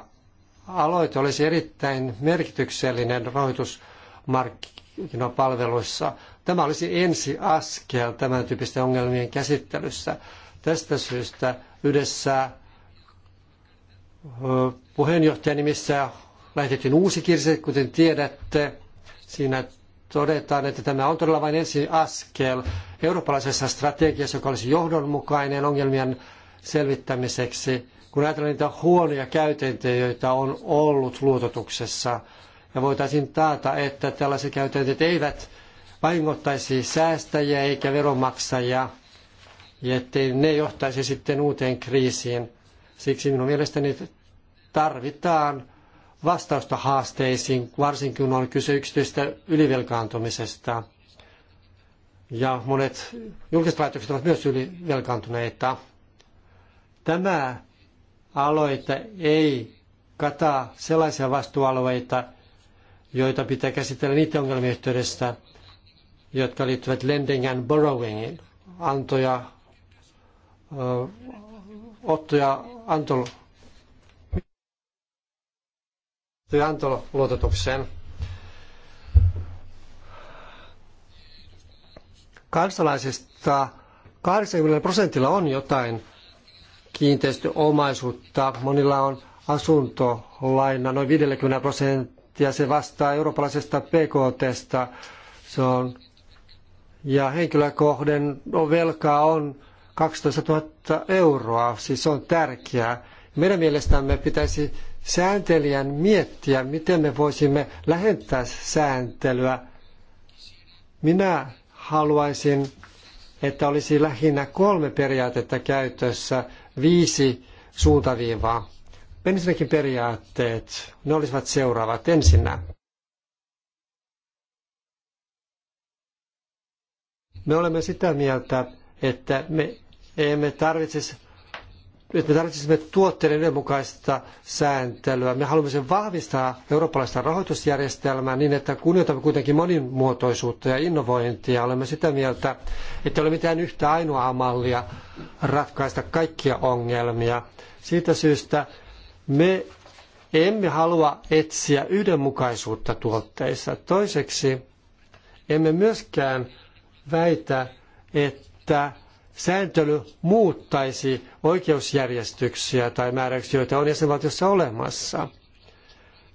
aloite olisi erittäin merkityksellinen rahoitusmarkkinapalveluissa – Tämä olisi ensi askel tämän tyyppisten ongelmien käsittelyssä. Tästä syystä yhdessä puheenjohtajan nimissä lähetettiin uusi kirse, kuten tiedätte. Siinä todetaan, että tämä on todella vain ensi askel eurooppalaisessa strategiassa, joka olisi johdonmukainen ongelmien selvittämiseksi, kun ajatellaan niitä huonoja käytäntöjä, joita on ollut luototuksessa. Ja voitaisiin taata, että tällaiset käytänteet eivät vahingoittaisi säästäjiä eikä veronmaksajia, ja ettei ne johtaisi sitten uuteen kriisiin. Siksi minun mielestäni tarvitaan vastausta haasteisiin, varsinkin kun on kyse yksityistä ylivelkaantumisesta. Ja monet julkiset laitokset ovat myös ylivelkaantuneita. Tämä aloite ei kata sellaisia vastuualueita, joita pitää käsitellä niiden ongelmien yhteydessä, jotka liittyvät lending and borrowingin, antoja, ottoja, antol, antoluototukseen. Kansalaisista 80 prosentilla on jotain kiinteistöomaisuutta. Monilla on asuntolaina noin 50 prosenttia. Se vastaa eurooppalaisesta PKTstä. Se on ja henkilökohden velkaa on 12 000 euroa, siis se on tärkeää. Meidän mielestämme pitäisi sääntelijän miettiä, miten me voisimme lähentää sääntelyä. Minä haluaisin, että olisi lähinnä kolme periaatetta käytössä, viisi suuntaviivaa. Ensinnäkin periaatteet, ne olisivat seuraavat. Ensinnä Me olemme sitä mieltä, että me emme tarvitsisi että me tarvitsisimme tuotteiden yhdenmukaista sääntelyä. Me haluamme vahvistaa eurooppalaista rahoitusjärjestelmää niin, että kunnioitamme kuitenkin monimuotoisuutta ja innovointia. Olemme sitä mieltä, että ei ole mitään yhtä ainoaa mallia ratkaista kaikkia ongelmia. Siitä syystä me emme halua etsiä yhdenmukaisuutta tuotteissa. Toiseksi emme myöskään väitä, että sääntely muuttaisi oikeusjärjestyksiä tai määräyksiä, joita on jäsenvaltiossa olemassa.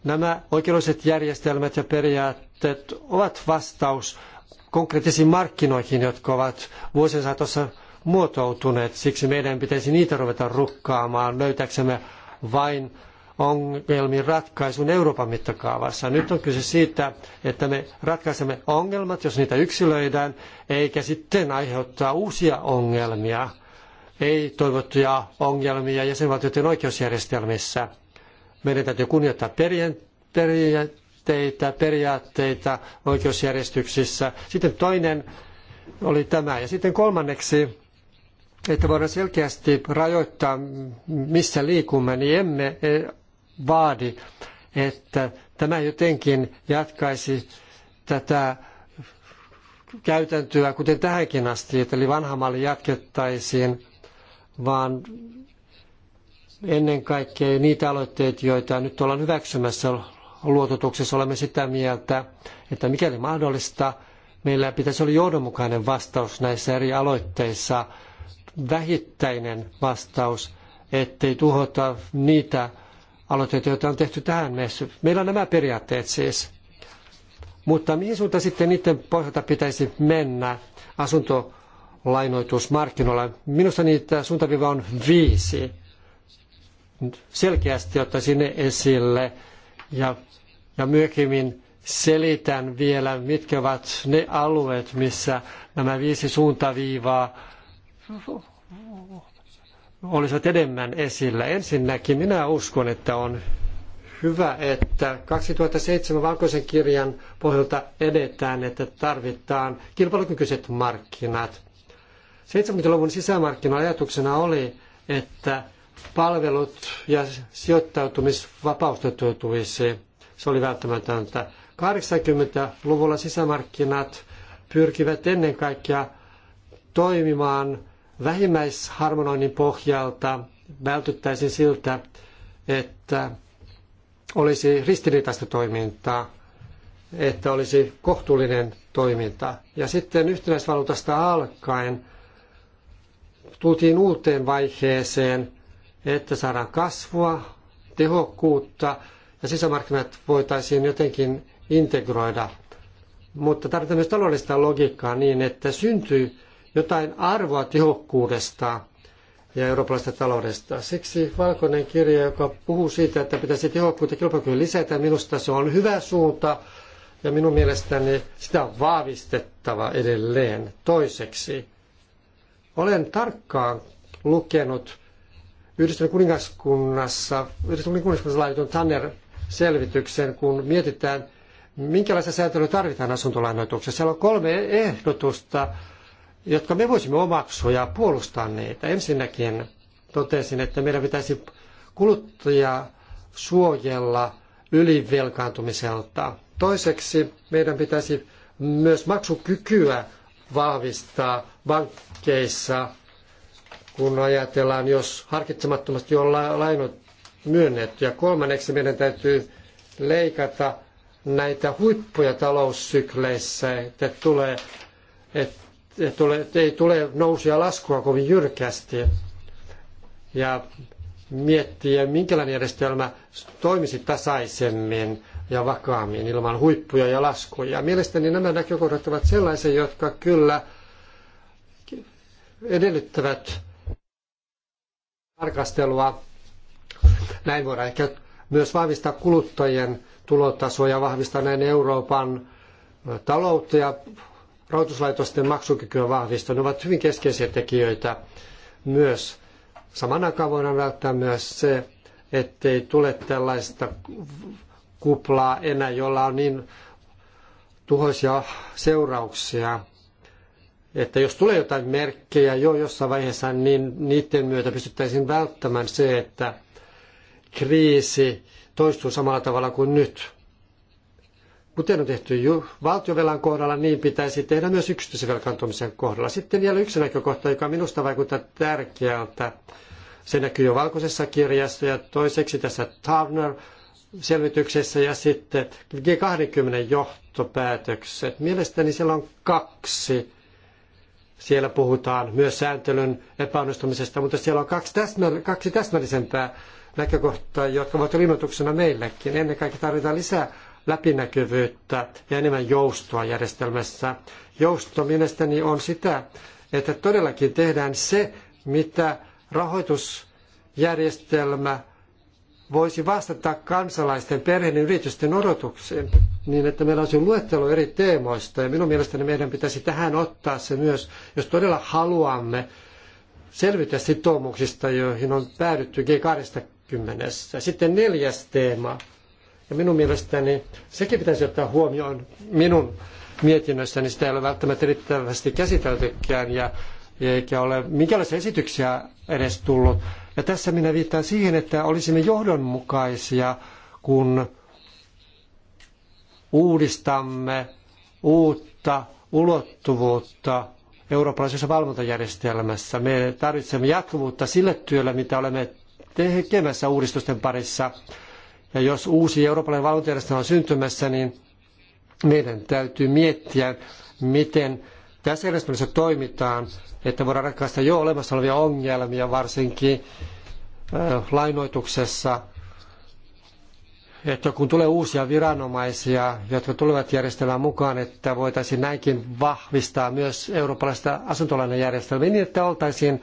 Nämä oikeudelliset järjestelmät ja periaatteet ovat vastaus konkreettisiin markkinoihin, jotka ovat vuosien saatossa muotoutuneet. Siksi meidän pitäisi niitä ruveta rukkaamaan löytäksemme vain ongelmiin ratkaisun Euroopan mittakaavassa. Nyt on kyse siitä, että me ratkaisemme ongelmat, jos niitä yksilöidään, eikä sitten aiheuttaa uusia ongelmia, ei toivottuja ongelmia jäsenvaltioiden oikeusjärjestelmissä. Meidän täytyy kunnioittaa perinteitä, periaatteita oikeusjärjestyksissä. Sitten toinen oli tämä. Ja sitten kolmanneksi että voidaan selkeästi rajoittaa, missä liikumme, niin emme vaadi, että tämä jotenkin jatkaisi tätä käytäntöä, kuten tähänkin asti, eli vanha malli jatkettaisiin, vaan ennen kaikkea niitä aloitteita, joita nyt ollaan hyväksymässä luototuksessa, olemme sitä mieltä, että mikäli mahdollista, meillä pitäisi olla johdonmukainen vastaus näissä eri aloitteissa, vähittäinen vastaus, ettei tuhota niitä aloitteita, joita on tehty tähän mennessä. Meillä on nämä periaatteet siis. Mutta mihin suuntaan sitten niiden pohjalta pitäisi mennä asuntolainoitusmarkkinoilla? Minusta niitä suuntaviiva on viisi. Selkeästi ottaisin ne esille ja, ja myöhemmin selitän vielä, mitkä ovat ne alueet, missä nämä viisi suuntaviivaa olisivat enemmän esillä. Ensinnäkin minä uskon, että on hyvä, että 2007 valkoisen kirjan pohjalta edetään, että tarvitaan kilpailukykyiset markkinat. 70-luvun sisämarkkina-ajatuksena oli, että palvelut ja sijoittautumisvapaus toteutuisi. Se oli välttämätöntä. 80-luvulla sisämarkkinat pyrkivät ennen kaikkea toimimaan vähimmäisharmonoinnin pohjalta vältyttäisiin siltä, että olisi ristiriitaista toimintaa, että olisi kohtuullinen toiminta. Ja sitten yhtenäisvaluutasta alkaen tultiin uuteen vaiheeseen, että saadaan kasvua, tehokkuutta ja sisämarkkinat voitaisiin jotenkin integroida. Mutta tarvitaan myös taloudellista logiikkaa niin, että syntyy jotain arvoa tehokkuudesta ja eurooppalaisesta taloudesta. Siksi valkoinen kirja, joka puhuu siitä, että pitäisi tehokkuutta kilpailukykyä lisätä, minusta se on hyvä suunta ja minun mielestäni sitä on vahvistettava edelleen. Toiseksi, olen tarkkaan lukenut Yhdistyneen kuningaskunnassa, kuningaskunnassa laaditun Tanner-selvityksen, kun mietitään, minkälaista sääntelyä tarvitaan asuntolainoituksessa. Siellä on kolme ehdotusta, jotka me voisimme omaksua ja puolustaa niitä. Ensinnäkin totesin, että meidän pitäisi kuluttajia suojella ylivelkaantumiselta. Toiseksi meidän pitäisi myös maksukykyä vahvistaa pankkeissa, kun ajatellaan, jos harkitsemattomasti on lainat myönnetty. Ja kolmanneksi meidän täytyy leikata näitä huippuja taloussykleissä, että tulee, että tule, ei tule nousu ja laskua kovin jyrkästi. Ja miettiä, minkälainen järjestelmä toimisi tasaisemmin ja vakaammin ilman huippuja ja laskuja. Mielestäni nämä näkökohdat ovat sellaisia, jotka kyllä edellyttävät tarkastelua. Näin voidaan ehkä myös vahvistaa kuluttajien tulotasoa ja vahvistaa näin Euroopan taloutta ja rahoituslaitosten maksukykyä vahvistaa. Ne ovat hyvin keskeisiä tekijöitä myös. Saman aikaan voidaan välttää myös se, ettei tule tällaista kuplaa enää, jolla on niin tuhoisia seurauksia, että jos tulee jotain merkkejä jo jossain vaiheessa, niin niiden myötä pystyttäisiin välttämään se, että kriisi toistuu samalla tavalla kuin nyt kuten on tehty jo valtiovelan kohdalla, niin pitäisi tehdä myös yksityisen velkaantumisen kohdalla. Sitten vielä yksi näkökohta, joka minusta vaikuttaa tärkeältä. Se näkyy jo valkoisessa kirjassa ja toiseksi tässä Tavner selvityksessä ja sitten G20 johtopäätökset. Mielestäni siellä on kaksi. Siellä puhutaan myös sääntelyn epäonnistumisesta, mutta siellä on kaksi, täsmäll- kaksi täsmällisempää näkökohtaa, jotka ovat ilmoituksena meillekin. Ennen kaikkea tarvitaan lisää läpinäkyvyyttä ja enemmän joustoa järjestelmässä. Jousto mielestäni on sitä, että todellakin tehdään se, mitä rahoitusjärjestelmä voisi vastata kansalaisten, perheiden, yritysten odotuksiin, niin että meillä olisi luettelo eri teemoista. Ja minun mielestäni meidän pitäisi tähän ottaa se myös, jos todella haluamme selvitä sitoumuksista, joihin on päädytty G20. Sitten neljäs teema – ja minun mielestäni sekin pitäisi ottaa huomioon minun mietinnössäni. Sitä ei ole välttämättä riittävästi käsiteltykään ja eikä ole minkälaisia esityksiä edes tullut. Ja tässä minä viittaan siihen, että olisimme johdonmukaisia, kun uudistamme uutta ulottuvuutta eurooppalaisessa valvontajärjestelmässä. Me tarvitsemme jatkuvuutta sille työlle, mitä olemme tekemässä uudistusten parissa. Ja jos uusi eurooppalainen valuutajärjestelmä on syntymässä, niin meidän täytyy miettiä, miten tässä järjestelmässä toimitaan, että voidaan ratkaista jo olemassa olevia ongelmia, varsinkin lainoituksessa, että kun tulee uusia viranomaisia, jotka tulevat järjestelmään mukaan, että voitaisiin näinkin vahvistaa myös eurooppalaista asuntolainajärjestelmää niin, että oltaisiin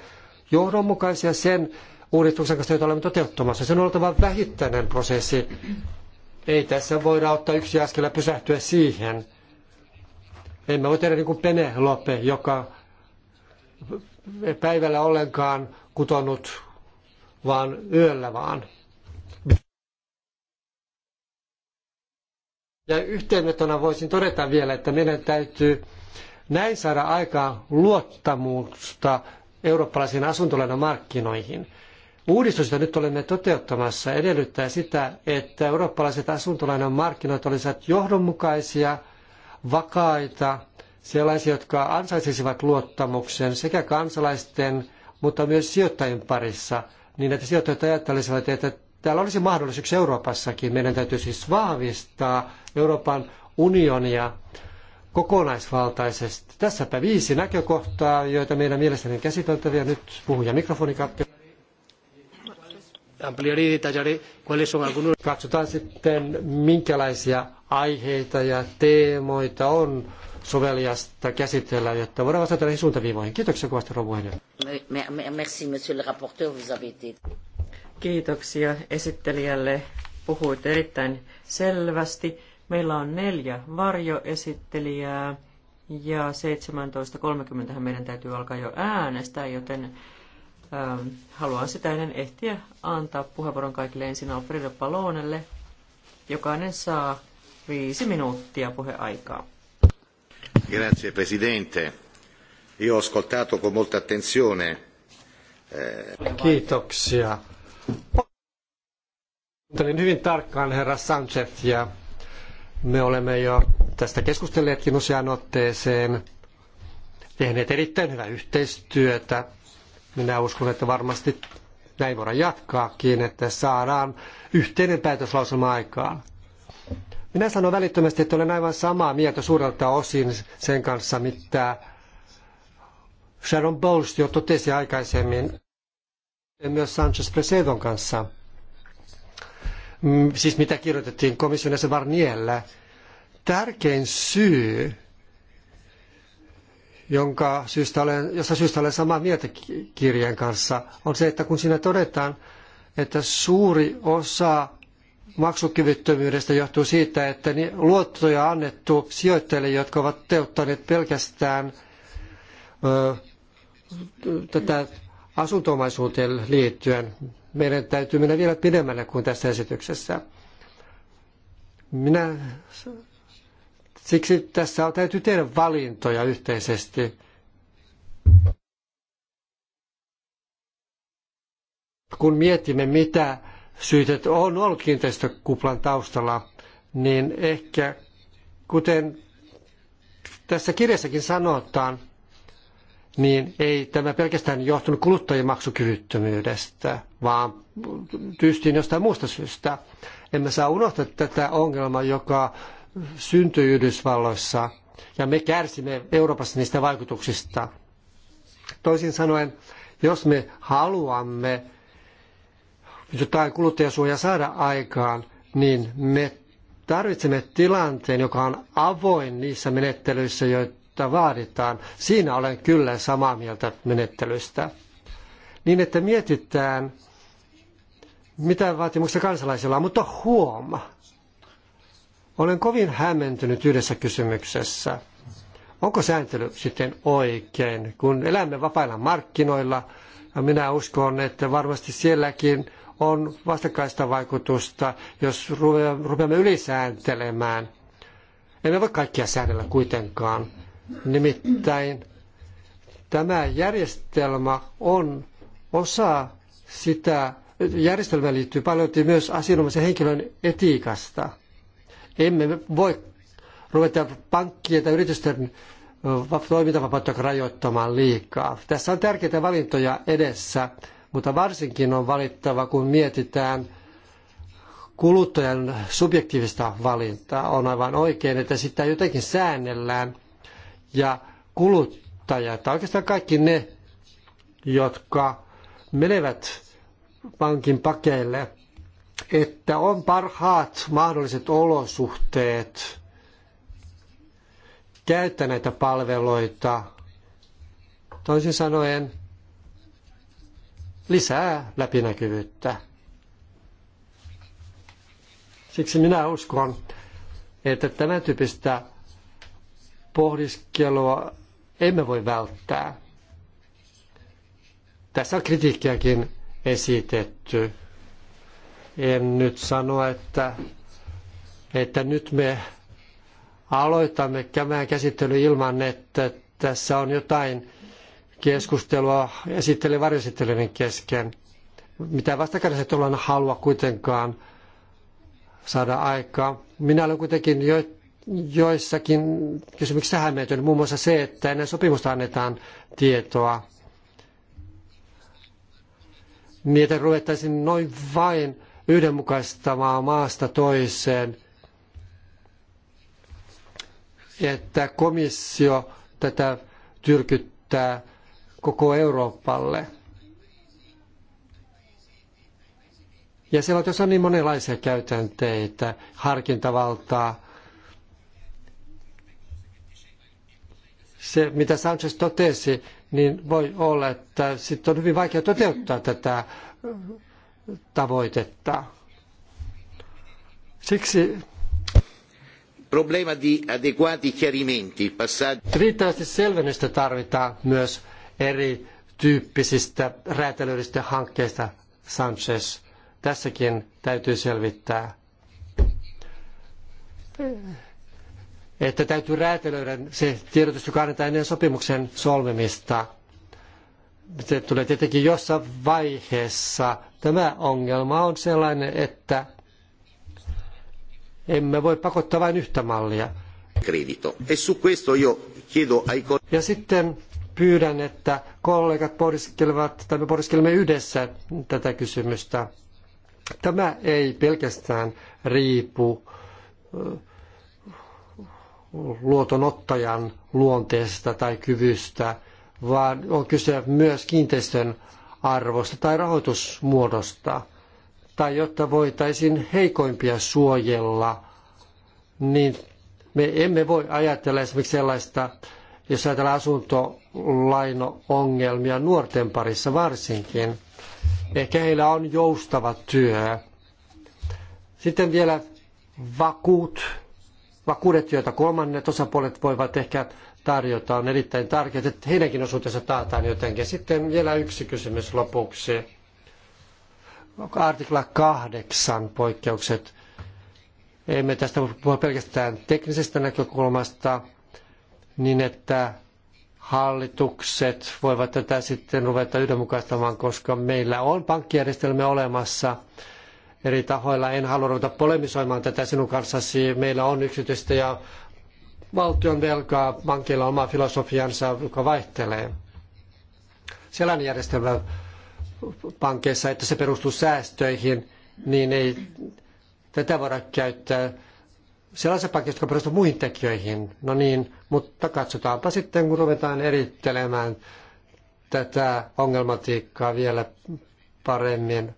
johdonmukaisia sen uudistuksen kanssa, jota olemme toteuttamassa. Sen on oltava vähittäinen prosessi. Ei tässä voida ottaa yksi askel ja pysähtyä siihen. Emme voi tehdä niin kuin Penelope, joka päivällä ollenkaan kutonut, vaan yöllä vaan. Ja yhteenvetona voisin todeta vielä, että meidän täytyy näin saada aikaan luottamusta eurooppalaisiin asuntolainamarkkinoihin. markkinoihin Uudistus, jota nyt olemme toteuttamassa, edellyttää sitä, että eurooppalaiset asuntolainan markkinat olisivat johdonmukaisia, vakaita, sellaisia, jotka ansaitsisivat luottamuksen sekä kansalaisten, mutta myös sijoittajien parissa, niin että sijoittajat ajattelisivat, että täällä olisi mahdollisuuksia Euroopassakin. Meidän täytyy siis vahvistaa Euroopan unionia kokonaisvaltaisesti. Tässäpä viisi näkökohtaa, joita meidän mielestäni on käsiteltäviä. Nyt puhuja mikrofoni katkeaa ampliaré y detallaré cuáles son algunos. Katsotaan sitten, minkälaisia aiheita ja teemoita on soveliasta käsitellä, jotta voidaan vastata näihin suuntaviivoihin. Kiitoksia kovasti, rouva Merci, monsieur le rapporteur, vous avez Kiitoksia esittelijälle. Puhuit erittäin selvästi. Meillä on neljä varjoesittelijää ja 17.30 meidän täytyy alkaa jo äänestää, joten ähm, haluan sitä ennen ehtiä antaa puheenvuoron kaikille ensin Alfredo Palonelle. Jokainen saa viisi minuuttia puheaikaa. Grazie Presidente. Io ho ascoltato con molta attenzione. Eh, Kiitoksia. Kuuntelin hyvin tarkkaan herra Sanchez ja me olemme jo tästä keskustelleetkin useaan otteeseen, tehneet erittäin hyvää yhteistyötä minä uskon, että varmasti näin voidaan jatkaakin, että saadaan yhteinen päätöslauselma aikaan. Minä sanon välittömästi, että olen aivan samaa mieltä suurelta osin sen kanssa, mitä Sharon Bowles jo totesi aikaisemmin, ja myös Sanchez Presedon kanssa, mm, siis mitä kirjoitettiin komission jäsen Varnielle. Tärkein syy jonka syystä olen, josta syystä olen samaa mieltä kirjeen kanssa, on se, että kun siinä todetaan, että suuri osa maksukyvyttömyydestä johtuu siitä, että luottoja on annettu sijoittajille, jotka ovat teuttaneet pelkästään ö, tätä asuntomaisuuteen liittyen. Meidän täytyy mennä vielä pidemmälle kuin tässä esityksessä. Minä Siksi tässä täytyy tehdä valintoja yhteisesti. Kun mietimme, mitä syytet on ollut kiinteistökuplan taustalla, niin ehkä, kuten tässä kirjassakin sanotaan, niin ei tämä pelkästään johtunut kuluttajien maksukyvyttömyydestä, vaan tyystiin jostain muusta syystä. Emme saa unohtaa tätä ongelmaa, joka syntyi Yhdysvalloissa ja me kärsimme Euroopassa niistä vaikutuksista. Toisin sanoen, jos me haluamme jotain kuluttajasuojaa saada aikaan, niin me tarvitsemme tilanteen, joka on avoin niissä menettelyissä, joita vaaditaan. Siinä olen kyllä samaa mieltä menettelystä. Niin, että mietitään, mitä vaatimuksia kansalaisilla on, mutta huoma. Olen kovin hämmentynyt yhdessä kysymyksessä. Onko sääntely sitten oikein, kun elämme vapailla markkinoilla? Ja minä uskon, että varmasti sielläkin on vastakkaista vaikutusta, jos rupeamme ylisääntelemään. Emme voi kaikkia säädellä kuitenkaan. Nimittäin tämä järjestelmä on osa sitä, järjestelmään liittyy paljon myös asianomaisen henkilön etiikasta. Emme voi ruveta pankkien tai yritysten toimintavapautta rajoittamaan liikaa. Tässä on tärkeitä valintoja edessä, mutta varsinkin on valittava, kun mietitään kuluttajan subjektiivista valintaa. On aivan oikein, että sitä jotenkin säännellään ja kuluttaja, oikeastaan kaikki ne, jotka menevät pankin pakeille – että on parhaat mahdolliset olosuhteet käyttää näitä palveluita. Toisin sanoen lisää läpinäkyvyyttä. Siksi minä uskon, että tämän tyyppistä pohdiskelua emme voi välttää. Tässä on kritiikkiäkin esitetty. En nyt sano, että, että nyt me aloitamme tämän käsittely ilman, että tässä on jotain keskustelua esittely varjoesittelyiden kesken. Mitä vastakäytäiset ollaan halua kuitenkaan saada aikaa. Minä olen kuitenkin jo, joissakin kysymyksissä hämmentynyt, muun muassa se, että ennen sopimusta annetaan tietoa. Niitä ruvettaisiin noin vain yhdenmukaistamaan maasta toiseen, että komissio tätä tyrkyttää koko Euroopalle. Ja siellä on niin monenlaisia käytänteitä, harkintavaltaa. Se, mitä Sanchez totesi, niin voi olla, että sitten on hyvin vaikea toteuttaa tätä tavoitetta. Siksi problema di adeguati chiarimenti, passaggi. Riittävästi selvennystä tarvitaan myös eri tyyppisistä räätälöidystä hankkeista, Sanchez. Tässäkin täytyy selvittää, että täytyy räätälöidä se tiedotus, joka annetaan ennen sopimuksen solmimista – se tulee tietenkin jossain vaiheessa. Tämä ongelma on sellainen, että emme voi pakottaa vain yhtä mallia. E ja sitten pyydän, että kollegat pohdiskelevat, tai me pohdiskelemme yhdessä tätä kysymystä. Tämä ei pelkästään riipu luotonottajan luonteesta tai kyvystä, vaan on kyse myös kiinteistön arvosta tai rahoitusmuodosta. Tai jotta voitaisiin heikoimpia suojella, niin me emme voi ajatella esimerkiksi sellaista, jos ajatellaan asuntolaino-ongelmia nuorten parissa varsinkin. Ehkä heillä on joustava työ. Sitten vielä vakuut, vakuudet, joita kolmannet osapuolet voivat ehkä tarjota on erittäin tärkeää, että heidänkin osuutensa taataan jotenkin. Sitten vielä yksi kysymys lopuksi. Artikla kahdeksan poikkeukset. Emme tästä puhu pelkästään teknisestä näkökulmasta, niin että hallitukset voivat tätä sitten ruveta yhdenmukaistamaan, koska meillä on pankkijärjestelmä olemassa eri tahoilla. En halua ruveta polemisoimaan tätä sinun kanssasi. Meillä on yksityistä ja valtion velkaa, pankeilla oma filosofiansa, joka vaihtelee. Sellainen järjestelmä pankeissa, että se perustuu säästöihin, niin ei tätä voida käyttää sellaisia pankkeja, jotka perustuvat muihin tekijöihin. No niin, mutta katsotaanpa sitten, kun ruvetaan erittelemään tätä ongelmatiikkaa vielä paremmin.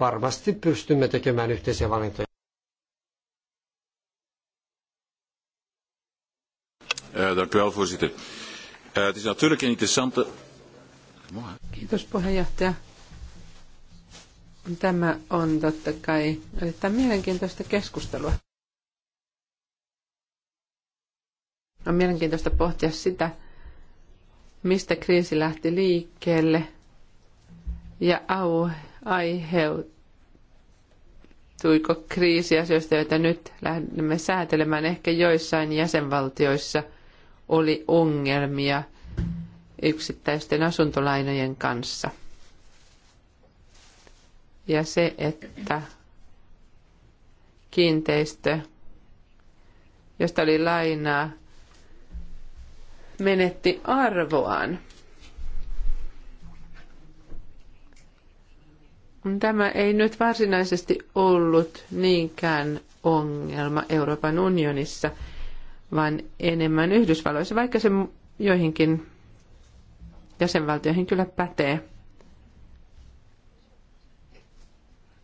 Varmasti pystymme tekemään yhteisiä valintoja. Uh, dank u wel, voorzitter. Uh, het is natuurlijk een interessante... Kiitos puheenjohtaja. Tämä on totta kai erittäin mielenkiintoista keskustelua. On mielenkiintoista pohtia sitä, mistä kriisi lähti liikkeelle ja au, aiheutuiko kriisiasioista, joita nyt lähdemme säätelemään ehkä joissain jäsenvaltioissa – oli ongelmia yksittäisten asuntolainojen kanssa. Ja se, että kiinteistö, josta oli lainaa, menetti arvoaan. Tämä ei nyt varsinaisesti ollut niinkään ongelma Euroopan unionissa – vaan enemmän Yhdysvalloissa, vaikka se joihinkin jäsenvaltioihin kyllä pätee.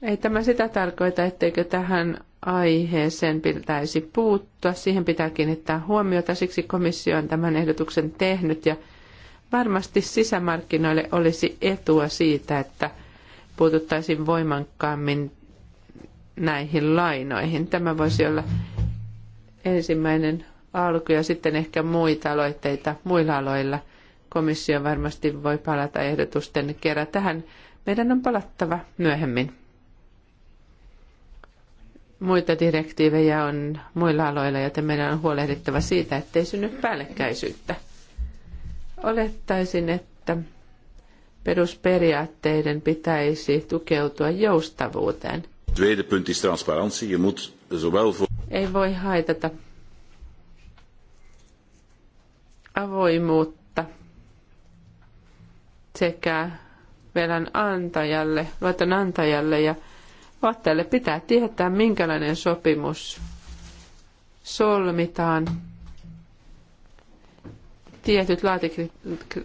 Ei tämä sitä tarkoita, etteikö tähän aiheeseen pitäisi puuttua. Siihen pitää kiinnittää huomiota, siksi komissio on tämän ehdotuksen tehnyt ja varmasti sisämarkkinoille olisi etua siitä, että puututtaisiin voimakkaammin näihin lainoihin. Tämä voisi olla ensimmäinen alku ja sitten ehkä muita aloitteita muilla aloilla. Komissio varmasti voi palata ehdotusten kerran tähän. Meidän on palattava myöhemmin. Muita direktiivejä on muilla aloilla, joten meidän on huolehdittava siitä, ettei synny päällekkäisyyttä. Olettaisin, että perusperiaatteiden pitäisi tukeutua joustavuuteen. Ei voi haitata avoimuutta sekä velan antajalle, luoton antajalle ja ottajalle pitää tietää, minkälainen sopimus solmitaan. Tietyt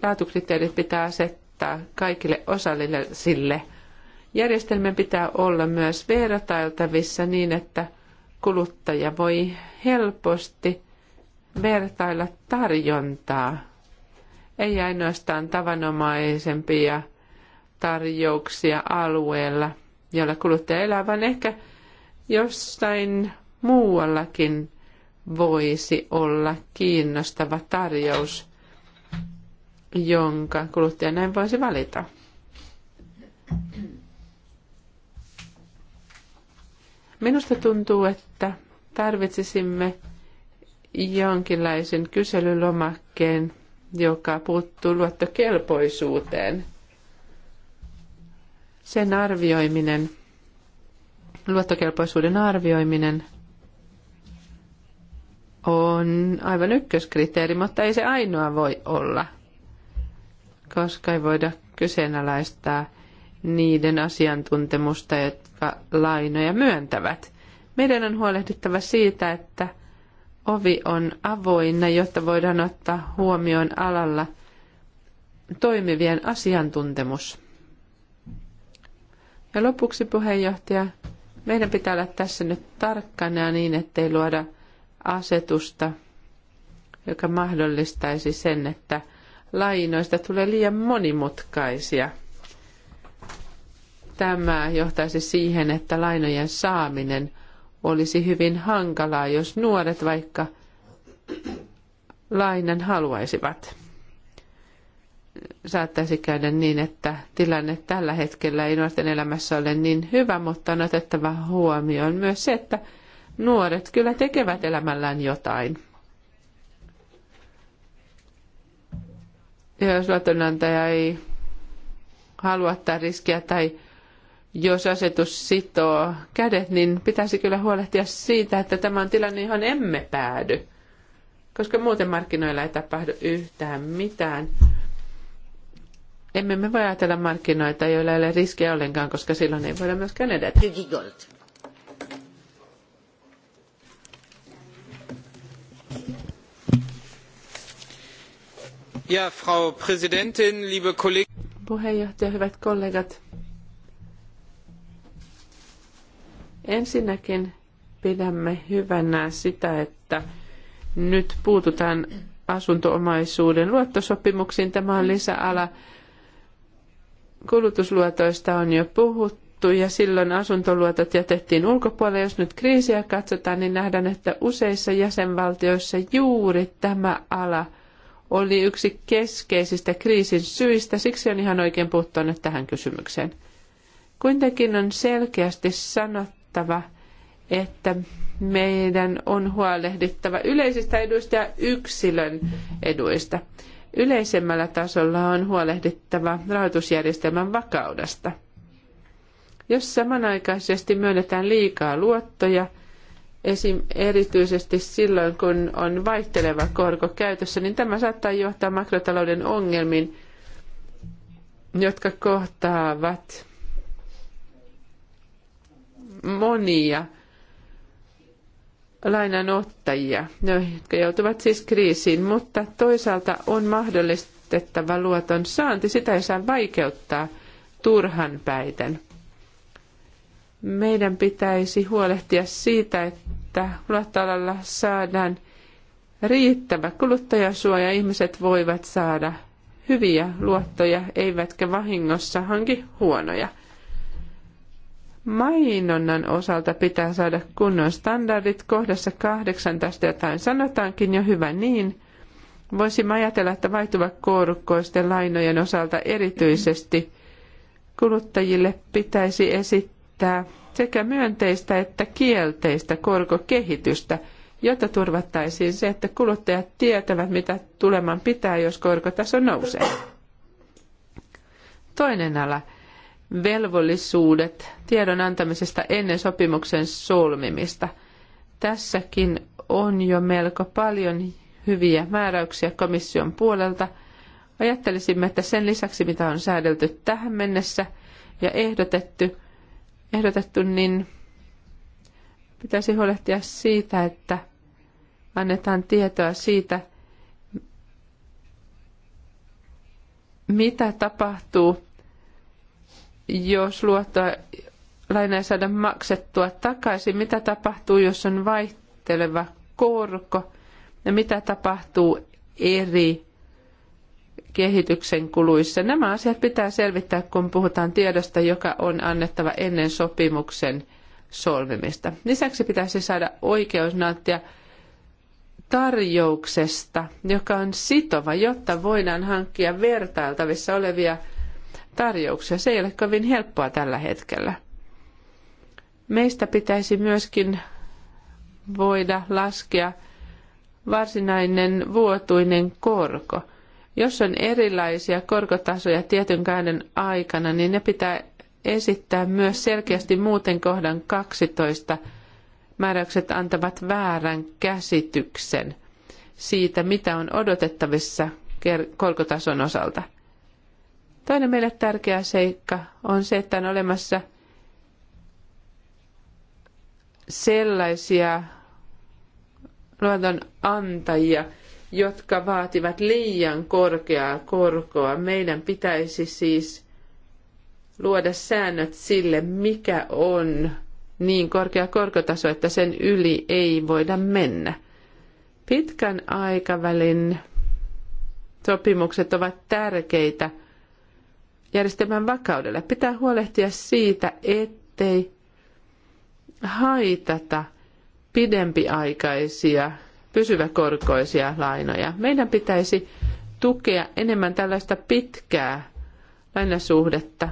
laatukriteerit pitää asettaa kaikille osallisille. Järjestelmän pitää olla myös vertailtavissa niin, että kuluttaja voi helposti vertailla tarjontaa, ei ainoastaan tavanomaisempia tarjouksia alueella, jolla kuluttaja elää, vaan ehkä jossain muuallakin voisi olla kiinnostava tarjous, jonka kuluttaja näin voisi valita. Minusta tuntuu, että tarvitsisimme jonkinlaisen kyselylomakkeen, joka puuttuu luottokelpoisuuteen. Sen arvioiminen, luottokelpoisuuden arvioiminen on aivan ykköskriteeri, mutta ei se ainoa voi olla, koska ei voida kyseenalaistaa niiden asiantuntemusta, jotka lainoja myöntävät. Meidän on huolehdittava siitä, että – ovi on avoinna, jotta voidaan ottaa huomioon alalla toimivien asiantuntemus. Ja lopuksi puheenjohtaja, meidän pitää olla tässä nyt tarkkana niin, ettei luoda asetusta, joka mahdollistaisi sen, että lainoista tulee liian monimutkaisia. Tämä johtaisi siihen, että lainojen saaminen – olisi hyvin hankalaa, jos nuoret vaikka lainan haluaisivat. Saattaisi käydä niin, että tilanne tällä hetkellä ei nuorten elämässä ole niin hyvä, mutta on otettava huomioon myös se, että nuoret kyllä tekevät elämällään jotain. Ja jos luotonantaja ei halua ottaa riskiä tai jos asetus sitoo kädet, niin pitäisi kyllä huolehtia siitä, että tämä on tilanne, johon emme päädy. Koska muuten markkinoilla ei tapahdu yhtään mitään. Emme me voi ajatella markkinoita, joilla ei ole riskejä ollenkaan, koska silloin ei voida myöskään edetä. Ja, Frau Präsidentin, liebe Kollegen. Puheenjohtaja, hyvät kollegat. Ensinnäkin pidämme hyvänä sitä, että nyt puututaan asuntoomaisuuden luottosopimuksiin. Tämä on lisäala. Kulutusluotoista on jo puhuttu ja silloin asuntoluotot jätettiin ulkopuolelle. Jos nyt kriisiä katsotaan, niin nähdään, että useissa jäsenvaltioissa juuri tämä ala oli yksi keskeisistä kriisin syistä. Siksi on ihan oikein puuttua tähän kysymykseen. Kuitenkin on selkeästi sanottu, sanottava, että meidän on huolehdittava yleisistä eduista ja yksilön eduista. Yleisemmällä tasolla on huolehdittava rahoitusjärjestelmän vakaudesta. Jos samanaikaisesti myönnetään liikaa luottoja, esim. erityisesti silloin, kun on vaihteleva korko käytössä, niin tämä saattaa johtaa makrotalouden ongelmiin, jotka kohtaavat monia lainanottajia, no, jotka joutuvat siis kriisiin, mutta toisaalta on mahdollistettava luoton saanti. Sitä ei saa vaikeuttaa turhan päiten. Meidän pitäisi huolehtia siitä, että luottoalalla saadaan riittävä kuluttajasuoja. Ihmiset voivat saada hyviä luottoja, eivätkä vahingossa hanki huonoja – Mainonnan osalta pitää saada kunnon standardit. Kohdassa kahdeksan tästä jotain sanotaankin jo hyvä niin. Voisimme ajatella, että vaihtuvakoorukkoisten lainojen osalta erityisesti kuluttajille pitäisi esittää sekä myönteistä että kielteistä korkokehitystä, jotta turvattaisiin se, että kuluttajat tietävät, mitä tuleman pitää, jos korkotaso nousee. Toinen ala – velvollisuudet tiedon antamisesta ennen sopimuksen solmimista. Tässäkin on jo melko paljon hyviä määräyksiä komission puolelta. Ajattelisimme, että sen lisäksi mitä on säädelty tähän mennessä ja ehdotettu, ehdotettu niin pitäisi huolehtia siitä, että annetaan tietoa siitä, mitä tapahtuu jos luottoa lainaa ei saada maksettua takaisin, mitä tapahtuu, jos on vaihteleva korko ja mitä tapahtuu eri kehityksen kuluissa. Nämä asiat pitää selvittää, kun puhutaan tiedosta, joka on annettava ennen sopimuksen solmimista. Lisäksi pitäisi saada oikeus nauttia tarjouksesta, joka on sitova, jotta voidaan hankkia vertailtavissa olevia tarjouksia. Se ei ole kovin helppoa tällä hetkellä. Meistä pitäisi myöskin voida laskea varsinainen vuotuinen korko. Jos on erilaisia korkotasoja tietyn käden aikana, niin ne pitää esittää myös selkeästi muuten kohdan 12 määräykset antavat väärän käsityksen siitä, mitä on odotettavissa korkotason osalta. Toinen meille tärkeä seikka on se, että on olemassa sellaisia luoton antajia, jotka vaativat liian korkeaa korkoa. Meidän pitäisi siis luoda säännöt sille, mikä on niin korkea korkotaso, että sen yli ei voida mennä. Pitkän aikavälin sopimukset ovat tärkeitä – järjestelmän vakaudelle. Pitää huolehtia siitä, ettei haitata pidempiaikaisia, pysyväkorkoisia lainoja. Meidän pitäisi tukea enemmän tällaista pitkää lainasuhdetta,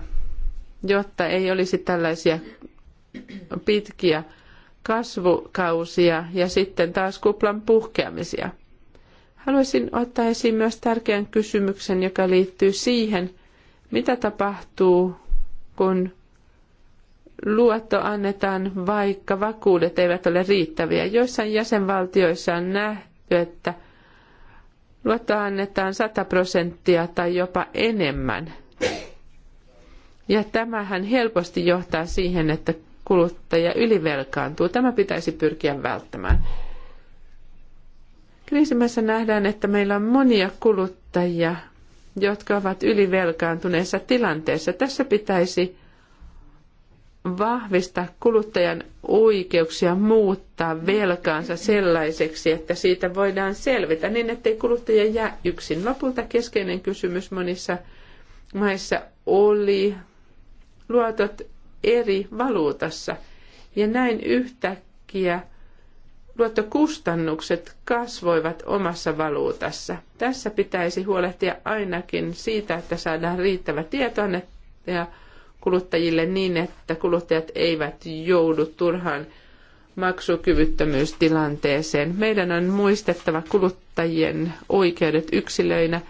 jotta ei olisi tällaisia pitkiä kasvukausia ja sitten taas kuplan puhkeamisia. Haluaisin ottaa esiin myös tärkeän kysymyksen, joka liittyy siihen, mitä tapahtuu, kun luotto annetaan, vaikka vakuudet eivät ole riittäviä? Joissain jäsenvaltioissa on nähty, että luotto annetaan 100 prosenttia tai jopa enemmän. Ja tämähän helposti johtaa siihen, että kuluttaja ylivelkaantuu. Tämä pitäisi pyrkiä välttämään. Kriisimässä nähdään, että meillä on monia kuluttajia, jotka ovat ylivelkaantuneessa tilanteessa. Tässä pitäisi vahvistaa kuluttajan oikeuksia muuttaa velkaansa sellaiseksi, että siitä voidaan selvitä niin, ettei kuluttaja jää yksin. Lopulta keskeinen kysymys monissa maissa oli luotot eri valuutassa. Ja näin yhtäkkiä luottokustannukset kasvoivat omassa valuutassa. Tässä pitäisi huolehtia ainakin siitä, että saadaan riittävä tieto ja kuluttajille niin, että kuluttajat eivät joudu turhaan maksukyvyttömyystilanteeseen. Meidän on muistettava kuluttajien oikeudet yksilöinä –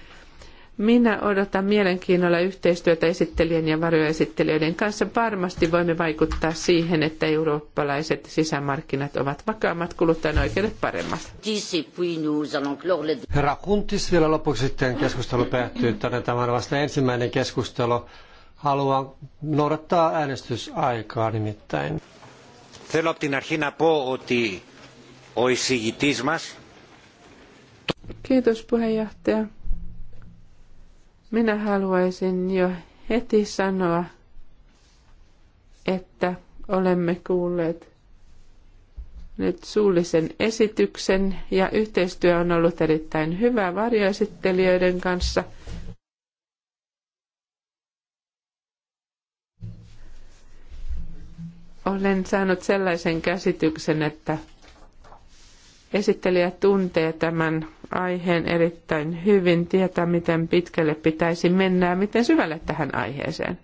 minä odotan mielenkiinnolla yhteistyötä esittelijän ja varjoesittelijöiden kanssa. Varmasti voimme vaikuttaa siihen, että eurooppalaiset sisämarkkinat ovat vakaammat, kuluttajan oikeudet paremmat. Herra Kuntis, vielä lopuksi sitten keskustelu päättyy. Tämä on vasta ensimmäinen keskustelu. Haluan noudattaa äänestysaikaa nimittäin. Θέλω από την αρχή να Kiitos puheenjohtaja. Minä haluaisin jo heti sanoa, että olemme kuulleet nyt suullisen esityksen ja yhteistyö on ollut erittäin hyvä varjoesittelijöiden kanssa. Olen saanut sellaisen käsityksen, että Esittelijä tuntee tämän aiheen erittäin hyvin, tietää miten pitkälle pitäisi mennä ja miten syvälle tähän aiheeseen.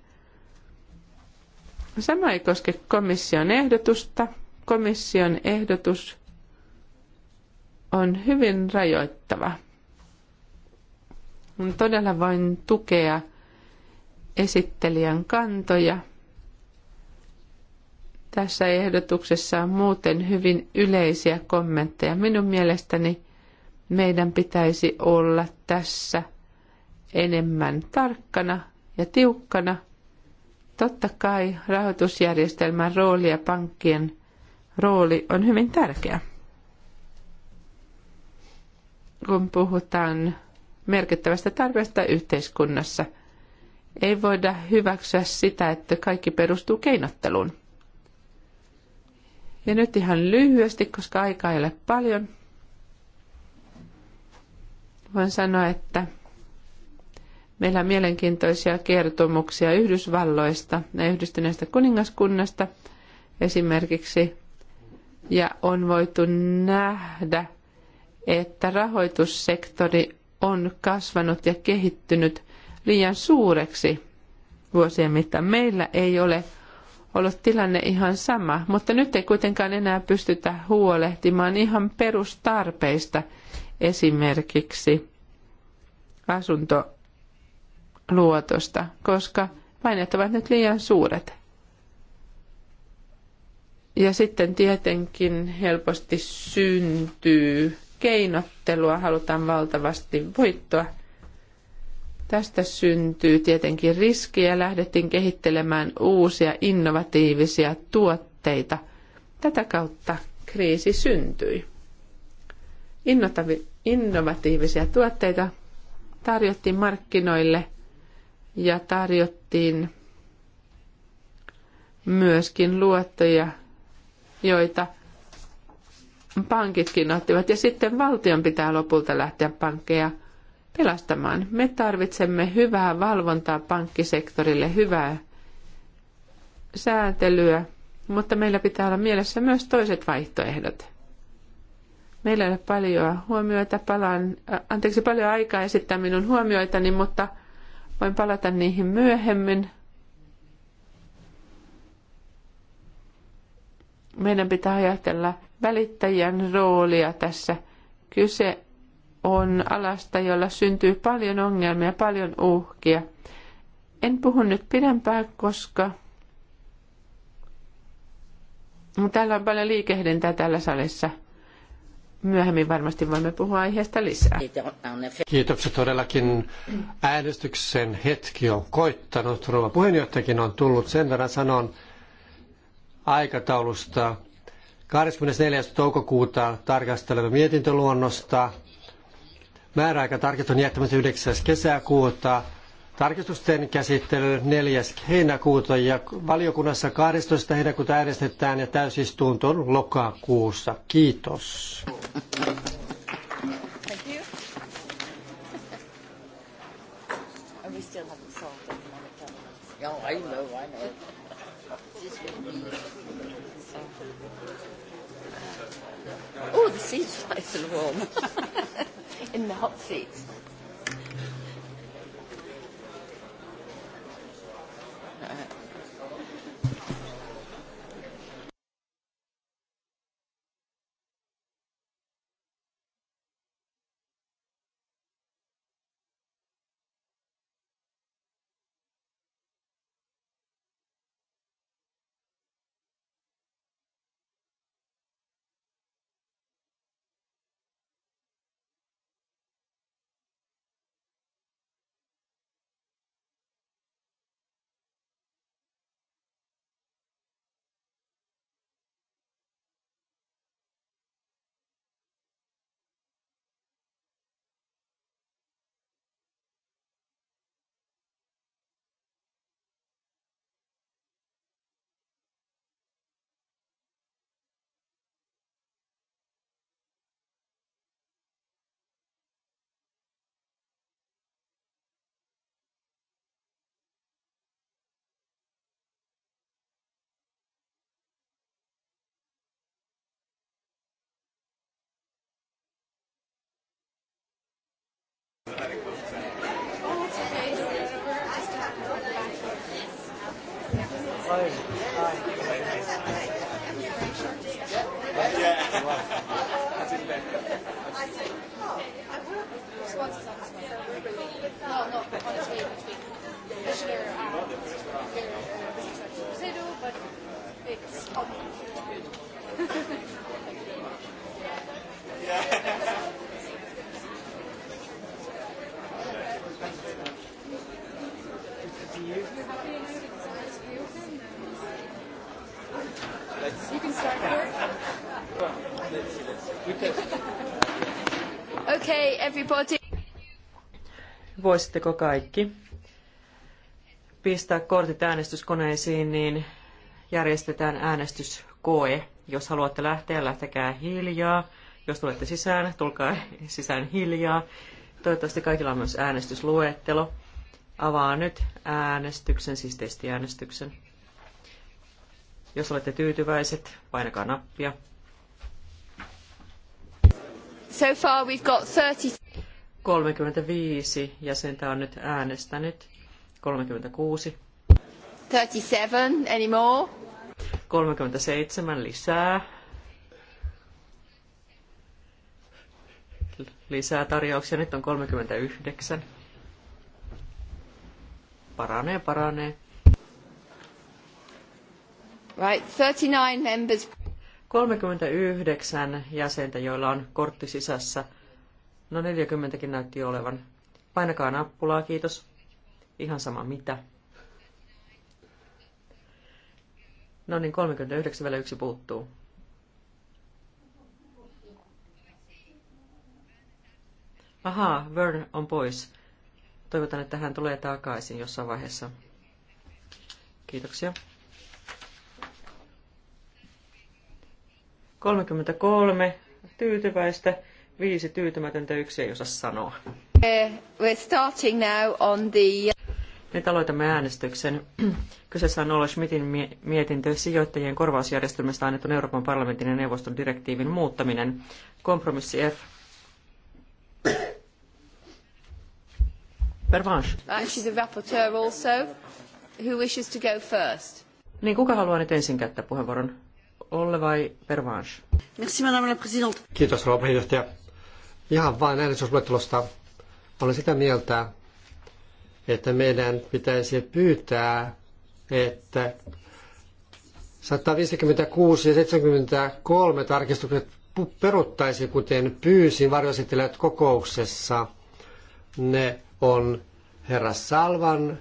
Sama ei koske komission ehdotusta. Komission ehdotus on hyvin rajoittava. Todella voin tukea esittelijän kantoja – tässä ehdotuksessa on muuten hyvin yleisiä kommentteja. Minun mielestäni meidän pitäisi olla tässä enemmän tarkkana ja tiukkana. Totta kai rahoitusjärjestelmän rooli ja pankkien rooli on hyvin tärkeä. Kun puhutaan merkittävästä tarpeesta yhteiskunnassa, ei voida hyväksyä sitä, että kaikki perustuu keinotteluun. Ja nyt ihan lyhyesti, koska aika ei ole paljon, voin sanoa, että meillä on mielenkiintoisia kertomuksia Yhdysvalloista ja yhdistyneestä kuningaskunnasta esimerkiksi. Ja on voitu nähdä, että rahoitussektori on kasvanut ja kehittynyt liian suureksi vuosien mittaan. Meillä ei ole ollut tilanne ihan sama, mutta nyt ei kuitenkaan enää pystytä huolehtimaan ihan perustarpeista, esimerkiksi asuntoluotosta, koska paineet ovat nyt liian suuret. Ja sitten tietenkin helposti syntyy keinottelua, halutaan valtavasti voittoa – Tästä syntyy tietenkin riski ja lähdettiin kehittelemään uusia innovatiivisia tuotteita. Tätä kautta kriisi syntyi. Innovatiivisia tuotteita tarjottiin markkinoille ja tarjottiin myöskin luottoja, joita pankitkin ottivat. Ja sitten valtion pitää lopulta lähteä pankkeja – pelastamaan. Me tarvitsemme hyvää valvontaa pankkisektorille, hyvää säätelyä, mutta meillä pitää olla mielessä myös toiset vaihtoehdot. Meillä ei ole paljon huomioita, palaan, äh, anteeksi paljon aikaa esittää minun huomioitani, mutta voin palata niihin myöhemmin. Meidän pitää ajatella välittäjän roolia tässä. Kyse on alasta, jolla syntyy paljon ongelmia, paljon uhkia. En puhu nyt pidempään, koska täällä on paljon liikehdintää tällä salissa. Myöhemmin varmasti voimme puhua aiheesta lisää. Kiitokset todellakin. Äänestyksen hetki on koittanut. Rouva puheenjohtajakin on tullut. Sen verran sanon aikataulusta. 24. toukokuuta tarkastelemme mietintöluonnosta. Määräaika tarkistus on jättämässä 9. kesäkuuta, tarkistusten käsittely 4. heinäkuuta ja valiokunnassa 12. heinäkuuta äänestetään ja täysistuntoon lokakuussa. Kiitos. oh, the seat's nice and warm. in the hot seat. yeah. you can start okay, everybody. Voisitteko kaikki pistää kortit äänestyskoneisiin, niin järjestetään äänestyskoe. Jos haluatte lähteä, lähtekää hiljaa. Jos tulette sisään, tulkaa sisään hiljaa. Toivottavasti kaikilla on myös äänestysluettelo. Avaa nyt äänestyksen, siis testiäänestyksen. Jos olette tyytyväiset, painakaa nappia. So far we've got 30... 35 jäsentä on nyt äänestänyt. 36. 37 anymore. 37 lisää. Lisää tarjouksia. Nyt on 39 paranee, paranee. Right, 39 members. 39 jäsentä, joilla on kortti sisässä. No 40kin näytti olevan. Painakaa nappulaa, kiitos. Ihan sama mitä. No niin, 39 vielä yksi puuttuu. Ahaa, Vern on pois. Toivotan, että hän tulee takaisin jossain vaiheessa. Kiitoksia. 33 tyytyväistä, viisi tyytymätöntä, yksi ei osaa sanoa. Eh, we're starting now on the... Nyt aloitamme äänestyksen. Kyseessä on Ola Schmidtin mietintö sijoittajien korvausjärjestelmästä annetun Euroopan parlamentin ja neuvoston direktiivin muuttaminen. Kompromissi F Pervanche. Uh, and she's a rapporteur also. Who wishes to go first? Niin, kuka haluaa nyt ensin käyttää puheenvuoron? Olle vai Pervanche? Merci, madame la présidente. Kiitos, rouva puheenjohtaja. Ihan vain äänestysluettelosta. Olen sitä mieltä, että meidän pitäisi pyytää, että 156 ja 73 tarkistukset peruttaisiin, kuten pyysin varjoesittelijät kokouksessa. Ne on herra Salvan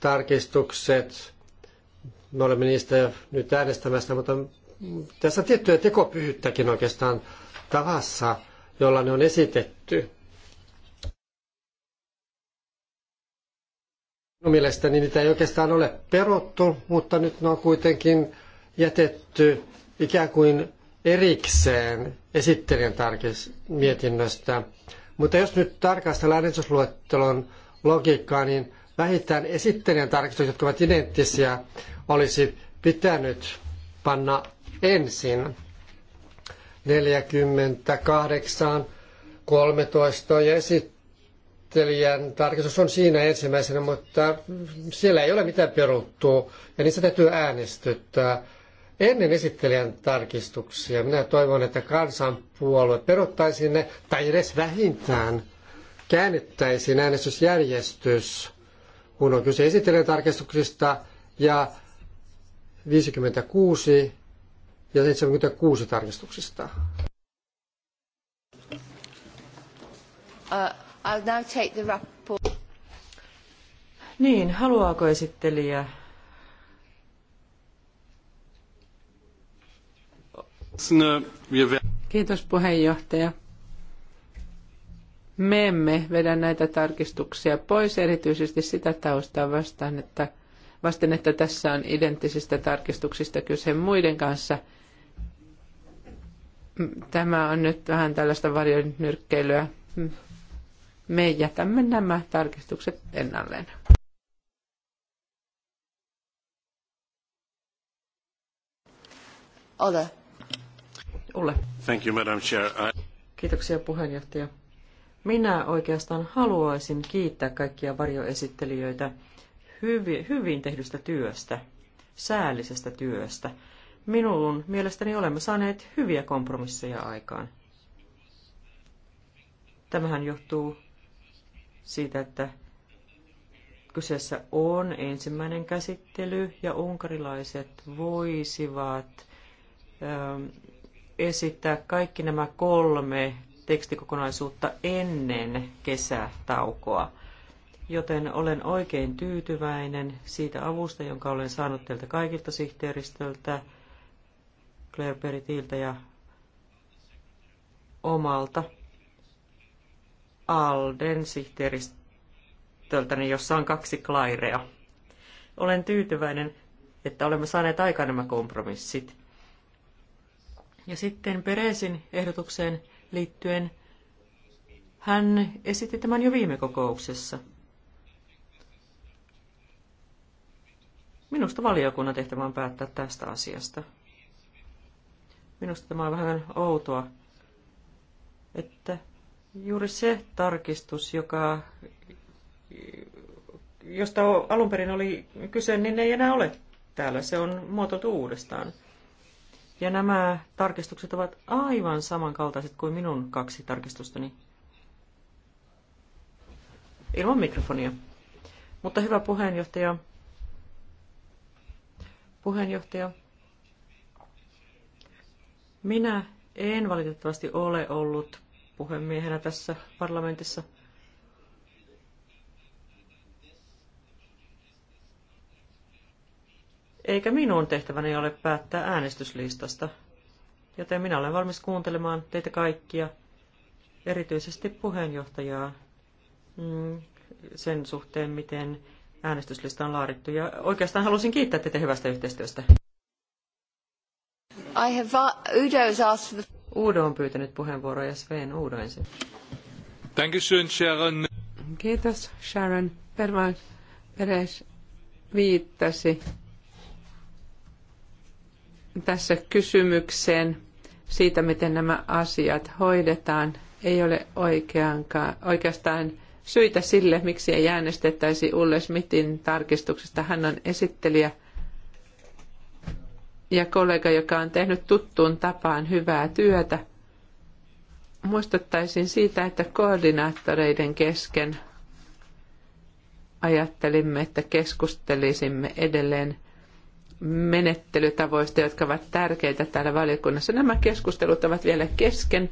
tarkistukset. Me olemme niistä nyt äänestämässä, mutta tässä on tiettyä tekopyhyyttäkin oikeastaan tavassa, jolla ne on esitetty. Minun mielestäni niitä ei oikeastaan ole perottu, mutta nyt ne on kuitenkin jätetty ikään kuin erikseen esittelijän tarkis mietinnöstä. Mutta jos nyt tarkastellaan ennätysluettelon logiikkaa, niin vähintään esittelijän tarkistukset, jotka ovat identtisiä, olisi pitänyt panna ensin 48, 13 ja esittelijän tarkistus on siinä ensimmäisenä, mutta siellä ei ole mitään peruttua ja niistä täytyy äänestyttää ennen esittelijän tarkistuksia. Minä toivon, että kansanpuolue perottaisi ne, tai edes vähintään käännettäisiin äänestysjärjestys, kun on kyse esittelijän tarkistuksista ja 56 ja 76 tarkistuksista. Uh, I'll now take the Niin, haluaako esittelijä Kiitos puheenjohtaja. Me emme vedä näitä tarkistuksia pois, erityisesti sitä taustaa vastaan, että vasten, että tässä on identtisistä tarkistuksista kyse muiden kanssa. Tämä on nyt vähän tällaista varjonyrkkeilyä. Me jätämme nämä tarkistukset ennalleen. Ole. Ulle. Thank you, Madam Chair. I... Kiitoksia puheenjohtaja. Minä oikeastaan haluaisin kiittää kaikkia varjoesittelijöitä hyvin, hyvin tehdystä työstä, säällisestä työstä. Minun mielestäni olemme saaneet hyviä kompromisseja aikaan. Tämähän johtuu siitä, että kyseessä on ensimmäinen käsittely ja unkarilaiset voisivat ähm, esittää kaikki nämä kolme tekstikokonaisuutta ennen kesätaukoa. Joten olen oikein tyytyväinen siitä avusta, jonka olen saanut teiltä kaikilta sihteeristöltä, Claire Peritiltä ja omalta Alden sihteeristöltäni, jossa on kaksi Clairea. Olen tyytyväinen, että olemme saaneet aikaan nämä kompromissit – ja sitten Peresin ehdotukseen liittyen hän esitti tämän jo viime kokouksessa. Minusta valiokunnan tehtävä on päättää tästä asiasta. Minusta tämä on vähän outoa, että juuri se tarkistus, joka, josta alun perin oli kyse, niin ei enää ole täällä. Se on muotoiltu uudestaan. Ja nämä tarkistukset ovat aivan samankaltaiset kuin minun kaksi tarkistustani. Ilman mikrofonia. Mutta hyvä puheenjohtaja. Puheenjohtaja. Minä en valitettavasti ole ollut puhemiehenä tässä parlamentissa – Eikä minun tehtäväni ole päättää äänestyslistasta, joten minä olen valmis kuuntelemaan teitä kaikkia, erityisesti puheenjohtajaa, mm, sen suhteen, miten äänestyslista on laadittu. Ja oikeastaan halusin kiittää teitä hyvästä yhteistyöstä. I have, uh, Udo, asked Udo on pyytänyt puheenvuoroa ja Sven Udo ensin. Thank you, Sharon. Kiitos Sharon. Perman Peres viittasi tässä kysymykseen siitä, miten nämä asiat hoidetaan, ei ole oikeastaan syitä sille, miksi ei äänestettäisi Ulle Smithin tarkistuksesta. Hän on esittelijä ja kollega, joka on tehnyt tuttuun tapaan hyvää työtä. Muistuttaisin siitä, että koordinaattoreiden kesken ajattelimme, että keskustelisimme edelleen – menettelytavoista, jotka ovat tärkeitä täällä valiokunnassa. Nämä keskustelut ovat vielä kesken.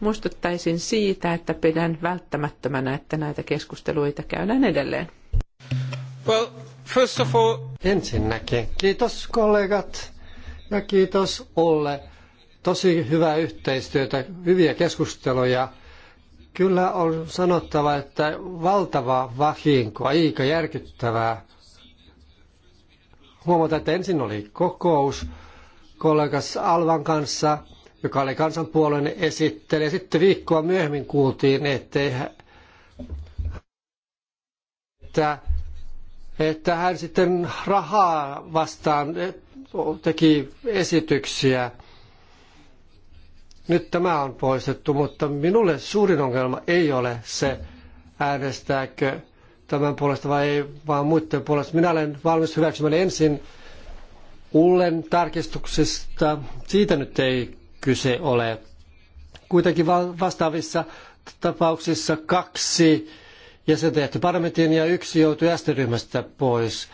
Muistuttaisin siitä, että pidän välttämättömänä, että näitä keskusteluita käydään edelleen. Well, first of all... Ensinnäkin kiitos kollegat ja kiitos Olle. Tosi hyvää yhteistyötä, hyviä keskusteluja. Kyllä on sanottava, että valtava vahinko, aika järkyttävää huomata, että ensin oli kokous kollegas Alvan kanssa, joka oli kansanpuolueen esittelijä. Sitten viikkoa myöhemmin kuultiin, ettei, että, että hän sitten rahaa vastaan eh, teki esityksiä. Nyt tämä on poistettu, mutta minulle suurin ongelma ei ole se, äänestääkö tämän puolesta vai ei, vaan muiden puolesta. Minä olen valmis hyväksymään ensin Ullen tarkistuksesta. Siitä nyt ei kyse ole. Kuitenkin vastaavissa tapauksissa kaksi jäsentä jätti parlamentin ja yksi joutui jäsenryhmästä pois.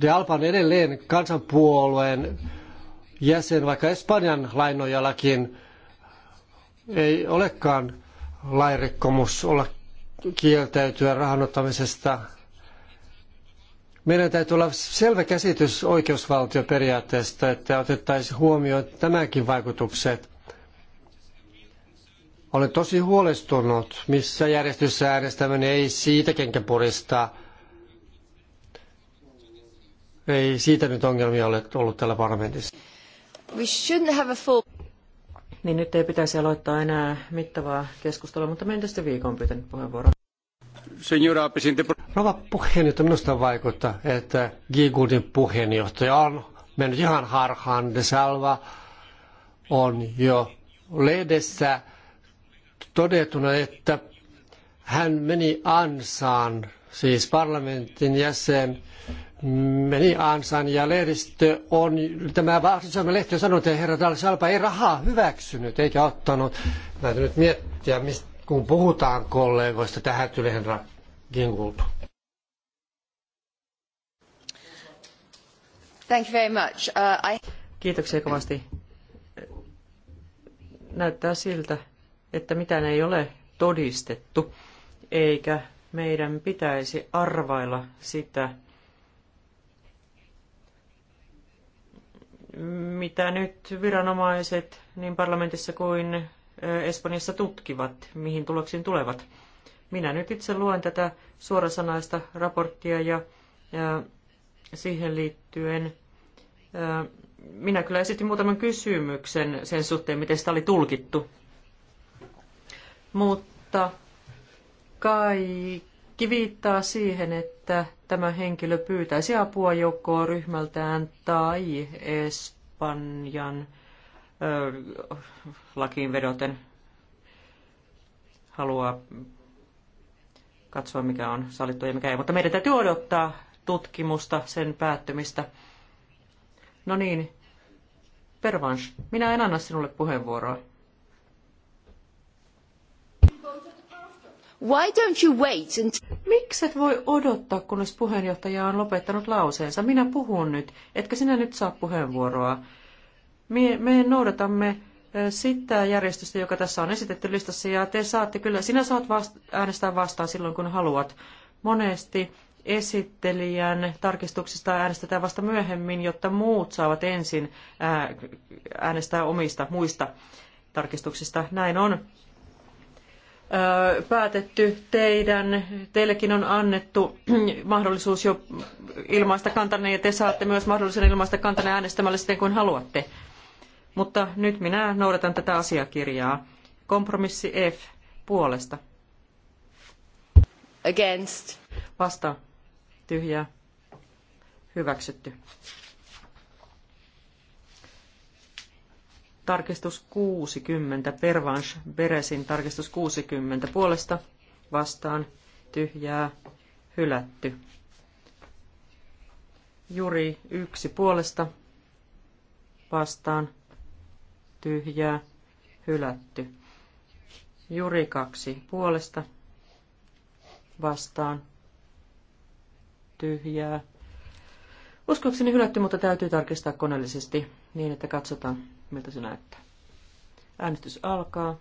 De Alpan edelleen kansanpuolueen jäsen, vaikka Espanjan lainojallakin ei olekaan lairikkomus olla kieltäytyä rahan ottamisesta. Meidän täytyy olla selvä käsitys oikeusvaltioperiaatteesta, että otettaisiin huomioon tämäkin vaikutukset. Olen tosi huolestunut, missä järjestyssä äänestäminen ei siitä kenkä purista. Ei siitä nyt ongelmia ole ollut täällä parlamentissa. We shouldn't have a full niin nyt ei pitäisi aloittaa enää mittavaa keskustelua, mutta meidän tästä viikon pyytänyt puheenvuoron. Rova puheenjohtaja, minusta vaikuttaa, että Giguldin puheenjohtaja on mennyt ihan harhaan. De Salva on jo lehdessä todetuna, että hän meni ansaan, siis parlamentin jäsen, meni Ansan ja lehdistö on, tämä Suomen lehti on sanonut, että herra Dal Salpa ei rahaa hyväksynyt eikä ottanut. Mä nyt miettiä, mistä, kun puhutaan kollegoista, tähän tuli herra Gingultu. Thank you very much. Uh, I... Kiitoksia kovasti. Näyttää siltä, että mitään ei ole todistettu, eikä meidän pitäisi arvailla sitä, mitä nyt viranomaiset niin parlamentissa kuin Espanjassa tutkivat, mihin tuloksiin tulevat. Minä nyt itse luen tätä suorasanaista raporttia ja, ja siihen liittyen minä kyllä esitin muutaman kysymyksen sen suhteen, miten sitä oli tulkittu. Mutta kaikki viittaa siihen, että tämä henkilö pyytäisi apua joko ryhmältään tai Espanjan ö, lakiin vedoten haluaa katsoa, mikä on sallittu ja mikä ei. Mutta meidän täytyy odottaa tutkimusta, sen päättymistä. No niin, Pervans, minä en anna sinulle puheenvuoroa. Why don't you wait and... Mikset voi odottaa, kunnes puheenjohtaja on lopettanut lauseensa? Minä puhun nyt. Etkö sinä nyt saa puheenvuoroa? Me, me noudatamme sitä järjestystä, joka tässä on esitetty listassa, ja te saatte kyllä, sinä saat vasta- äänestää vastaan silloin, kun haluat. Monesti esittelijän tarkistuksista äänestetään vasta myöhemmin, jotta muut saavat ensin äänestää omista muista tarkistuksista. Näin on päätetty teidän, teillekin on annettu mahdollisuus jo ilmaista kantanne ja te saatte myös mahdollisuuden ilmaista kantanne äänestämällä siten kuin haluatte. Mutta nyt minä noudatan tätä asiakirjaa. Kompromissi F puolesta. Against. Vastaan. Tyhjää. Hyväksytty. tarkistus 60, Pervans Beresin tarkistus 60 puolesta vastaan tyhjää hylätty. Juri yksi puolesta vastaan tyhjää hylätty. Juri kaksi puolesta vastaan tyhjää. Uskoakseni hylätty, mutta täytyy tarkistaa koneellisesti niin, että katsotaan miltä se näyttää. Äänestys alkaa.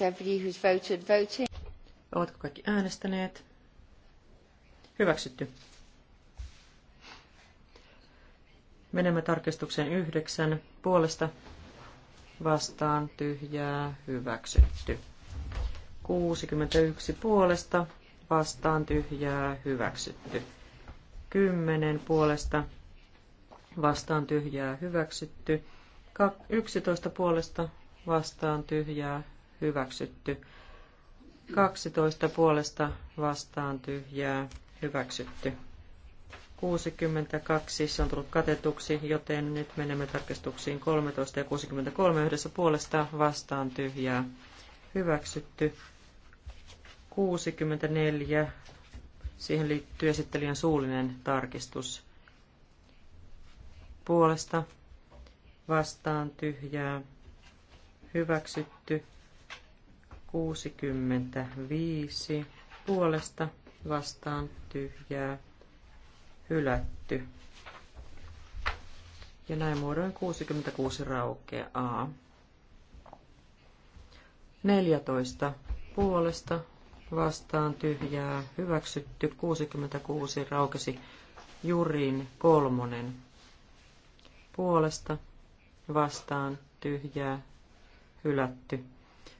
who's voted voting? Ovatko kaikki äänestäneet? Hyväksytty. Menemme tarkistukseen yhdeksän. Puolesta vastaan tyhjää hyväksytty. 61 puolesta vastaan tyhjää hyväksytty. 10 puolesta vastaan tyhjää hyväksytty. 11 puolesta vastaan tyhjää hyväksytty. 12 puolesta vastaan tyhjää hyväksytty. 62, se on tullut katetuksi, joten nyt menemme tarkistuksiin 13 ja 63 yhdessä puolesta vastaan tyhjää hyväksytty. 64 Siihen liittyy esittelijän suullinen tarkistus. Puolesta vastaan tyhjää hyväksytty 65. Puolesta vastaan tyhjää hylätty. Ja näin muodoin 66 raukeaa. 14 puolesta vastaan tyhjää hyväksytty. 66 raukesi Jurin kolmonen puolesta vastaan tyhjää hylätty.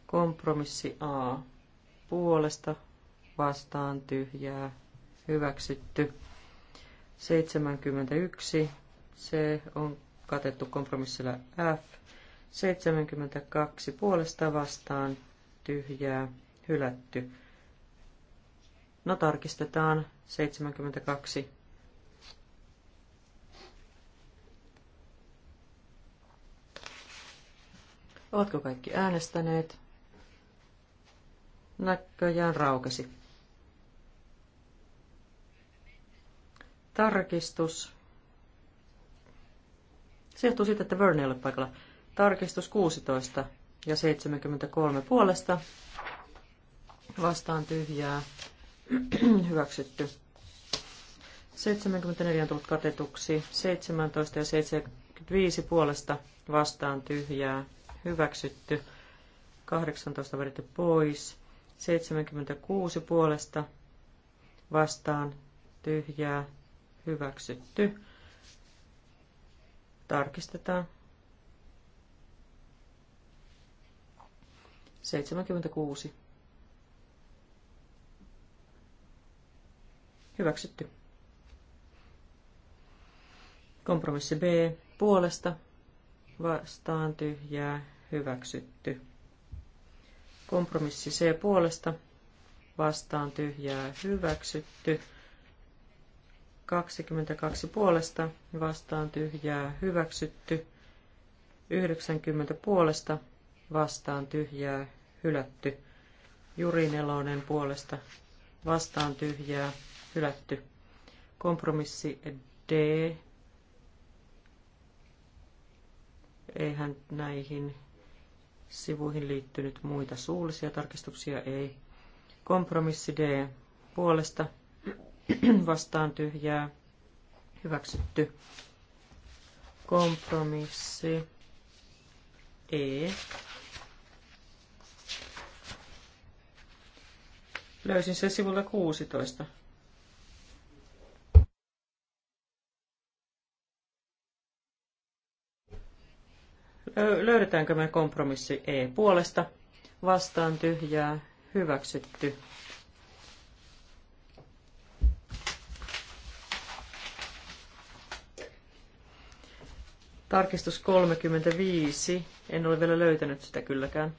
Kompromissi A puolesta vastaan tyhjää hyväksytty. 71 se on katettu kompromissilla F. 72 puolesta vastaan tyhjää hylätty. No tarkistetaan 72. Ovatko kaikki äänestäneet? Näköjään raukesi. Tarkistus. Se johtuu siitä, että Verne ei ole paikalla. Tarkistus 16 ja 73 puolesta. Vastaan tyhjää. hyväksytty. 74 on tullut katetuksi, 17 ja 75 puolesta vastaan tyhjää, hyväksytty, 18 vedetty pois, 76 puolesta vastaan tyhjää, hyväksytty. Tarkistetaan. 76. Hyväksytty. Kompromissi B puolesta vastaan tyhjää hyväksytty. Kompromissi C puolesta vastaan tyhjää hyväksytty. 22 puolesta vastaan tyhjää hyväksytty. 90 puolesta vastaan tyhjää hylätty. Juri Nelonen puolesta vastaan tyhjää hylätty. Kompromissi D. Eihän näihin sivuihin liittynyt muita suullisia tarkistuksia, ei. Kompromissi D puolesta vastaan tyhjää hyväksytty. Kompromissi E. Löysin sen sivulta 16. löydetäänkö me kompromissi E puolesta, vastaan tyhjää, hyväksytty. Tarkistus 35. En ole vielä löytänyt sitä kylläkään.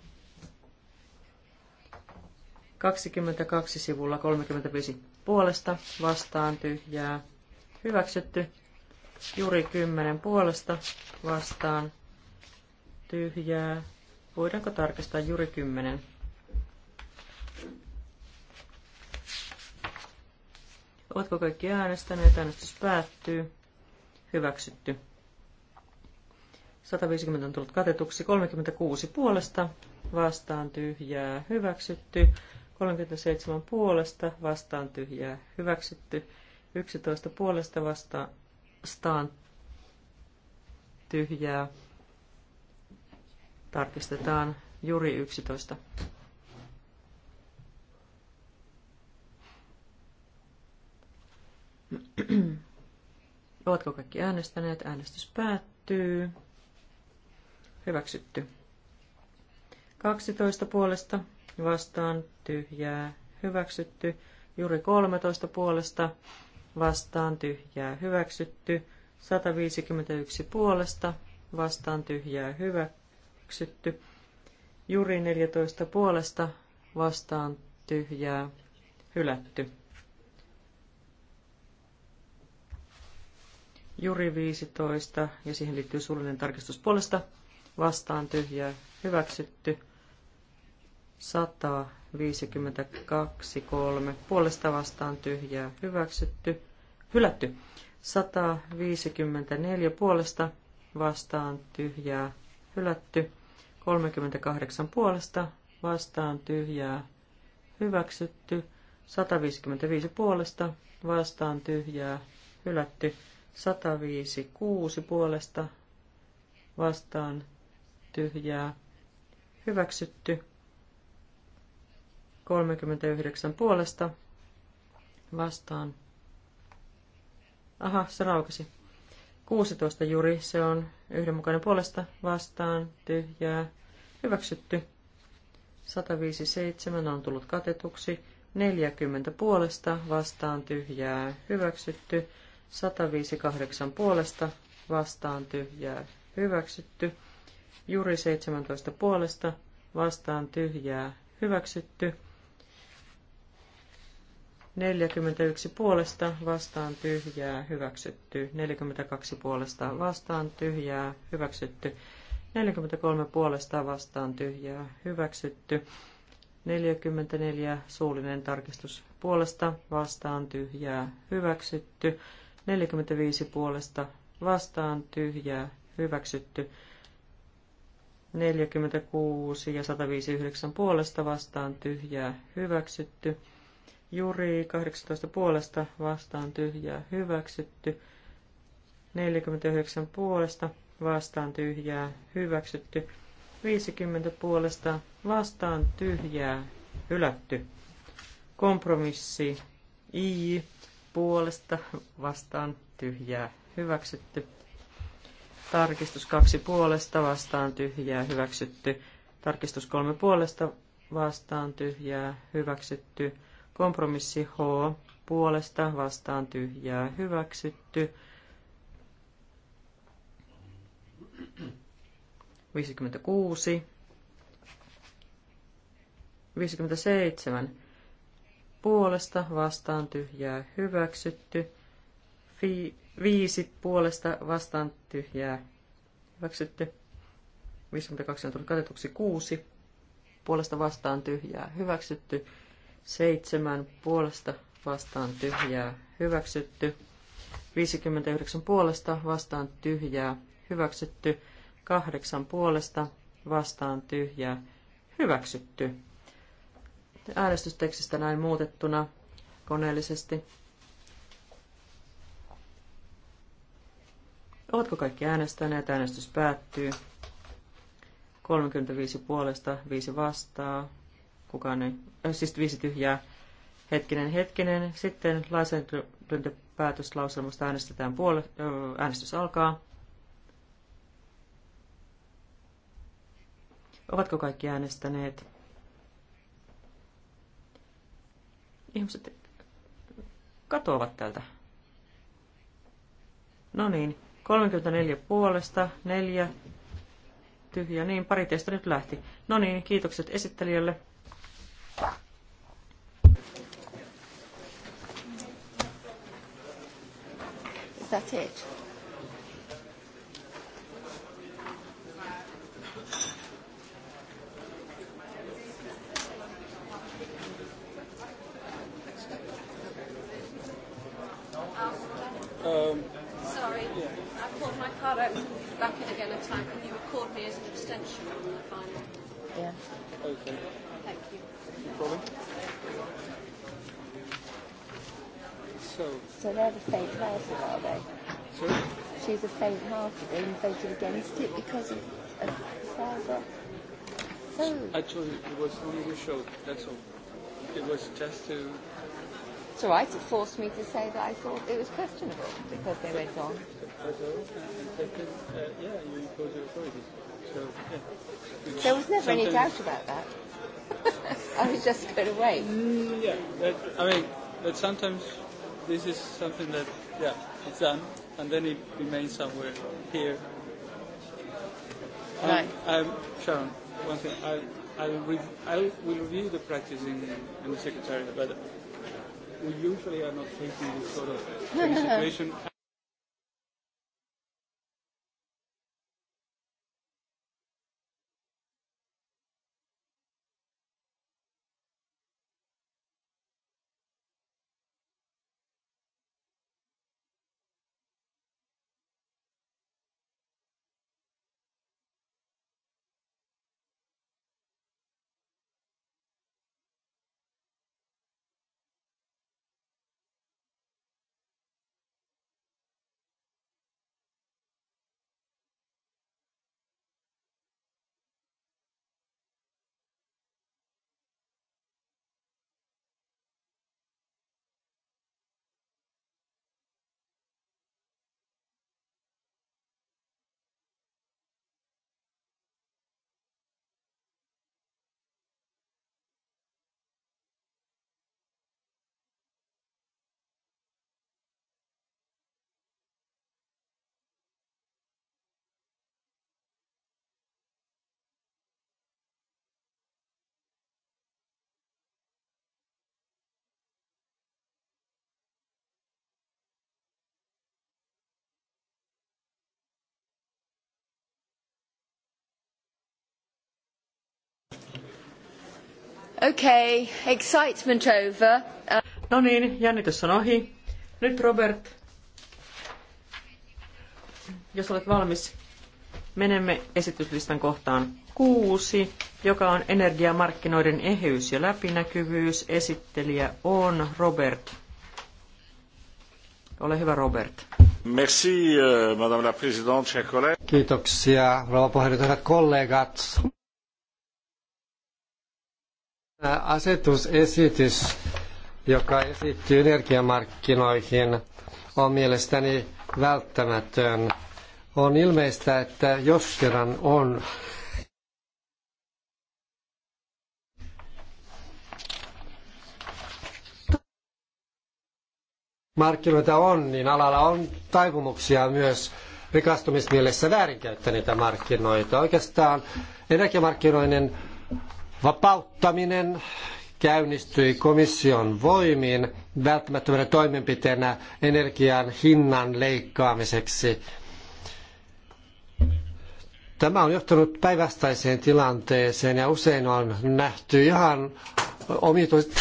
22 sivulla 35 puolesta vastaan tyhjää. Hyväksytty. Juri 10 puolesta vastaan tyhjää. Voidaanko tarkistaa juuri 10? Ovatko kaikki äänestäneet? Äänestys päättyy. Hyväksytty. 150 on tullut katetuksi. 36 puolesta vastaan tyhjää. Hyväksytty. 37 puolesta vastaan tyhjää. Hyväksytty. 11 puolesta vastaan tyhjää. Tarkistetaan Juri 11. Ovatko kaikki äänestäneet? Äänestys päättyy. Hyväksytty. 12 puolesta vastaan tyhjää hyväksytty. Juuri 13 puolesta vastaan tyhjää hyväksytty. 151 puolesta vastaan tyhjää hyvä, hyväksytty. Juri 14 puolesta vastaan tyhjää hylätty. Juri 15 ja siihen liittyy suullinen tarkistus puolesta vastaan tyhjää hyväksytty. 152 3 puolesta vastaan tyhjää hyväksytty. Hylätty. 154 puolesta vastaan tyhjää hylätty. 38 puolesta, vastaan tyhjää, hyväksytty. 155 puolesta, vastaan tyhjää, hylätty. 156 puolesta, vastaan tyhjää, hyväksytty. 39 puolesta, vastaan. Aha, se raukesi. 16 juri, se on yhdenmukainen puolesta, vastaan, tyhjää, Hyväksytty. 157 on tullut katetuksi. 40 puolesta vastaan tyhjää. Hyväksytty. 158 puolesta vastaan tyhjää. Hyväksytty. Juri 17 puolesta vastaan tyhjää. Hyväksytty. 41 puolesta vastaan tyhjää, hyväksytty. 42 puolesta vastaan tyhjää, hyväksytty. 43 puolesta vastaan tyhjää hyväksytty. 44 suullinen tarkistus puolesta vastaan tyhjää hyväksytty. 45 puolesta vastaan tyhjää hyväksytty. 46 ja 159 puolesta vastaan tyhjää hyväksytty. Juri 18 puolesta vastaan tyhjää hyväksytty. 49 puolesta vastaan tyhjää, hyväksytty. 50 puolesta vastaan tyhjää, hylätty. Kompromissi I puolesta vastaan tyhjää, hyväksytty. Tarkistus kaksi puolesta vastaan tyhjää, hyväksytty. Tarkistus kolme puolesta vastaan tyhjää, hyväksytty. Kompromissi H puolesta vastaan tyhjää, hyväksytty. 56, 57 puolesta vastaan tyhjää hyväksytty, Fi- 5 puolesta vastaan tyhjää hyväksytty, 52 on tullut katetuksi 6 puolesta vastaan tyhjää hyväksytty, 7 puolesta vastaan tyhjää hyväksytty, 59 puolesta vastaan tyhjää hyväksytty, kahdeksan puolesta vastaan tyhjää hyväksytty. Äänestystekstistä näin muutettuna koneellisesti. Ovatko kaikki äänestäneet? Äänestys päättyy. 35 puolesta, 5 vastaa, kukaan ei, äh, siis 5 tyhjää. Hetkinen, hetkinen. Sitten lainsäädäntöpäätöslauselmasta äänestetään puole, äh, äänestys alkaa. Ovatko kaikki äänestäneet? Ihmiset katoavat tältä. No niin, 34 puolesta, neljä tyhjä, niin pari teistä nyt lähti. No niin, kiitokset esittelijälle. That's it. So. they're the faint-hearted, are they? Sorry? She's a faint-hearted and voted against it because of, of Sarah. So. Actually, it was only a show. That's all. It was just to. It's all right. It forced me to say that I thought it was questionable because they went on. There was never any doubt about that. I was just going to wait. Mm, yeah, but, I mean, but sometimes this is something that, yeah, it's done, and then it remains somewhere here. Um, right. I'm um, Sharon, one thing. I, I, re- I will review the practice in, in the Secretariat, but we usually are not taking this sort of situation Okay, excitement over. No niin, jännitys on ohi. Nyt Robert, jos olet valmis, menemme esityslistan kohtaan kuusi, joka on energiamarkkinoiden eheys ja läpinäkyvyys. Esittelijä on Robert. Ole hyvä, Robert. Merci, euh, madame la présidente, chers collègues. Kiitoksia, rouva puheenjohtaja, kollegat. Asetusesitys, joka esittyy energiamarkkinoihin, on mielestäni välttämätön. On ilmeistä, että jos kerran on markkinoita on, niin alalla on taipumuksia myös rikastumismielessä väärinkäyttää niitä markkinoita. Oikeastaan energiamarkkinoiden Vapauttaminen käynnistyi komission voimin välttämättömänä toimenpiteenä energian hinnan leikkaamiseksi. Tämä on johtanut päinvastaiseen tilanteeseen ja usein on nähty ihan omituiset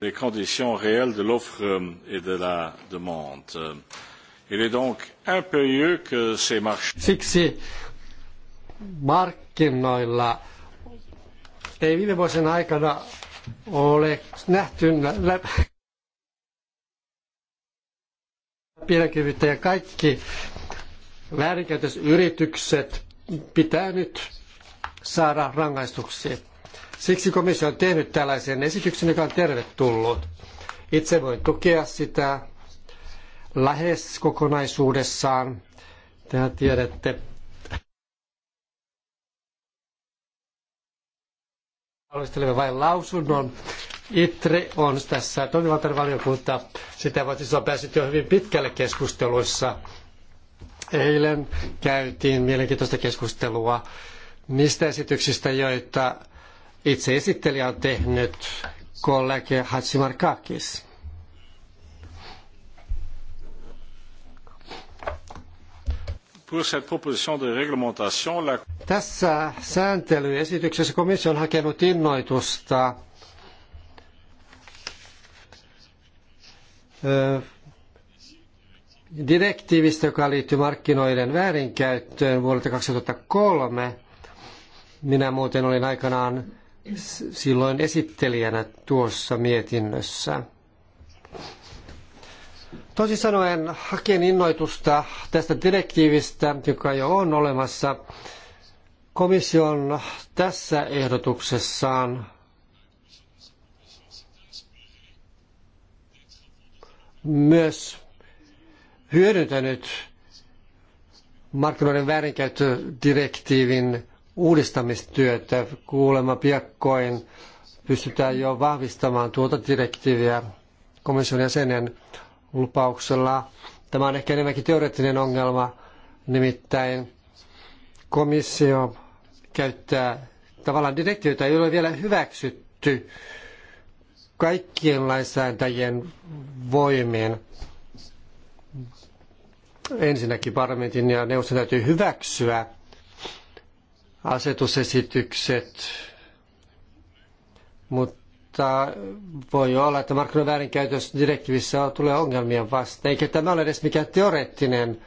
les conditions réelles de l'offre euh, et de la demande. Euh, il est donc impérieux que ces marchés. Siksi mark- markkinoilla ei viime vuosien aikana ole nähty ja kaikki väärinkäytösyritykset pitää nyt saada rangaistuksi. Siksi komissio on tehnyt tällaisen esityksen, joka on tervetullut. Itse voin tukea sitä lähes kokonaisuudessaan. Tehän tiedätte, Valmistelemme vain lausunnon. ITRE on tässä toimivaltainen Sitä voitaisiin on päässyt jo hyvin pitkälle keskusteluissa. Eilen käytiin mielenkiintoista keskustelua niistä esityksistä, joita itse esittelijä on tehnyt kollega Hatsimarkakis. Tässä sääntelyesityksessä komissio on hakenut innoitusta direktiivistä, joka liittyy markkinoiden väärinkäyttöön vuodelta 2003. Minä muuten olin aikanaan silloin esittelijänä tuossa mietinnössä. Toisin sanoen hakien innoitusta tästä direktiivistä, joka jo on olemassa, komission tässä ehdotuksessaan myös hyödyntänyt markkinoiden väärinkäyttödirektiivin uudistamistyötä. Kuulemma piakkoin pystytään jo vahvistamaan tuota direktiiviä komission jäsenen lupauksella. Tämä on ehkä enemmänkin teoreettinen ongelma, nimittäin komissio käyttää tavallaan direktiota, ei ole vielä hyväksytty kaikkien lainsäätäjien voimien. Ensinnäkin parlamentin ja neuvoston täytyy hyväksyä asetusesitykset, mutta mutta voi olla, että markkinoiden direktiivissä tulee ongelmia vasta. Eikä tämä ole edes mikään teoreettinen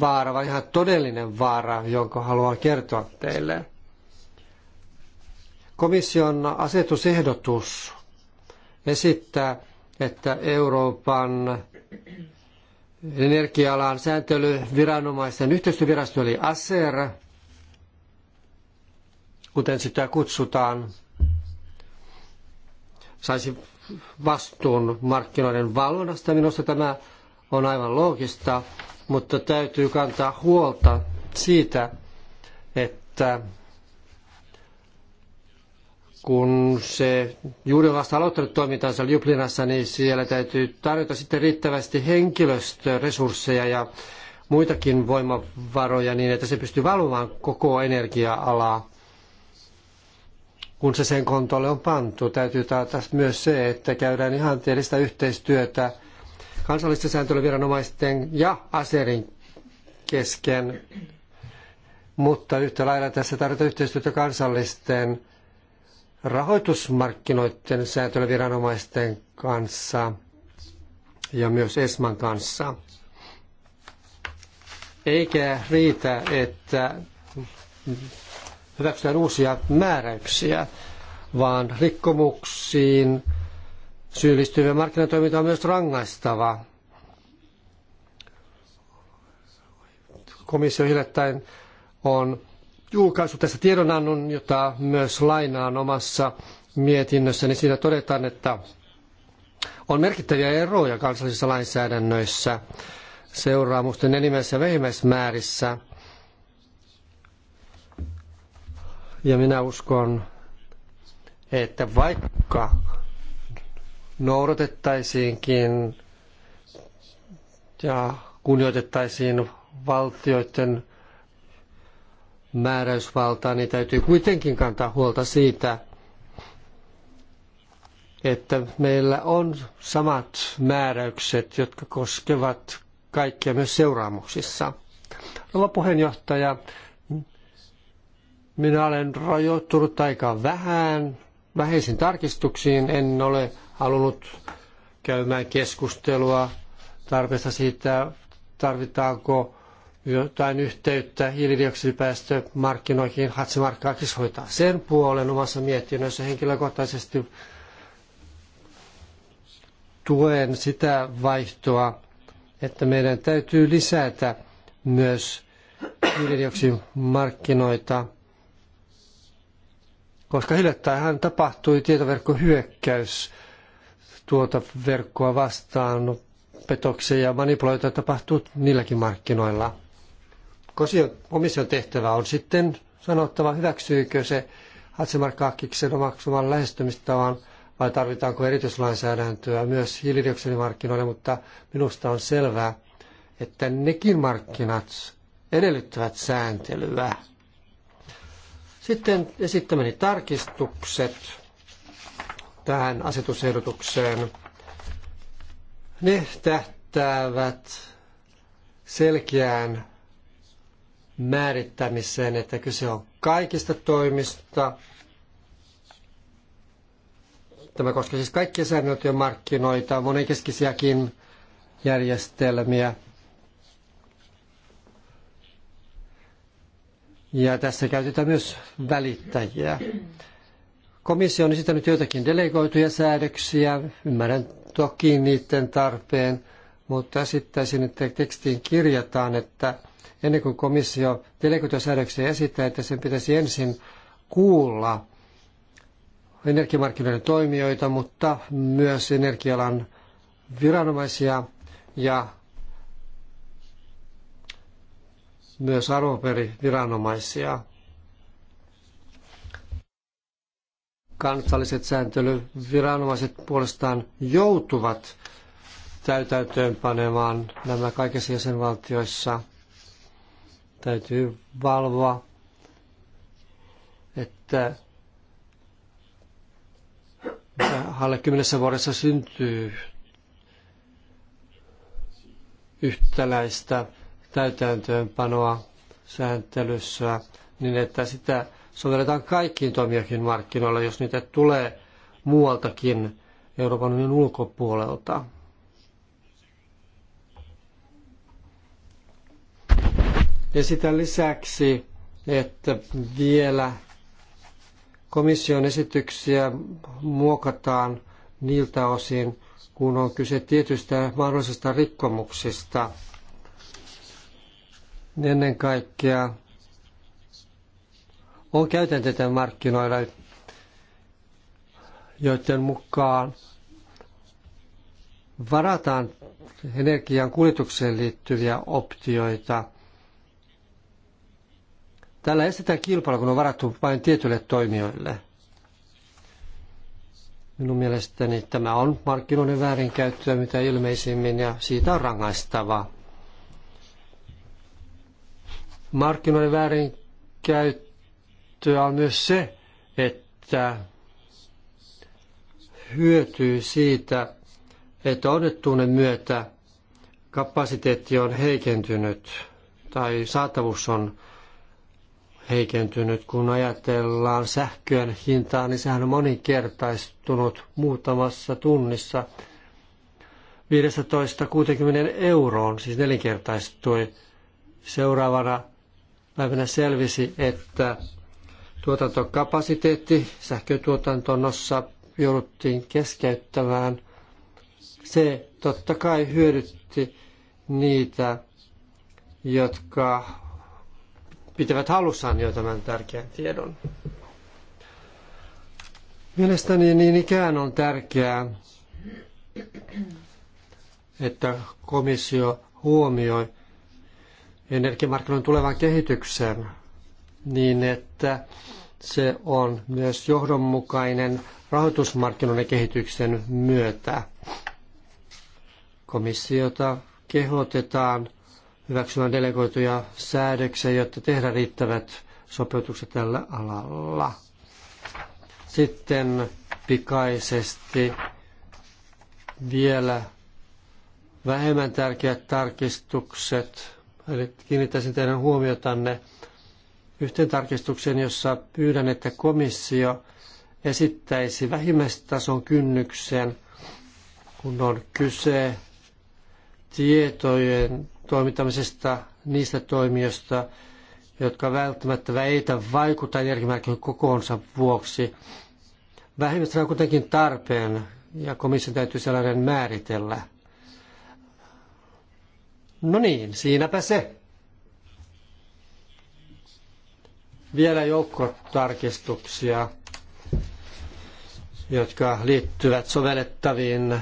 vaara, vaan ihan todellinen vaara, jonka haluan kertoa teille. Komission asetusehdotus esittää, että Euroopan energia-alan sääntelyviranomaisten yhteistyövirasto eli ASER, kuten sitä kutsutaan, saisi vastuun markkinoiden valvonnasta. Minusta tämä on aivan loogista, mutta täytyy kantaa huolta siitä, että kun se juuri on vasta aloittanut toimintansa Ljublinassa, niin siellä täytyy tarjota sitten riittävästi henkilöstöresursseja ja muitakin voimavaroja niin, että se pystyy valvomaan koko energia-alaa kun se sen kontolle on pantu. Täytyy taata myös se, että käydään ihanteellista yhteistyötä kansallisten sääntelyviranomaisten ja aserin kesken, mutta yhtä lailla tässä tarvitaan yhteistyötä kansallisten rahoitusmarkkinoiden sääntelyviranomaisten kanssa ja myös ESMAn kanssa. Eikä riitä, että hyväksytään uusia määräyksiä, vaan rikkomuksiin syyllistyvien markkinatoiminta on myös rangaistava. Komissio hiljattain on julkaissut tässä tiedonannon, jota myös lainaan omassa mietinnössäni. Niin siinä todetaan, että on merkittäviä eroja kansallisissa lainsäädännöissä seuraamusten enimmäis- ja vähimmäismäärissä Ja minä uskon, että vaikka noudatettaisiinkin ja kunnioitettaisiin valtioiden määräysvaltaa, niin täytyy kuitenkin kantaa huolta siitä, että meillä on samat määräykset, jotka koskevat kaikkia myös seuraamuksissa. Rouva puheenjohtaja, minä olen rajoittunut aika vähän vähäisiin tarkistuksiin. En ole halunnut käymään keskustelua tarpeesta siitä, tarvitaanko jotain yhteyttä hiilidioksidipäästömarkkinoihin. Hatsimarkkaakis hoitaa sen puolen omassa mietinnössä henkilökohtaisesti tuen sitä vaihtoa, että meidän täytyy lisätä myös hiilidioksidimarkkinoita – koska hiljattainhan tapahtui tietoverkkohyökkäys tuota verkkoa vastaan. Petoksia ja manipuloita tapahtuu niilläkin markkinoilla. Komission tehtävä on sitten sanottava, hyväksyykö se Hatsimarkkaakiksen omaksuman lähestymistavan vai tarvitaanko erityislainsäädäntöä myös hiilidioksidimarkkinoille, mutta minusta on selvää, että nekin markkinat edellyttävät sääntelyä. Sitten esittämäni tarkistukset tähän asetusehdotukseen. Ne tähtäävät selkeään määrittämiseen, että kyse on kaikista toimista. Tämä koskee siis kaikkia markkinoita, monenkeskisiäkin järjestelmiä – Ja tässä käytetään myös välittäjiä. Komissio on esittänyt joitakin delegoituja säädöksiä. Ymmärrän toki niiden tarpeen, mutta esittäisin, että tekstiin kirjataan, että ennen kuin komissio delegoituja säädöksiä esittää, että sen pitäisi ensin kuulla energiamarkkinoiden toimijoita, mutta myös energialan viranomaisia ja myös arvoperiviranomaisia. Kansalliset sääntelyviranomaiset puolestaan joutuvat täytäntöönpanemaan nämä kaikissa jäsenvaltioissa. Täytyy valvoa, että alle kymmenessä vuodessa syntyy yhtäläistä täytäntöönpanoa sääntelyssä niin, että sitä sovelletaan kaikkiin toimijakin markkinoilla, jos niitä tulee muualtakin Euroopan unionin ulkopuolelta. Ja sitä lisäksi, että vielä komission esityksiä muokataan niiltä osin, kun on kyse tietystä mahdollisista rikkomuksista – ennen kaikkea on käytänteitä markkinoilla, joiden mukaan varataan energian kuljetukseen liittyviä optioita. Tällä estetään kilpailu, kun on varattu vain tietyille toimijoille. Minun mielestäni tämä on markkinoiden väärinkäyttöä mitä ilmeisimmin ja siitä on rangaistavaa. Markkinoiden väärinkäyttöä on myös se, että hyötyy siitä, että onnettuuden myötä kapasiteetti on heikentynyt tai saatavuus on heikentynyt. Kun ajatellaan sähkön hintaa, niin sehän on moninkertaistunut muutamassa tunnissa 15-60 euroon, siis nelinkertaistui. Seuraavana päivänä selvisi, että tuotantokapasiteetti sähkötuotantonossa jouduttiin keskeyttämään. Se totta kai hyödytti niitä, jotka pitävät halussaan jo tämän tärkeän tiedon. Mielestäni niin ikään on tärkeää, että komissio huomioi energiamarkkinoiden tulevan kehityksen niin, että se on myös johdonmukainen rahoitusmarkkinoiden kehityksen myötä. Komissiota kehotetaan hyväksymään delegoituja säädöksiä, jotta tehdään riittävät sopeutukset tällä alalla. Sitten pikaisesti vielä vähemmän tärkeät tarkistukset Eli kiinnittäisin teidän huomiotanne yhteen tarkistukseen, jossa pyydän, että komissio esittäisi vähimmäistason kynnyksen, kun on kyse tietojen toimittamisesta niistä toimijoista, jotka välttämättä väitä vaikuta energiamarkkinoiden kokoonsa vuoksi. Vähimmäistä on kuitenkin tarpeen ja komission täytyy sellainen määritellä. No niin, siinäpä se. Vielä joukko tarkistuksia, jotka liittyvät sovellettaviin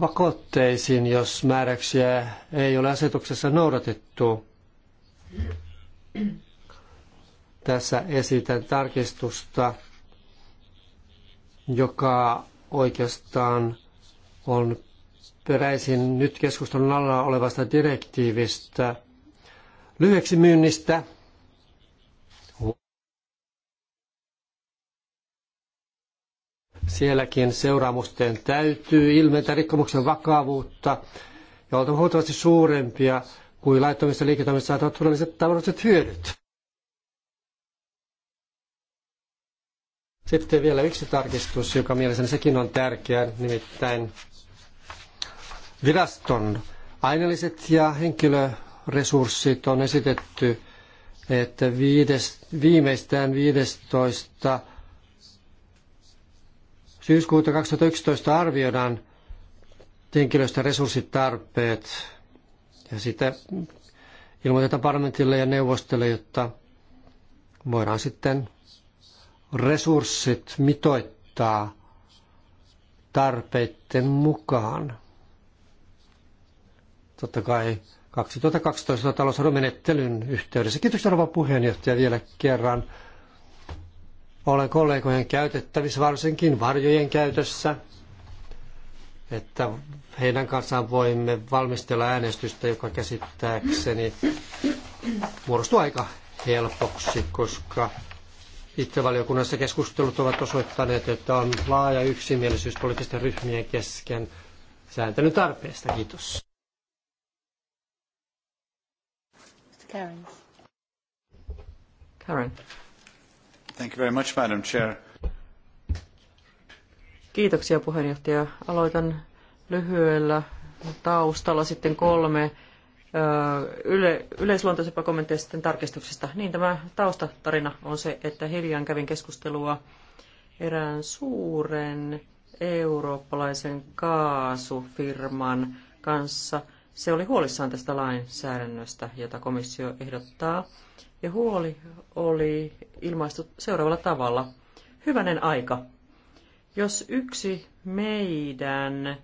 pakotteisiin, jos määräyksiä ei ole asetuksessa noudatettu. Tässä esitän tarkistusta, joka oikeastaan on peräisin nyt keskustelun alla olevasta direktiivistä lyhyeksi myynnistä. Sielläkin seuraamusten täytyy ilmentää rikkomuksen vakavuutta ja on huomattavasti suurempia kuin laittomista liiketoimista saatavat todelliset taloudelliset hyödyt. Sitten vielä yksi tarkistus, joka mielestäni sekin on tärkeä, nimittäin viraston aineelliset ja henkilöresurssit on esitetty, että viides, viimeistään 15. syyskuuta 2011 arvioidaan henkilöstön resurssitarpeet ja sitä ilmoitetaan parlamentille ja neuvostolle, jotta voidaan sitten resurssit mitoittaa tarpeiden mukaan totta kai 2012 talousarvomenettelyn yhteydessä. Kiitos rouva puheenjohtaja vielä kerran. Olen kollegojen käytettävissä, varsinkin varjojen käytössä, että heidän kanssaan voimme valmistella äänestystä, joka käsittääkseni muodostuu aika helpoksi, koska itse valiokunnassa keskustelut ovat osoittaneet, että on laaja yksimielisyys poliittisten ryhmien kesken sääntelyn tarpeesta. Kiitos. Karen. Karen. Thank you very much, Madam Chair. Kiitoksia puheenjohtaja. Aloitan lyhyellä taustalla sitten kolme yle, yleisluontoisempa kommenttia sitten tarkistuksesta. Niin tämä taustatarina on se, että hiljaan kävin keskustelua erään suuren eurooppalaisen kaasufirman kanssa – se oli huolissaan tästä lainsäädännöstä, jota komissio ehdottaa, ja huoli oli ilmaistu seuraavalla tavalla. Hyvänen aika. Jos yksi meidän ää,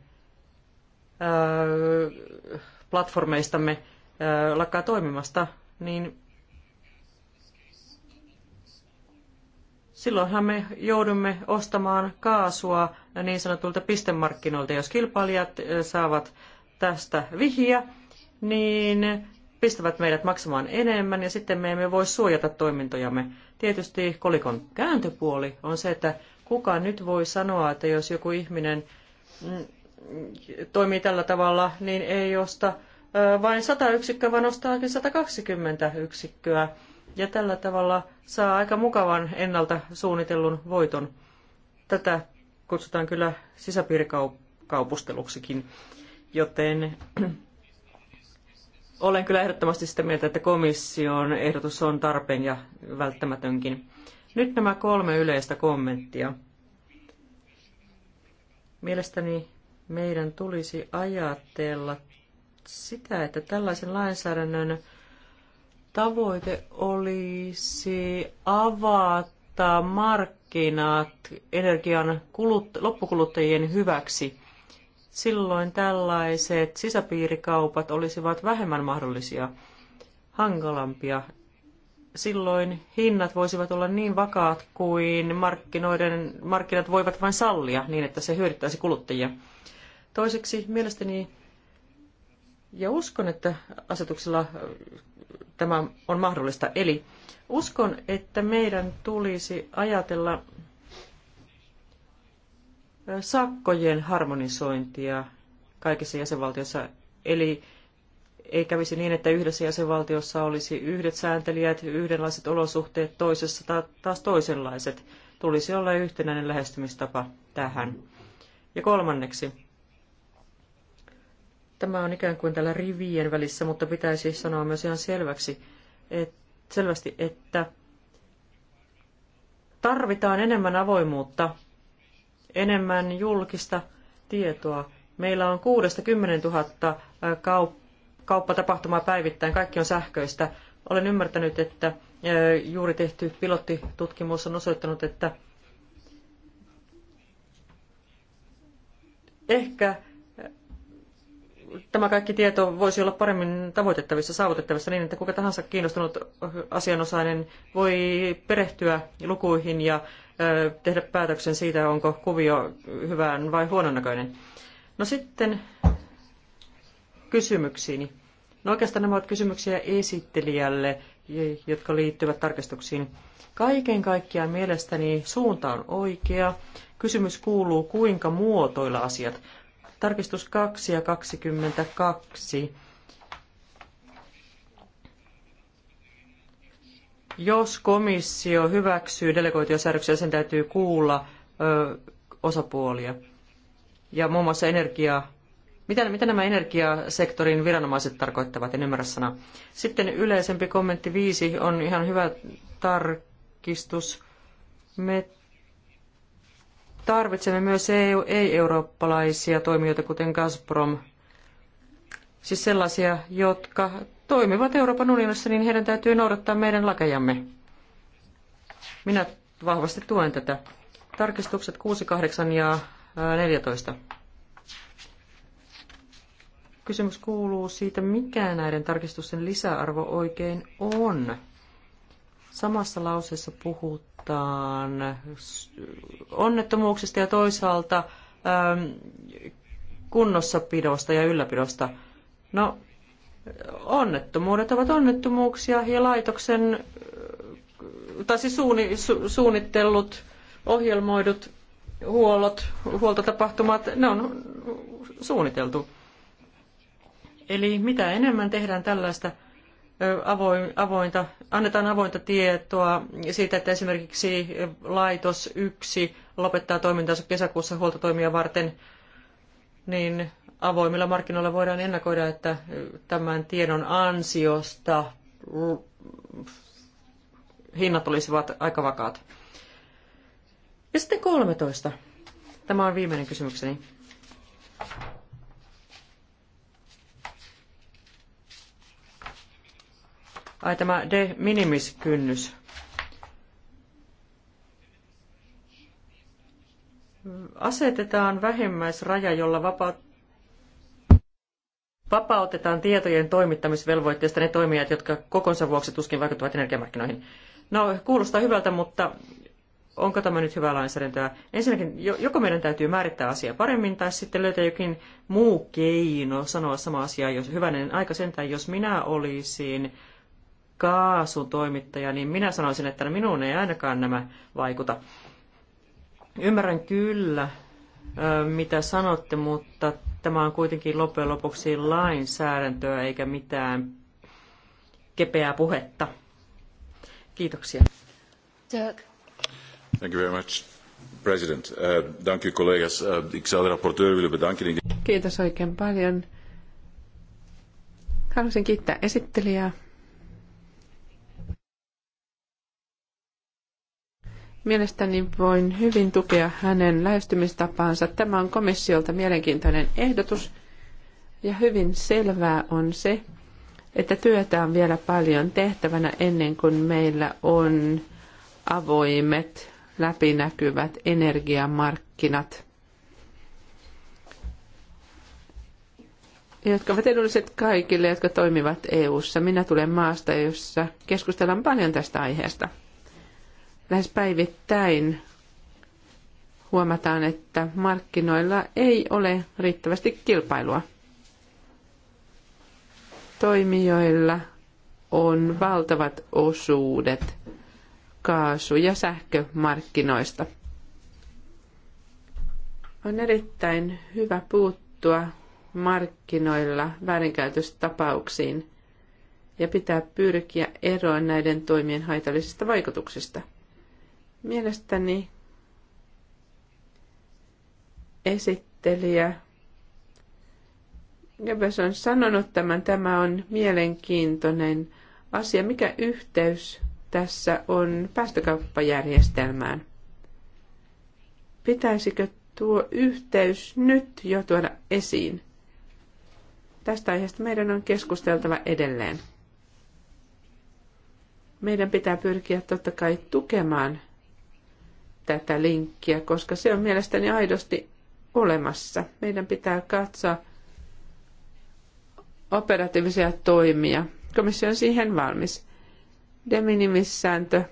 platformeistamme ää, lakkaa toimimasta, niin silloinhan me joudumme ostamaan kaasua niin sanotulta pistemarkkinoilta, jos kilpailijat saavat tästä vihiä, niin pistävät meidät maksamaan enemmän ja sitten me emme voi suojata toimintojamme. Tietysti kolikon kääntöpuoli on se, että kuka nyt voi sanoa, että jos joku ihminen mm, toimii tällä tavalla, niin ei osta vain 100 yksikköä, vaan ostaakin 120 yksikköä. Ja tällä tavalla saa aika mukavan ennalta suunnitellun voiton. Tätä kutsutaan kyllä sisäpiirikaupusteluksikin joten olen kyllä ehdottomasti sitä mieltä, että komission ehdotus on tarpeen ja välttämätönkin. Nyt nämä kolme yleistä kommenttia. Mielestäni meidän tulisi ajatella sitä, että tällaisen lainsäädännön tavoite olisi avata markkinat energian kulut- loppukuluttajien hyväksi – silloin tällaiset sisäpiirikaupat olisivat vähemmän mahdollisia, hankalampia. Silloin hinnat voisivat olla niin vakaat kuin markkinoiden, markkinat voivat vain sallia niin, että se hyödyttäisi kuluttajia. Toiseksi mielestäni, ja uskon, että asetuksella tämä on mahdollista, eli uskon, että meidän tulisi ajatella sakkojen harmonisointia kaikissa jäsenvaltioissa. Eli ei kävisi niin, että yhdessä jäsenvaltiossa olisi yhdet sääntelijät, yhdenlaiset olosuhteet, toisessa taas toisenlaiset. Tulisi olla yhtenäinen lähestymistapa tähän. Ja kolmanneksi, tämä on ikään kuin tällä rivien välissä, mutta pitäisi sanoa myös ihan selväksi, et, selvästi, että tarvitaan enemmän avoimuutta enemmän julkista tietoa. Meillä on 6-10 000 kauppatapahtumaa päivittäin, kaikki on sähköistä. Olen ymmärtänyt, että juuri tehty pilottitutkimus on osoittanut, että ehkä tämä kaikki tieto voisi olla paremmin tavoitettavissa, saavutettavissa niin, että kuka tahansa kiinnostunut asianosainen voi perehtyä lukuihin ja tehdä päätöksen siitä, onko kuvio hyvän vai huononnäköinen. No sitten kysymyksiini. No oikeastaan nämä ovat kysymyksiä esittelijälle, jotka liittyvät tarkistuksiin. Kaiken kaikkiaan mielestäni suunta on oikea. Kysymys kuuluu, kuinka muotoilla asiat. Tarkistus 2 ja 22 Jos komissio hyväksyy delegoitiosäädöksiä, sen täytyy kuulla ö, osapuolia. Ja muun muassa energiaa. Mitä, mitä nämä energiasektorin viranomaiset tarkoittavat, en ymmärrä sanaa. Sitten yleisempi kommentti viisi on ihan hyvä tarkistus. Me tarvitsemme myös e ei-eurooppalaisia toimijoita, kuten Gazprom, siis sellaisia, jotka toimivat Euroopan unionissa, niin heidän täytyy noudattaa meidän lakejamme. Minä vahvasti tuen tätä. Tarkistukset 6, 8 ja 14. Kysymys kuuluu siitä, mikä näiden tarkistusten lisäarvo oikein on. Samassa lauseessa puhutaan onnettomuuksista ja toisaalta kunnossapidosta ja ylläpidosta. No, onnettomuudet ovat onnettomuuksia ja laitoksen, tai siis suuni, su, suunnitellut, ohjelmoidut huollot, huoltotapahtumat, ne on suunniteltu. Eli mitä enemmän tehdään tällaista avointa, annetaan avointa tietoa siitä, että esimerkiksi laitos yksi lopettaa toimintansa kesäkuussa huoltotoimia varten, niin avoimilla markkinoilla voidaan ennakoida, että tämän tiedon ansiosta hinnat olisivat aika vakaat. Ja sitten 13. Tämä on viimeinen kysymykseni. Ai tämä de minimis kynnys. Asetetaan vähimmäisraja, jolla vapaat vapautetaan tietojen toimittamisvelvoitteesta ne toimijat, jotka kokonsa vuoksi tuskin vaikuttavat energiamarkkinoihin. No, kuulostaa hyvältä, mutta onko tämä nyt hyvää lainsäädäntöä? Ensinnäkin, joko meidän täytyy määrittää asia paremmin, tai sitten löytää jokin muu keino sanoa sama asia, jos hyvänen aika sentään, jos minä olisin kaasutoimittaja, niin minä sanoisin, että minun ei ainakaan nämä vaikuta. Ymmärrän kyllä, mitä sanotte, mutta Tämä on kuitenkin loppujen lopuksi lainsäädäntöä eikä mitään kepeää puhetta. Kiitoksia. Dirk. Thank you very much, President. Uh, dank u collega's. Uh, ik zou de rapporteur Kiitos oikein paljon. Haluaisin kiittää esittelijää Mielestäni voin hyvin tukea hänen lähestymistapaansa. Tämä on komissiolta mielenkiintoinen ehdotus ja hyvin selvää on se, että työtä on vielä paljon tehtävänä ennen kuin meillä on avoimet, läpinäkyvät energiamarkkinat, jotka ovat edulliset kaikille, jotka toimivat EU-ssa. Minä tulen maasta, jossa keskustellaan paljon tästä aiheesta – lähes päivittäin huomataan, että markkinoilla ei ole riittävästi kilpailua. Toimijoilla on valtavat osuudet kaasu- ja sähkömarkkinoista. On erittäin hyvä puuttua markkinoilla väärinkäytöstapauksiin ja pitää pyrkiä eroon näiden toimien haitallisista vaikutuksista – Mielestäni esittelijä Gebes on sanonut tämän, tämä on mielenkiintoinen asia. Mikä yhteys tässä on päästökauppajärjestelmään? Pitäisikö tuo yhteys nyt jo tuoda esiin? Tästä aiheesta meidän on keskusteltava edelleen. Meidän pitää pyrkiä totta kai tukemaan tätä linkkiä, koska se on mielestäni aidosti olemassa. Meidän pitää katsoa operatiivisia toimia. Komissio on siihen valmis. De minimissääntö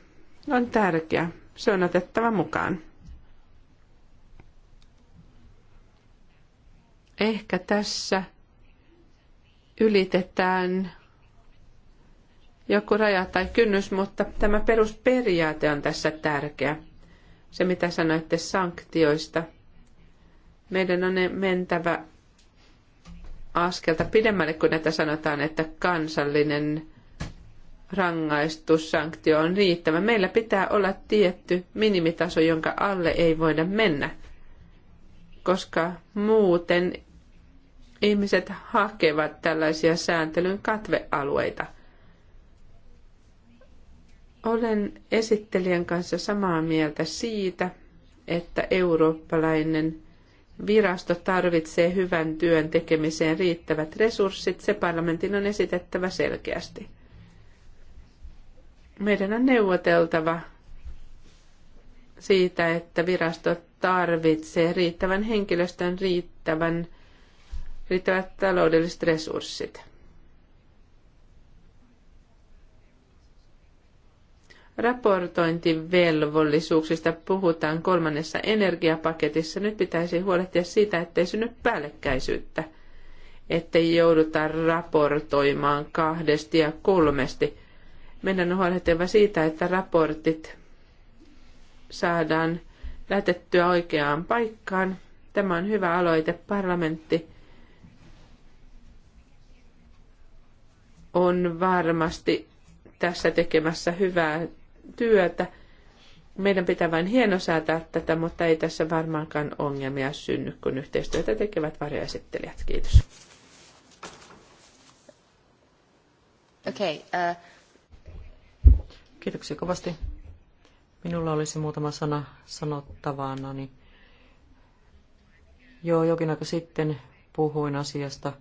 on tärkeä. Se on otettava mukaan. Ehkä tässä ylitetään joku raja tai kynnys, mutta tämä perusperiaate on tässä tärkeä se, mitä sanoitte sanktioista. Meidän on mentävä askelta pidemmälle, kun näitä sanotaan, että kansallinen rangaistussanktio on riittävä. Meillä pitää olla tietty minimitaso, jonka alle ei voida mennä, koska muuten ihmiset hakevat tällaisia sääntelyn katvealueita. Olen esittelijän kanssa samaa mieltä siitä, että eurooppalainen virasto tarvitsee hyvän työn tekemiseen riittävät resurssit. Se parlamentin on esitettävä selkeästi. Meidän on neuvoteltava siitä, että virasto tarvitsee riittävän henkilöstön riittävän, riittävät taloudelliset resurssit. raportointivelvollisuuksista puhutaan kolmannessa energiapaketissa. Nyt pitäisi huolehtia siitä, ettei synny päällekkäisyyttä, ettei jouduta raportoimaan kahdesti ja kolmesti. Meidän on huolehtiva siitä, että raportit saadaan lähetettyä oikeaan paikkaan. Tämä on hyvä aloite. Parlamentti on varmasti tässä tekemässä hyvää työtä. Meidän pitää vain hienosäätää tätä, mutta ei tässä varmaankaan ongelmia synny, kun yhteistyötä tekevät varjoesittelijät. Kiitos. Okay, uh... Kiitoksia kovasti. Minulla olisi muutama sana sanottavana. Niin joo, jokin aika sitten puhuin asiasta,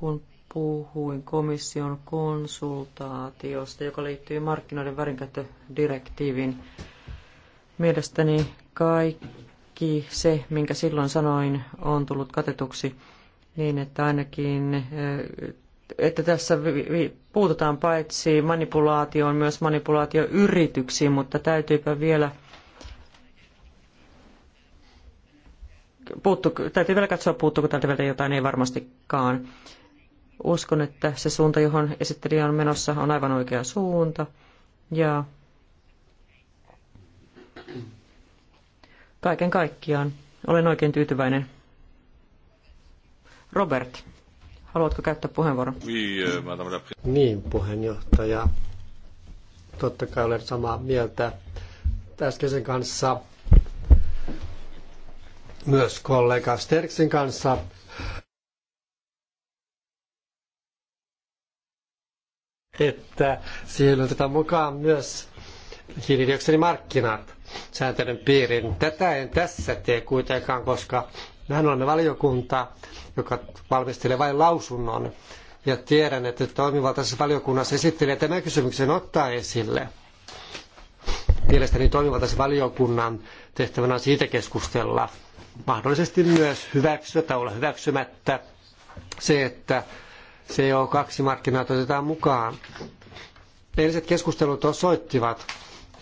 kun puhuin komission konsultaatiosta, joka liittyy markkinoiden värinkäyttödirektiivin. Mielestäni kaikki se, minkä silloin sanoin, on tullut katetuksi niin, että ainakin että tässä puututaan paitsi manipulaatioon, myös manipulaatioyrityksiin, mutta täytyypä vielä puuttu, täytyy vielä katsoa, puuttuuko täältä vielä jotain, ei varmastikaan. Uskon, että se suunta, johon esittelijä on menossa, on aivan oikea suunta. Ja kaiken kaikkiaan olen oikein tyytyväinen. Robert, haluatko käyttää puheenvuoron? Euh, niin, puheenjohtaja. Totta kai olen samaa mieltä äskeisen kanssa myös kollega Sterksin kanssa että siihen otetaan mukaan myös hiilidioksidimarkkinat sääntelyn piiriin. Tätä en tässä tee kuitenkaan, koska mehän olemme valiokunta, joka valmistelee vain lausunnon. Ja tiedän, että toimivaltaisessa valiokunnassa esittelee tämän kysymyksen ottaa esille. Mielestäni toimivaltaisen valiokunnan tehtävänä on siitä keskustella. Mahdollisesti myös hyväksyä tai olla hyväksymättä se, että CO2-markkinat otetaan mukaan. Eiliset keskustelut osoittivat,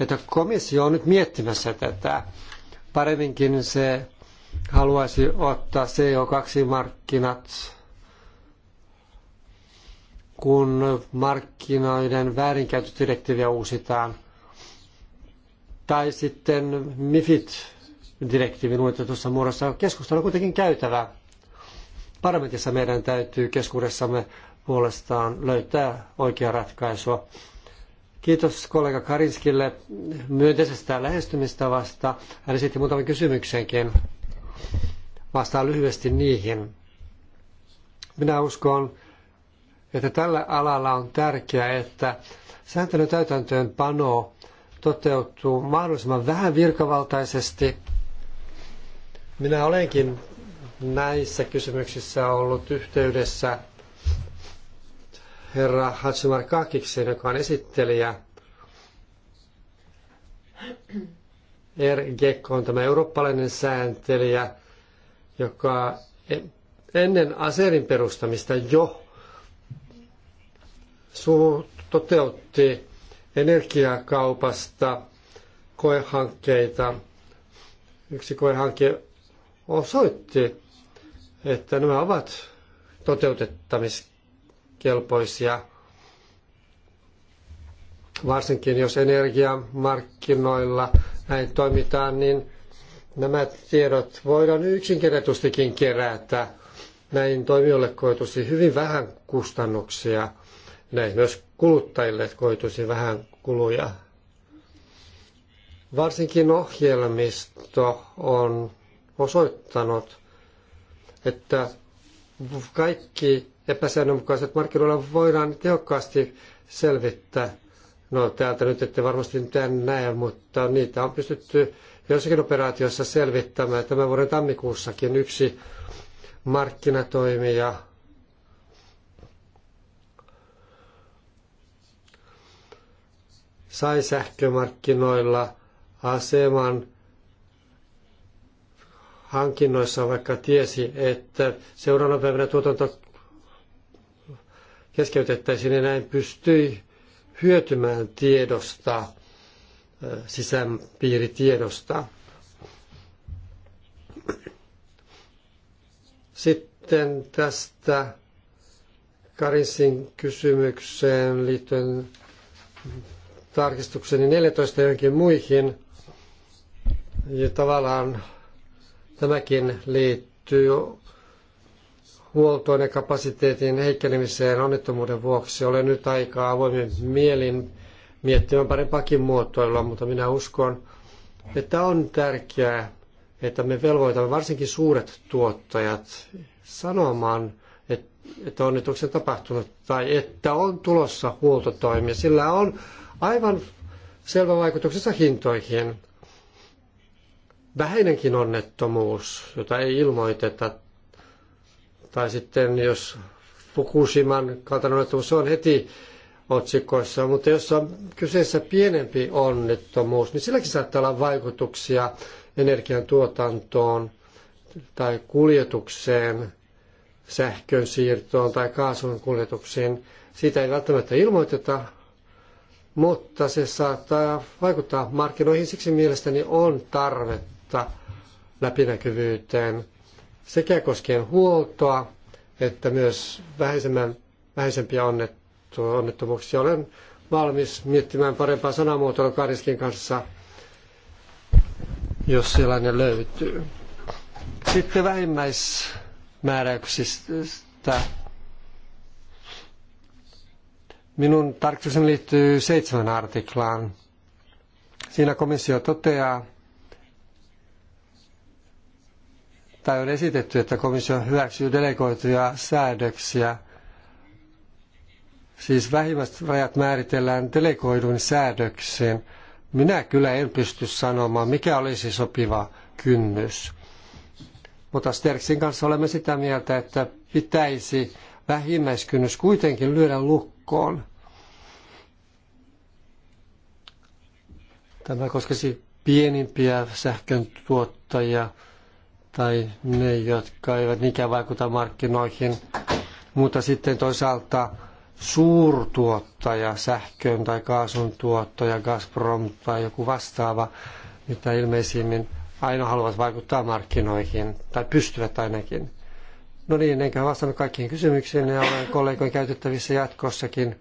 että komissio on nyt miettimässä tätä. Paremminkin se haluaisi ottaa CO2-markkinat kun markkinoiden väärinkäytösdirektiiviä uusitaan. Tai sitten MIFID-direktiivin uutetussa muodossa keskustelu on kuitenkin käytävä. Parlamentissa meidän täytyy keskuudessamme puolestaan löytää oikea ratkaisua. Kiitos kollega Karinskille myönteisestä lähestymistavasta. Hän esitti muutaman kysymyksenkin. Vastaan lyhyesti niihin. Minä uskon, että tällä alalla on tärkeää, että sääntelyn täytäntöönpano toteutuu mahdollisimman vähän virkavaltaisesti. Minä olenkin näissä kysymyksissä ollut yhteydessä herra Hatsumar Kakikseen, joka on esittelijä. RGK er on tämä eurooppalainen sääntelijä, joka ennen aserin perustamista jo toteutti energiakaupasta koehankkeita. Yksi koehanke osoitti, että nämä ovat toteutettamiskelpoisia, varsinkin jos energiamarkkinoilla näin toimitaan, niin nämä tiedot voidaan yksinkertaisestikin kerätä. Näin toimijoille koituisi hyvin vähän kustannuksia, näin myös kuluttajille koituisi vähän kuluja. Varsinkin ohjelmisto on osoittanut, että kaikki epäsäännönmukaiset markkinoilla voidaan tehokkaasti selvittää. No täältä nyt ette varmasti mitään näe, mutta niitä on pystytty joissakin operaatioissa selvittämään. Tämän vuoden tammikuussakin yksi markkinatoimija sai sähkömarkkinoilla aseman hankinnoissa, vaikka tiesi, että seuraavana päivänä tuotanto keskeytettäisiin ja niin näin pystyi hyötymään tiedosta, sisäpiiritiedosta. Sitten tästä Karinsin kysymykseen liittyen tarkistukseni 14 johonkin muihin. Ja tavallaan Tämäkin liittyy huoltoon ja kapasiteetin heikkenemiseen onnettomuuden vuoksi. Olen nyt aikaa avoimen mielin miettimään parempakin muotoilua, mutta minä uskon, että on tärkeää, että me velvoitamme varsinkin suuret tuottajat sanomaan, että onnetuksia tapahtunut tai että on tulossa huoltotoimia. Sillä on aivan selvä vaikutuksessa hintoihin vähäinenkin onnettomuus, jota ei ilmoiteta, tai sitten jos Fukushiman kaltainen onnettomuus on heti otsikoissa, mutta jos on kyseessä pienempi onnettomuus, niin silläkin saattaa olla vaikutuksia energian tuotantoon tai kuljetukseen, sähkön siirtoon tai kaasun kuljetukseen. Siitä ei välttämättä ilmoiteta, mutta se saattaa vaikuttaa markkinoihin. Siksi mielestäni on tarvetta parasta läpinäkyvyyteen sekä koskien huoltoa että myös vähäisempiä onnettomuuksia. Olen valmis miettimään parempaa sanamuotoa Kariskin kanssa, jos sellainen löytyy. Sitten vähimmäismääräyksistä. Minun tarkoitukseni liittyy seitsemän artiklaan. Siinä komissio toteaa, tai on esitetty, että komissio hyväksyy delegoituja säädöksiä. Siis vähimmäisrajat määritellään delegoidun säädöksen. Minä kyllä en pysty sanomaan, mikä olisi sopiva kynnys. Mutta Sterksin kanssa olemme sitä mieltä, että pitäisi vähimmäiskynnys kuitenkin lyödä lukkoon. Tämä koskisi pienimpiä sähkön tuottajia tai ne, jotka eivät niinkään vaikuta markkinoihin, mutta sitten toisaalta suurtuottaja, sähkön tai kaasun tuottaja, Gazprom tai joku vastaava, mitä ilmeisimmin aina haluavat vaikuttaa markkinoihin, tai pystyvät ainakin. No niin, enkä vastannut kaikkiin kysymyksiin ja olen kollegojen käytettävissä jatkossakin,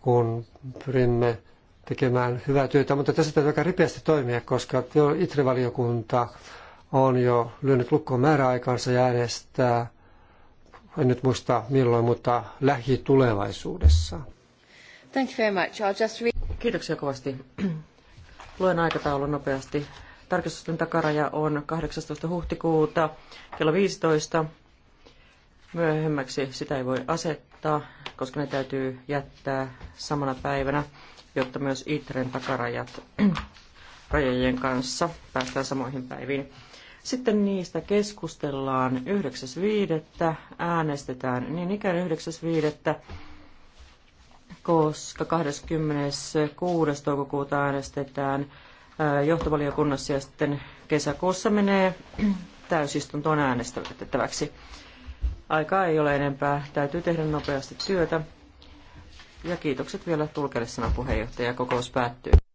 kun pyrimme tekemään hyvää työtä, mutta tässä täytyy aika ripeästi toimia, koska ITRE-valiokunta on jo lyönyt lukkoon määräaikansa ja äänestää, en nyt muista milloin, mutta lähitulevaisuudessa. Thank you very much. I'll just read... Kiitoksia kovasti. Luen aikataulun nopeasti. Tarkistusten takaraja on 18. huhtikuuta kello 15. Myöhemmäksi sitä ei voi asettaa, koska ne täytyy jättää samana päivänä, jotta myös ITREn takarajat rajojen kanssa päästään samoihin päiviin. Sitten niistä keskustellaan 9.5. äänestetään niin ikään 9.5. koska 26. toukokuuta äänestetään johtovaliokunnassa ja sitten kesäkuussa menee täysistuntoon äänestettäväksi. Aikaa ei ole enempää, täytyy tehdä nopeasti työtä. Ja kiitokset vielä tulkelle sanan puheenjohtaja, kokous päättyy.